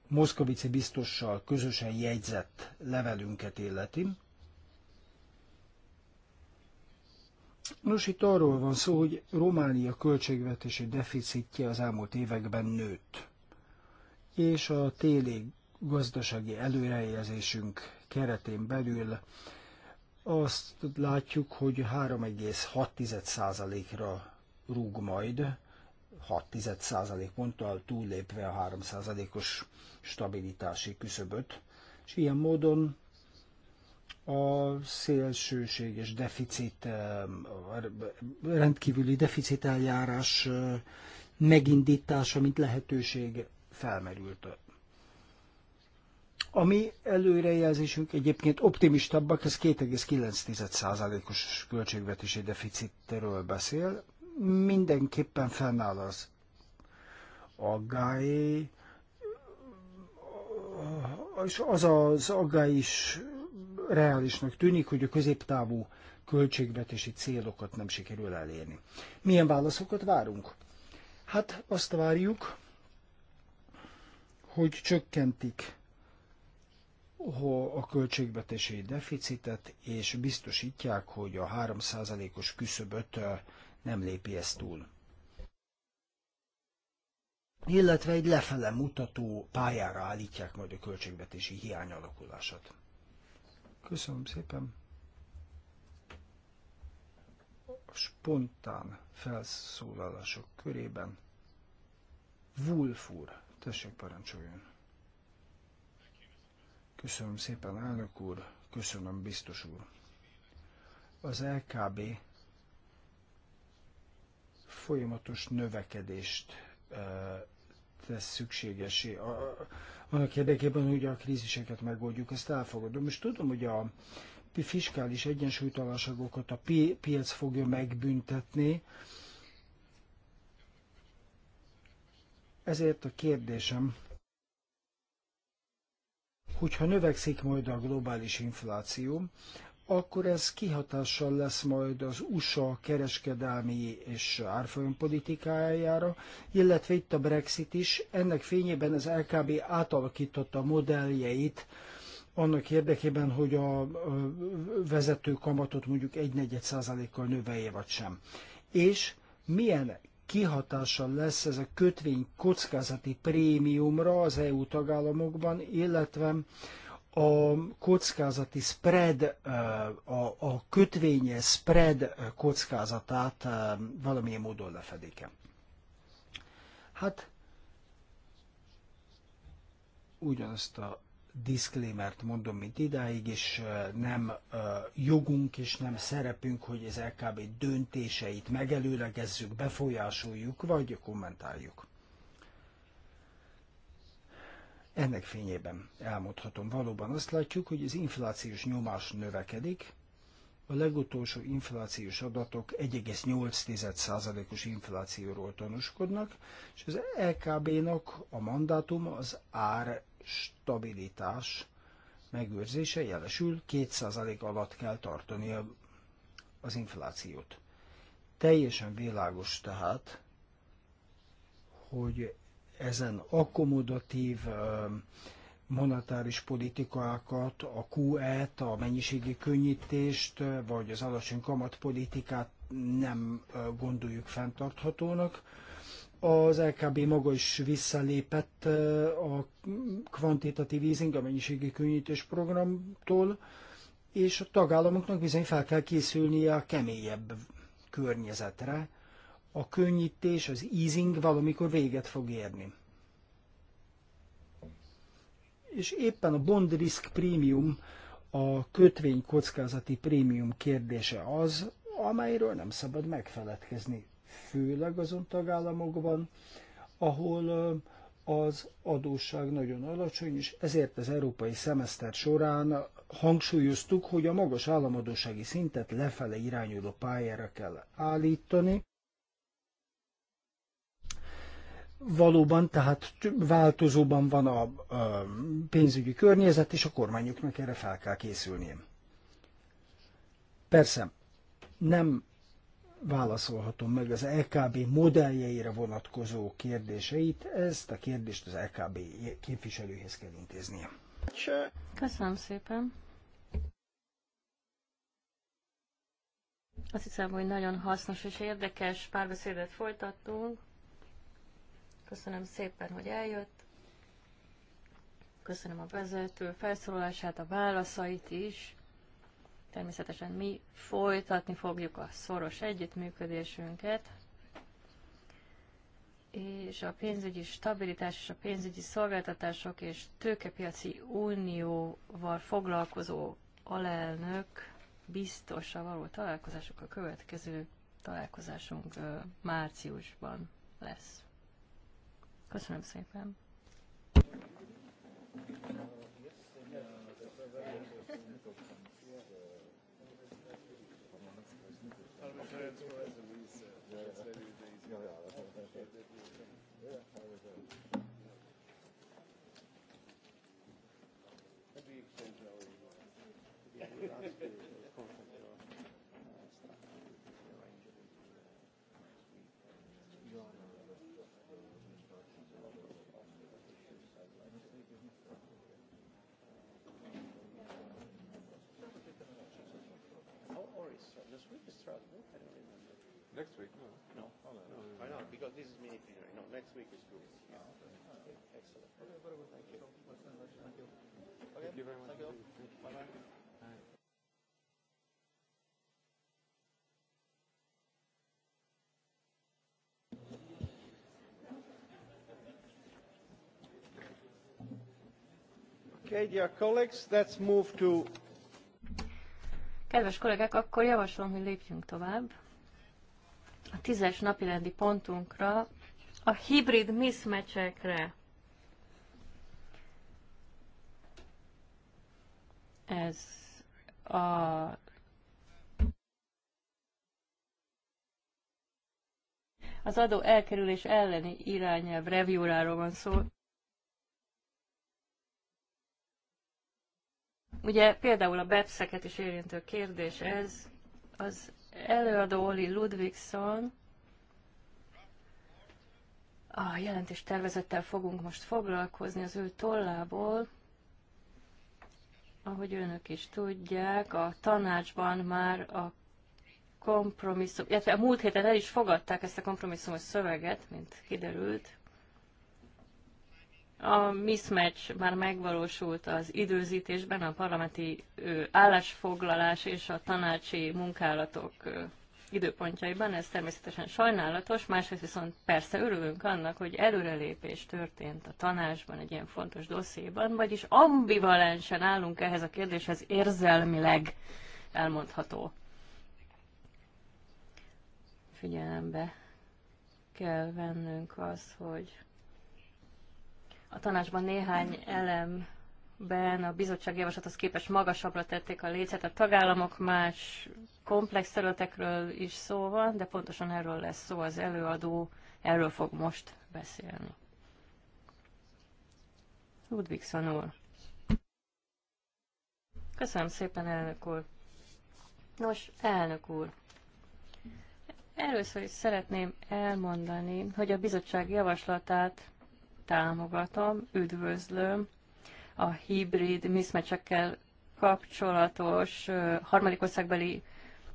Moszkovici biztossal közösen jegyzett levelünket illeti. Nos, itt arról van szó, hogy Románia költségvetési deficitje az elmúlt években nőtt, és a téli gazdasági előrejelzésünk keretén belül azt látjuk, hogy 3,6%-ra rúg majd 6 ponttal túllépve a 3%-os stabilitási küszöböt, és ilyen módon a szélsőséges deficit, eh, rendkívüli deficit eljárás eh, megindítása, mint lehetőség felmerült. A mi előrejelzésünk egyébként optimistabbak, ez 2,9%-os költségvetési deficitről beszél, mindenképpen fennáll az aggály, és az az aggály is reálisnak tűnik, hogy a középtávú költségvetési célokat nem sikerül elérni. Milyen válaszokat várunk? Hát azt várjuk, hogy csökkentik a költségvetési deficitet, és biztosítják, hogy a 3%-os küszöböt nem lépi ezt túl. Illetve egy lefele mutató pályára állítják majd a költségvetési hiány alakulását. Köszönöm szépen! A spontán felszólalások körében Wulfur, tessék parancsoljon! Köszönöm szépen, elnök úr, köszönöm, biztos úr. Az LKB folyamatos növekedést tesz szükségesé. Annak érdekében, hogy a kríziseket megoldjuk, ezt elfogadom. És tudom, hogy a fiskális egyensúlytalanságokat a piac fogja megbüntetni, ezért a kérdésem, hogyha növekszik majd a globális infláció, akkor ez kihatással lesz majd az USA kereskedelmi és árfolyampolitikájára, illetve itt a Brexit is. Ennek fényében az LKB átalakította a modelljeit annak érdekében, hogy a vezető kamatot mondjuk egy negyed százalékkal növelje vagy sem. És milyen kihatással lesz ez a kötvény kockázati prémiumra az EU tagállamokban, illetve a kockázati spread, a, a kötvénye spread kockázatát valamilyen módon lefedik-e? Hát ugyanazt a diszklémert mondom, mint idáig, és nem jogunk és nem szerepünk, hogy az LKB döntéseit megelőlegezzük, befolyásoljuk, vagy kommentáljuk. Ennek fényében elmondhatom, valóban azt látjuk, hogy az inflációs nyomás növekedik, a legutolsó inflációs adatok 1,8%-os inflációról tanúskodnak, és az LKB-nak a mandátum az ár stabilitás megőrzése, jelesül 2% alatt kell tartani az inflációt. Teljesen világos tehát, hogy ezen akkomodatív monetáris politikákat, a QE-t, a mennyiségi könnyítést, vagy az alacsony kamatpolitikát nem gondoljuk fenntarthatónak. Az LKB maga is visszalépett a kvantitatív easing, a mennyiségi könnyítés programtól, és a tagállamoknak bizony fel kell készülnie a keményebb környezetre, a könnyítés, az easing valamikor véget fog érni. És éppen a bond risk prémium, a kötvény kockázati prémium kérdése az, amelyről nem szabad megfeledkezni, főleg azon tagállamokban, ahol az adósság nagyon alacsony, és ezért az európai szemeszter során hangsúlyoztuk, hogy a magas államadósági szintet lefele irányuló pályára kell állítani, Valóban, tehát változóban van a, a pénzügyi környezet, és a kormányoknak erre fel kell készülnie. Persze, nem válaszolhatom meg az LKB e modelljeire vonatkozó kérdéseit, ezt a kérdést az LKB e képviselőhez kell intéznie. Köszönöm szépen. Azt hiszem, hogy nagyon hasznos és érdekes párbeszédet folytattunk. Köszönöm szépen, hogy eljött. Köszönöm a vezető felszólalását, a válaszait is. Természetesen mi folytatni fogjuk a szoros együttműködésünket, és a pénzügyi stabilitás és a pénzügyi szolgáltatások és tőkepiaci unióval foglalkozó alelnök biztosra való találkozások a következő találkozásunk márciusban lesz. Köszönöm szépen. Yeah, Next week, no. No. Oh, no, no. I know, because this is mini plenary. No, next week is good. Yeah. Oh, okay. okay. Excellent. Okay, very good. Thank you. Thank you. Okay. Thank you very much. Thank you. Bye-bye. Kedves kollégák, akkor javaslom, hogy lépjünk tovább a tízes napirendi pontunkra, a hibrid mismatchekre. Ez a az adó elkerülés elleni irányelv reviewráról van szó. Ugye például a bepszeket is érintő kérdés ez, az előadó Oli Ludvigson. A jelentés tervezettel fogunk most foglalkozni az ő tollából. Ahogy önök is tudják, a tanácsban már a kompromisszum, illetve a múlt héten el is fogadták ezt a kompromisszumos szöveget, mint kiderült, a mismatch már megvalósult az időzítésben, a parlamenti állásfoglalás és a tanácsi munkálatok időpontjaiban, ez természetesen sajnálatos, másrészt viszont persze örülünk annak, hogy előrelépés történt a tanácsban egy ilyen fontos dosszéban, vagyis ambivalensen állunk ehhez a kérdéshez érzelmileg elmondható. Figyelembe kell vennünk az, hogy a tanácsban néhány elem ben a bizottság javaslathoz képest magasabbra tették a lécet. A tagállamok más komplex területekről is szó van, de pontosan erről lesz szó az előadó, erről fog most beszélni. Ludvigson úr. Köszönöm szépen, elnök úr. Nos, elnök úr, először is szeretném elmondani, hogy a bizottság javaslatát támogatom, üdvözlöm a hibrid miszmecsekkel kapcsolatos, harmadik országbeli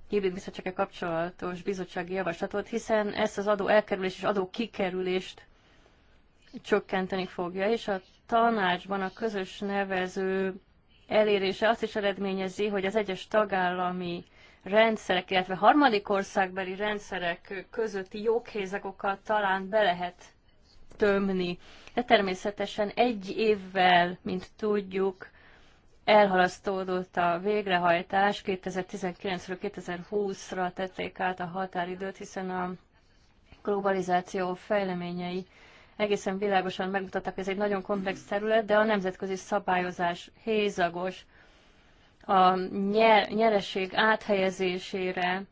hibrid miszmecsekkel kapcsolatos bizottsági javaslatot, hiszen ezt az adó elkerülés és adó kikerülést csökkenteni fogja, és a tanácsban a közös nevező elérése azt is eredményezi, hogy az egyes tagállami rendszerek, illetve harmadik országbeli rendszerek közötti joghézekokat talán be lehet tömni. De természetesen egy évvel, mint tudjuk, elhalasztódott a végrehajtás, 2019-ről 2020-ra tették át a határidőt, hiszen a globalizáció fejleményei egészen világosan megmutattak, ez egy nagyon komplex terület, de a nemzetközi szabályozás hézagos. A nyer, nyereség áthelyezésére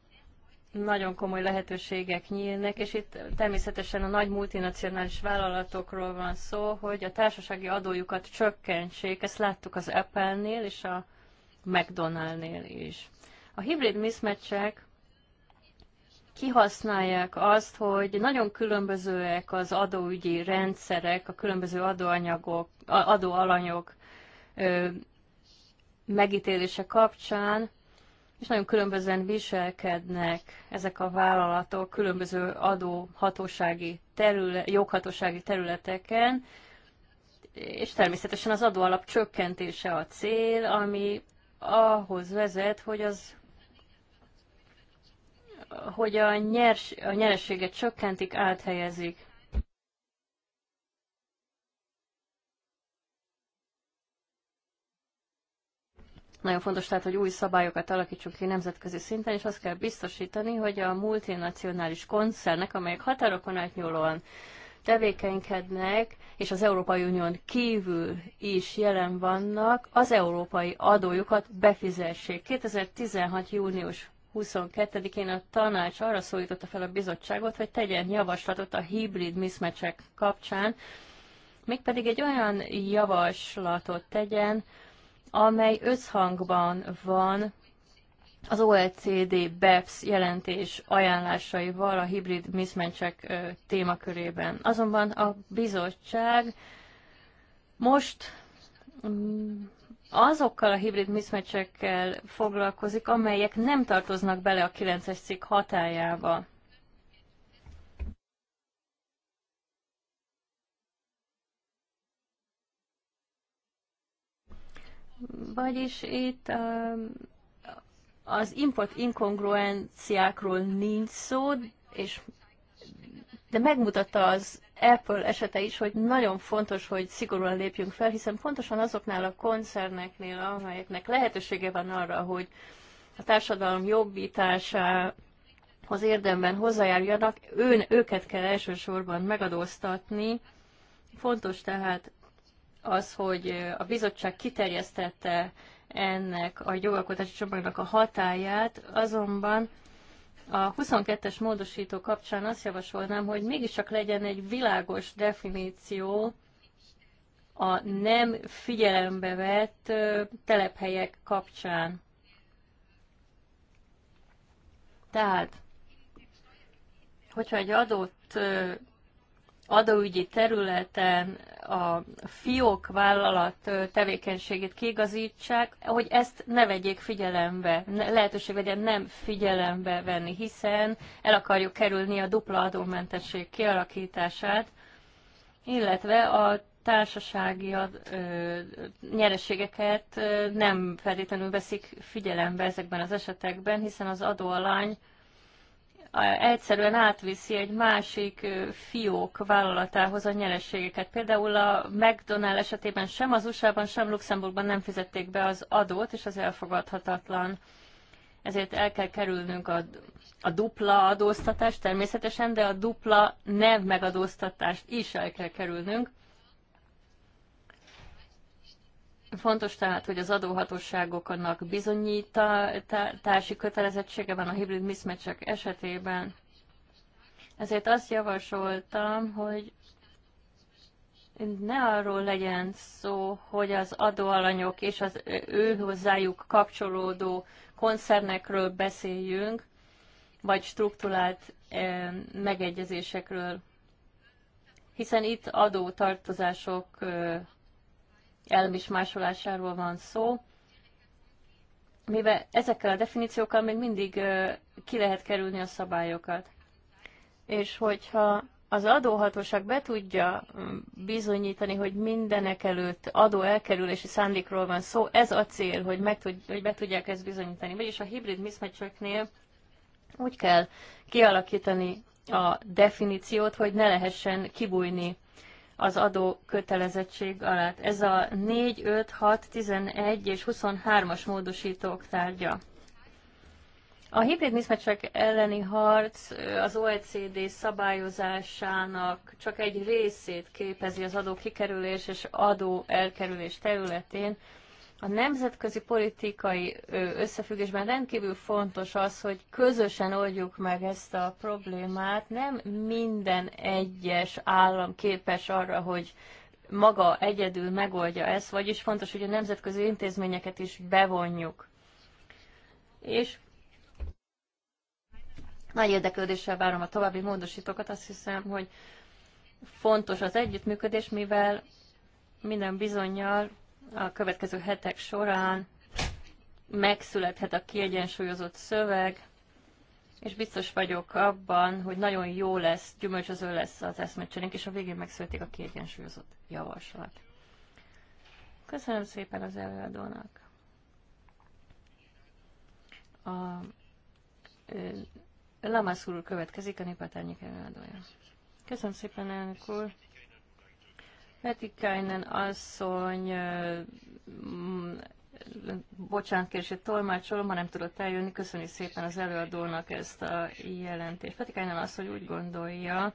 nagyon komoly lehetőségek nyílnak, és itt természetesen a nagy multinacionális vállalatokról van szó, hogy a társasági adójukat csökkentsék, ezt láttuk az Apple-nél és a mcdonald nél is. A hibrid mismatchek kihasználják azt, hogy nagyon különbözőek az adóügyi rendszerek, a különböző adóanyagok, adóalanyok megítélése kapcsán, és nagyon különbözően viselkednek ezek a vállalatok különböző adó hatósági terület, joghatósági területeken, és természetesen az adóalap csökkentése a cél, ami ahhoz vezet, hogy az hogy a, nyers, a nyerességet csökkentik, áthelyezik Nagyon fontos tehát, hogy új szabályokat alakítsunk ki nemzetközi szinten, és azt kell biztosítani, hogy a multinacionális koncernek, amelyek határokon átnyúlóan tevékenykednek, és az Európai Unión kívül is jelen vannak, az európai adójukat befizessék. 2016. június 22-én a tanács arra szólította fel a bizottságot, hogy tegyen javaslatot a hibrid miszmecsek kapcsán, mégpedig egy olyan javaslatot tegyen, amely összhangban van az OECD BEPS jelentés ajánlásaival a hibrid mismatchek témakörében. Azonban a bizottság most mm, azokkal a hibrid mismatchekkel foglalkozik, amelyek nem tartoznak bele a 9-es cikk hatájába. Vagyis itt az import inkongruenciákról nincs szó, és de megmutatta az Apple esete is, hogy nagyon fontos, hogy szigorúan lépjünk fel, hiszen pontosan azoknál a koncerneknél, amelyeknek lehetősége van arra, hogy a társadalom jobbításához érdemben hozzájárjanak, ön, őket kell elsősorban megadóztatni. Fontos tehát az, hogy a bizottság kiterjesztette ennek a jogalkotási csomagnak a hatáját, azonban a 22-es módosító kapcsán azt javasolnám, hogy mégiscsak legyen egy világos definíció a nem figyelembe vett telephelyek kapcsán. Tehát, hogyha egy adott adóügyi területen a fiók vállalat tevékenységét kiigazítsák, hogy ezt ne vegyék figyelembe, lehetőség legyen nem figyelembe venni, hiszen el akarjuk kerülni a dupla adómentesség kialakítását, illetve a társasági ad, ö, nyereségeket ö, nem feltétlenül veszik figyelembe ezekben az esetekben, hiszen az adóalany egyszerűen átviszi egy másik fiók vállalatához a nyerességeket. Például a McDonald esetében sem az USA-ban, sem Luxemburgban nem fizették be az adót, és az elfogadhatatlan. Ezért el kell kerülnünk a, a dupla adóztatást természetesen, de a dupla nem megadóztatást is el kell kerülnünk. Fontos tehát, hogy az adóhatóságoknak bizonyítási kötelezettsége van a hibrid miszmecsek esetében. Ezért azt javasoltam, hogy ne arról legyen szó, hogy az adóalanyok és az ő hozzájuk kapcsolódó koncernekről beszéljünk, vagy struktúrált eh, megegyezésekről, hiszen itt adótartozások eh, másolásáról van szó, mivel ezekkel a definíciókkal még mindig ki lehet kerülni a szabályokat. És hogyha az adóhatóság be tudja mm, bizonyítani, hogy mindenek előtt adó elkerülési szándékról van szó, ez a cél, hogy, meg tud, hogy be tudják ezt bizonyítani. Vagyis a hibrid mismatchöknél úgy kell kialakítani a definíciót, hogy ne lehessen kibújni az adó kötelezettség alá. Ez a 4, 5, 6, 11 és 23-as módosítók tárgya. A hibrid miszmecsek elleni harc az OECD szabályozásának csak egy részét képezi az adó kikerülés és adó elkerülés területén. A nemzetközi politikai összefüggésben rendkívül fontos az, hogy közösen oldjuk meg ezt a problémát. Nem minden egyes állam képes arra, hogy maga egyedül megoldja ezt, vagyis fontos, hogy a nemzetközi intézményeket is bevonjuk. És nagy érdeklődéssel várom a további módosítókat, azt hiszem, hogy fontos az együttműködés, mivel minden bizonyal a következő hetek során megszülethet a kiegyensúlyozott szöveg, és biztos vagyok abban, hogy nagyon jó lesz, gyümölcsöző lesz az eszmecserénk, és a végén megszületik a kiegyensúlyozott javaslat. Köszönöm szépen az előadónak. A Lamasz úr következik, a Nipatárnyik előadója. Köszönöm szépen, elnök úr. Petikainen asszony bocsánatkérését tolmácsolom, ha nem tudott eljönni. Köszönjük szépen az előadónak ezt a jelentést. Petikainen asszony úgy gondolja,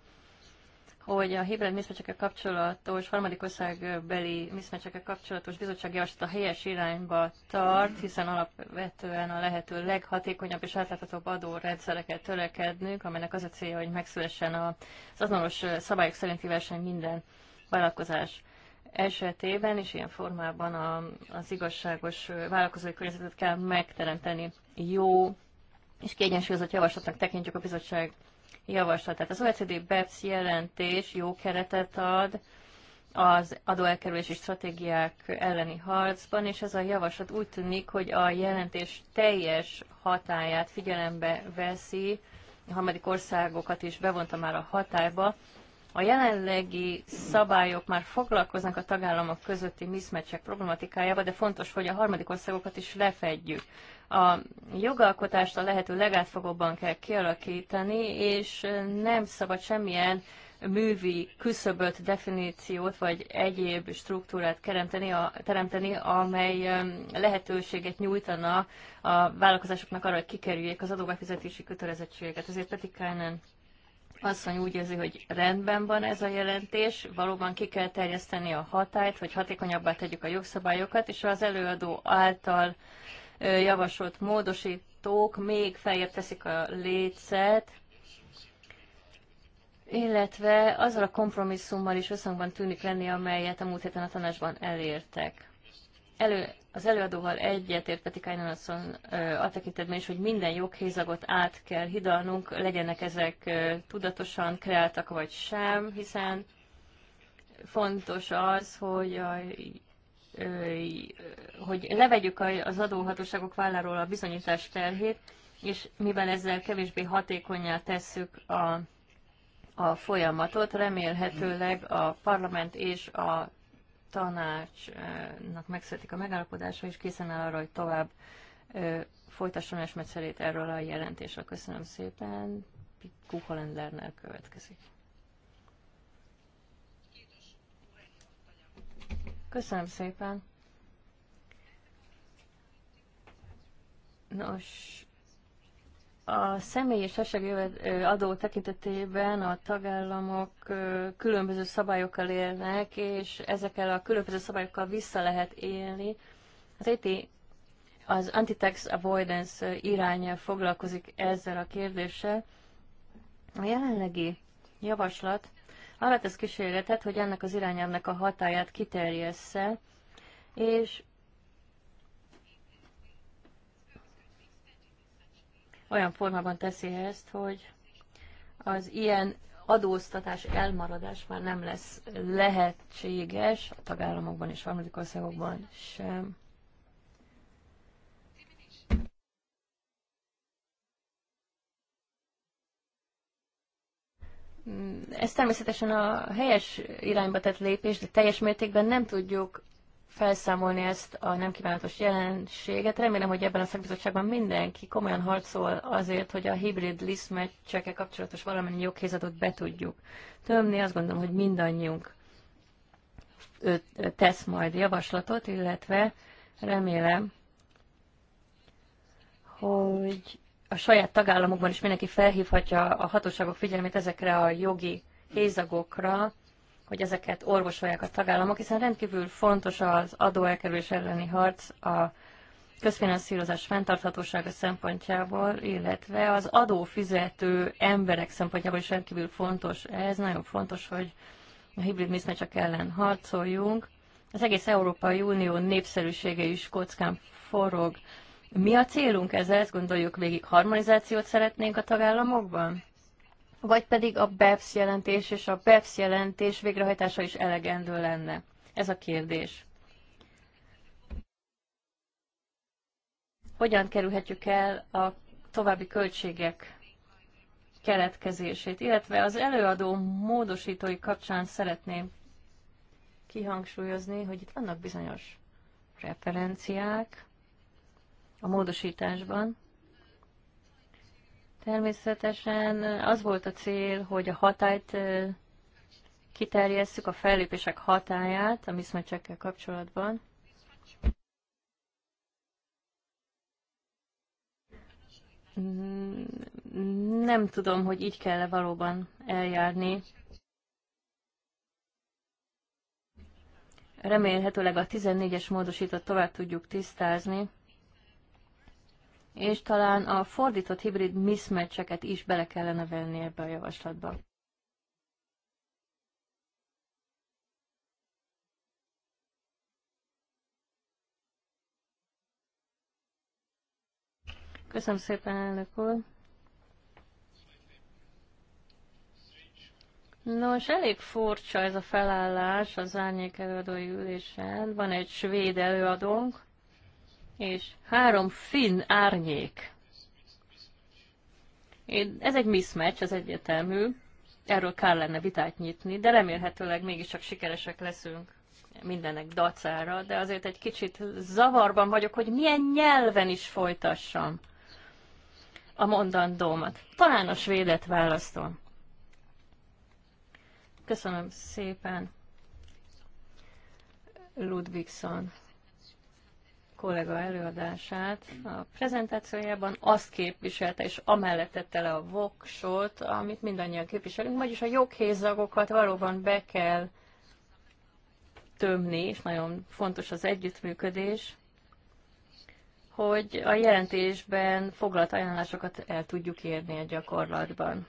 hogy a hibrid miszmecsekkel kapcsolatos, harmadik országbeli miszmecsekkel kapcsolatos bizottsági javaslat a helyes irányba tart, hiszen alapvetően a lehető leghatékonyabb és átláthatóbb adórendszereket törekednünk, amelynek az a célja, hogy megszülessen az azonos szabályok szerinti verseny minden vállalkozás esetében, és ilyen formában a, az igazságos vállalkozói környezetet kell megteremteni. Jó és kiegyensúlyozott javaslatnak tekintjük a bizottság javaslatát. Az OECD BEPS jelentés jó keretet ad az adóelkerülési stratégiák elleni harcban, és ez a javaslat úgy tűnik, hogy a jelentés teljes hatáját figyelembe veszi, a harmadik országokat is bevonta már a hatályba, a jelenlegi szabályok már foglalkoznak a tagállamok közötti miszmecsek problematikájával, de fontos, hogy a harmadik országokat is lefedjük. A jogalkotást a lehető legátfogóbban kell kialakítani, és nem szabad semmilyen művi küszöböt, definíciót vagy egyéb struktúrát teremteni, a, teremteni, amely lehetőséget nyújtana a vállalkozásoknak arra, hogy kikerüljék az adóbefizetési kötelezettséget. Ezért Peti Kánen asszony úgy érzi, hogy rendben van ez a jelentés, valóban ki kell terjeszteni a hatályt, hogy hatékonyabbá tegyük a jogszabályokat, és az előadó által javasolt módosítók még feljebb teszik a létszet, illetve azzal a kompromisszummal is összhangban tűnik lenni, amelyet a múlt héten a tanácsban elértek. Elő, az előadóval egyetért Petikájnán asszony a tekintetben is, hogy minden joghézagot át kell hidalnunk, legyenek ezek tudatosan kreáltak vagy sem, hiszen fontos az, hogy a hogy levegyük az adóhatóságok válláról a bizonyítás terhét, és mivel ezzel kevésbé hatékonyá tesszük a, a folyamatot, remélhetőleg a parlament és a tanácsnak megszületik a megállapodása, és készen áll arra, hogy tovább folytasson esmecserét erről a jelentésről. Köszönöm szépen. Kukolend következik. Köszönöm szépen. Nos, a személyes adó tekintetében a tagállamok különböző szabályokkal élnek, és ezekkel a különböző szabályokkal vissza lehet élni. Az IT, e az Anti-Tax Avoidance irányel foglalkozik ezzel a kérdéssel. A jelenlegi javaslat arra tesz kísérletet, hogy ennek az irányelvnek a hatáját kiterjessze, és olyan formában teszi ezt, hogy az ilyen adóztatás elmaradás már nem lesz lehetséges a tagállamokban és harmadik országokban sem. Mm, ez természetesen a helyes irányba tett lépés, de teljes mértékben nem tudjuk felszámolni ezt a nem kívánatos jelenséget. Remélem, hogy ebben a szakbizottságban mindenki komolyan harcol azért, hogy a hibrid list meccsekkel kapcsolatos valamennyi joghézatot be tudjuk tömni. Azt gondolom, hogy mindannyiunk tesz majd javaslatot, illetve remélem, hogy a saját tagállamokban is mindenki felhívhatja a hatóságok figyelmét ezekre a jogi hézagokra, hogy ezeket orvosolják a tagállamok, hiszen rendkívül fontos az adóelkerülés elleni harc a közfinanszírozás fenntarthatósága szempontjából, illetve az adófizető emberek szempontjából is rendkívül fontos. Ez nagyon fontos, hogy a hibrid csak ellen harcoljunk. Az egész Európai Unió népszerűsége is kockán forog. Mi a célunk ezzel? Ezt gondoljuk végig harmonizációt szeretnénk a tagállamokban? vagy pedig a BEPS jelentés és a BEPS jelentés végrehajtása is elegendő lenne? Ez a kérdés. Hogyan kerülhetjük el a további költségek keletkezését, illetve az előadó módosítói kapcsán szeretném kihangsúlyozni, hogy itt vannak bizonyos referenciák a módosításban, Természetesen az volt a cél, hogy a hatályt kiterjesszük, a fellépések hatáját a miszmecsekkel kapcsolatban. Nem tudom, hogy így kell -e valóban eljárni. Remélhetőleg a 14-es módosított tovább tudjuk tisztázni és talán a fordított hibrid mismatcheket is bele kellene venni ebbe a javaslatba. Köszönöm szépen, elnök úr. Nos, elég furcsa ez a felállás az árnyék előadói ülésen. Van egy svéd előadónk, és három finn árnyék. Én, ez egy mismatch, az egyetemű. Erről kell lenne vitát nyitni, de remélhetőleg mégiscsak sikeresek leszünk mindenek dacára, de azért egy kicsit zavarban vagyok, hogy milyen nyelven is folytassam a mondandómat. Talán a svédet választom. Köszönöm szépen, Ludvigson kollega előadását. A prezentációjában azt képviselte, és amellett tette le a voksot, amit mindannyian képviselünk, vagyis a joghézagokat valóban be kell tömni, és nagyon fontos az együttműködés, hogy a jelentésben foglalt ajánlásokat el tudjuk érni a gyakorlatban.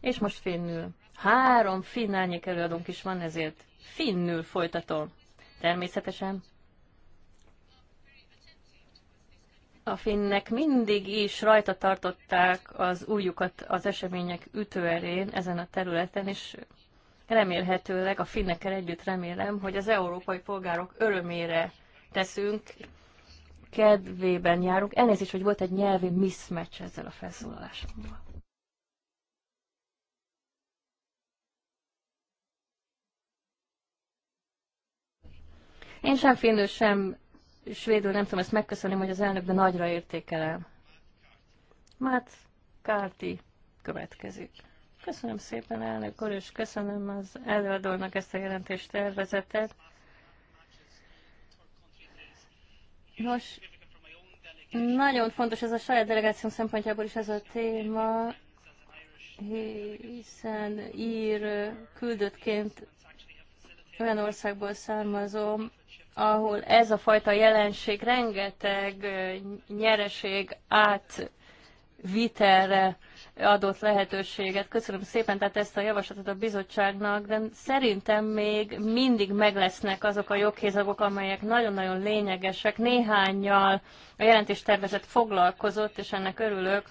És most finnül. Három finn előadónk is van, ezért finnül folytatom. Természetesen a finnek mindig is rajta tartották az újjukat az események ütőerén ezen a területen, és remélhetőleg a finnekkel együtt remélem, hogy az európai polgárok örömére teszünk, kedvében járunk. Elnézést, hogy volt egy nyelvi mismatch ezzel a felszólalásommal. Én sem finnő, sem svédül nem tudom ezt megköszönni, hogy az elnök, de nagyra értékelem. Mát Kárti következik. Köszönöm szépen, elnök úr, és köszönöm az előadónak ezt a jelentést tervezetet. Nos, nagyon fontos ez a saját delegáció szempontjából is ez a téma, hiszen ír küldöttként olyan országból származom, ahol ez a fajta jelenség rengeteg nyereség átvitelre adott lehetőséget. Köszönöm szépen tehát ezt a javaslatot a bizottságnak, de szerintem még mindig meglesznek azok a joghézagok, amelyek nagyon-nagyon lényegesek. Néhányal a jelentéstervezet foglalkozott, és ennek örülök,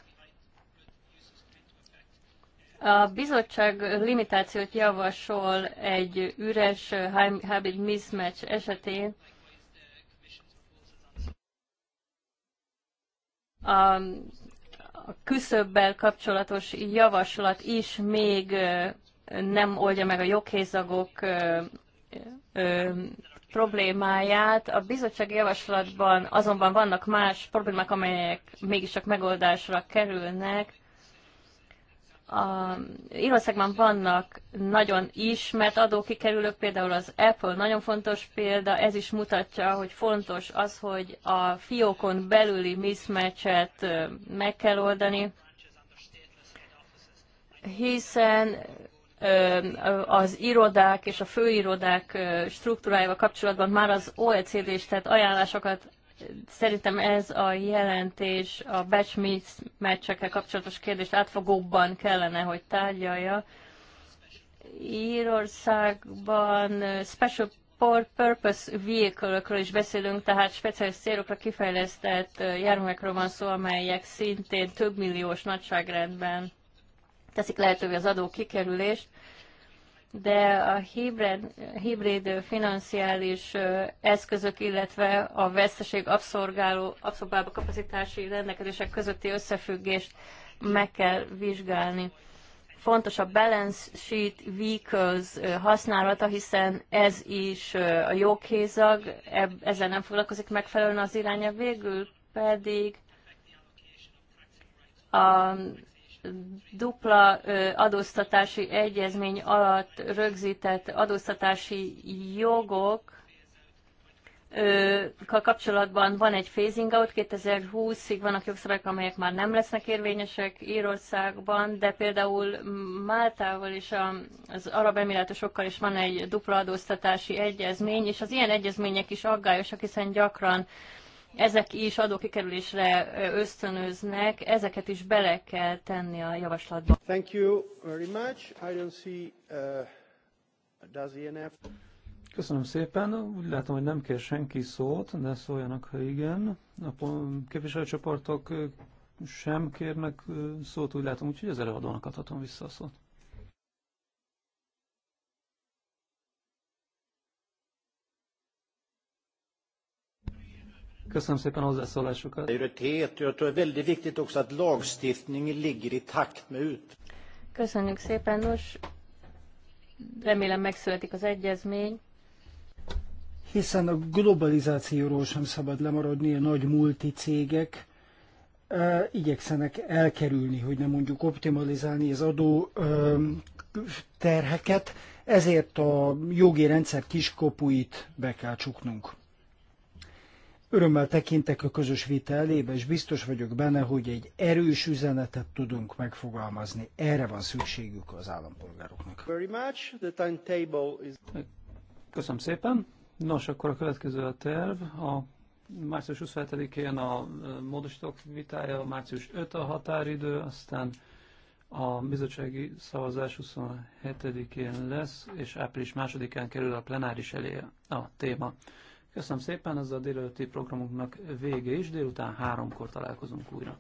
a bizottság limitációt javasol egy üres hybrid mismatch esetén. A, küszöbbel kapcsolatos javaslat is még nem oldja meg a joghézagok problémáját. A bizottsági javaslatban azonban vannak más problémák, amelyek mégiscsak megoldásra kerülnek a Írországban vannak nagyon ismert adókikerülők, például az Apple nagyon fontos példa, ez is mutatja, hogy fontos az, hogy a fiókon belüli mismatchet meg kell oldani, hiszen az irodák és a főirodák struktúrájával kapcsolatban már az OECD-s, tehát ajánlásokat Szerintem ez a jelentés a batch meccsekkel kapcsolatos kérdést átfogóbban kellene, hogy tárgyalja. Írországban special for purpose vehicle is beszélünk, tehát speciális célokra kifejlesztett járművekről van szó, amelyek szintén több milliós nagyságrendben teszik lehetővé az adó kikerülést de a hibrid, hibrid financiális eszközök, illetve a veszteség abszorgáló, abszorbáló kapacitási rendelkezések közötti összefüggést meg kell vizsgálni. Fontos a balance sheet vehicles használata, hiszen ez is a joghézag, ezzel nem foglalkozik megfelelően az iránya, végül pedig a dupla adóztatási egyezmény alatt rögzített adóztatási jogok kapcsolatban van egy phasing out, 2020-ig vannak jogszabályok, amelyek már nem lesznek érvényesek Írországban, de például Máltával és az Arab Emirátusokkal is van egy dupla adóztatási egyezmény, és az ilyen egyezmények is aggályosak, hiszen gyakran ezek is adókikerülésre ösztönöznek, ezeket is bele kell tenni a javaslatba. Thank you very much. I don't see, uh, does ENF... Köszönöm szépen. Úgy látom, hogy nem kér senki szót, de szóljanak, ha igen. A képviselőcsoportok sem kérnek szót, úgy látom, úgyhogy az előadónak adhatom vissza a szót. Köszönöm szépen a hozzászólásokat. Hát Köszönjük szépen, nos, remélem megszületik az egyezmény. Hiszen a globalizációról sem szabad lemaradni, a nagy multicégek cégek, igyekszenek elkerülni, hogy nem mondjuk optimalizálni az adó terheket, ezért a jogi rendszer kiskopuit be kell csuknunk. Örömmel tekintek a közös vita elébe, és biztos vagyok benne, hogy egy erős üzenetet tudunk megfogalmazni. Erre van szükségük az állampolgároknak. Köszönöm szépen. Nos, akkor a következő a terv. A március 27-én a módosítók vitája, a március 5 a határidő, aztán a bizottsági szavazás 27-én lesz, és április 2-án kerül a plenáris elé a téma. Köszönöm szépen, ez a délelőtti programunknak vége is, délután háromkor találkozunk újra.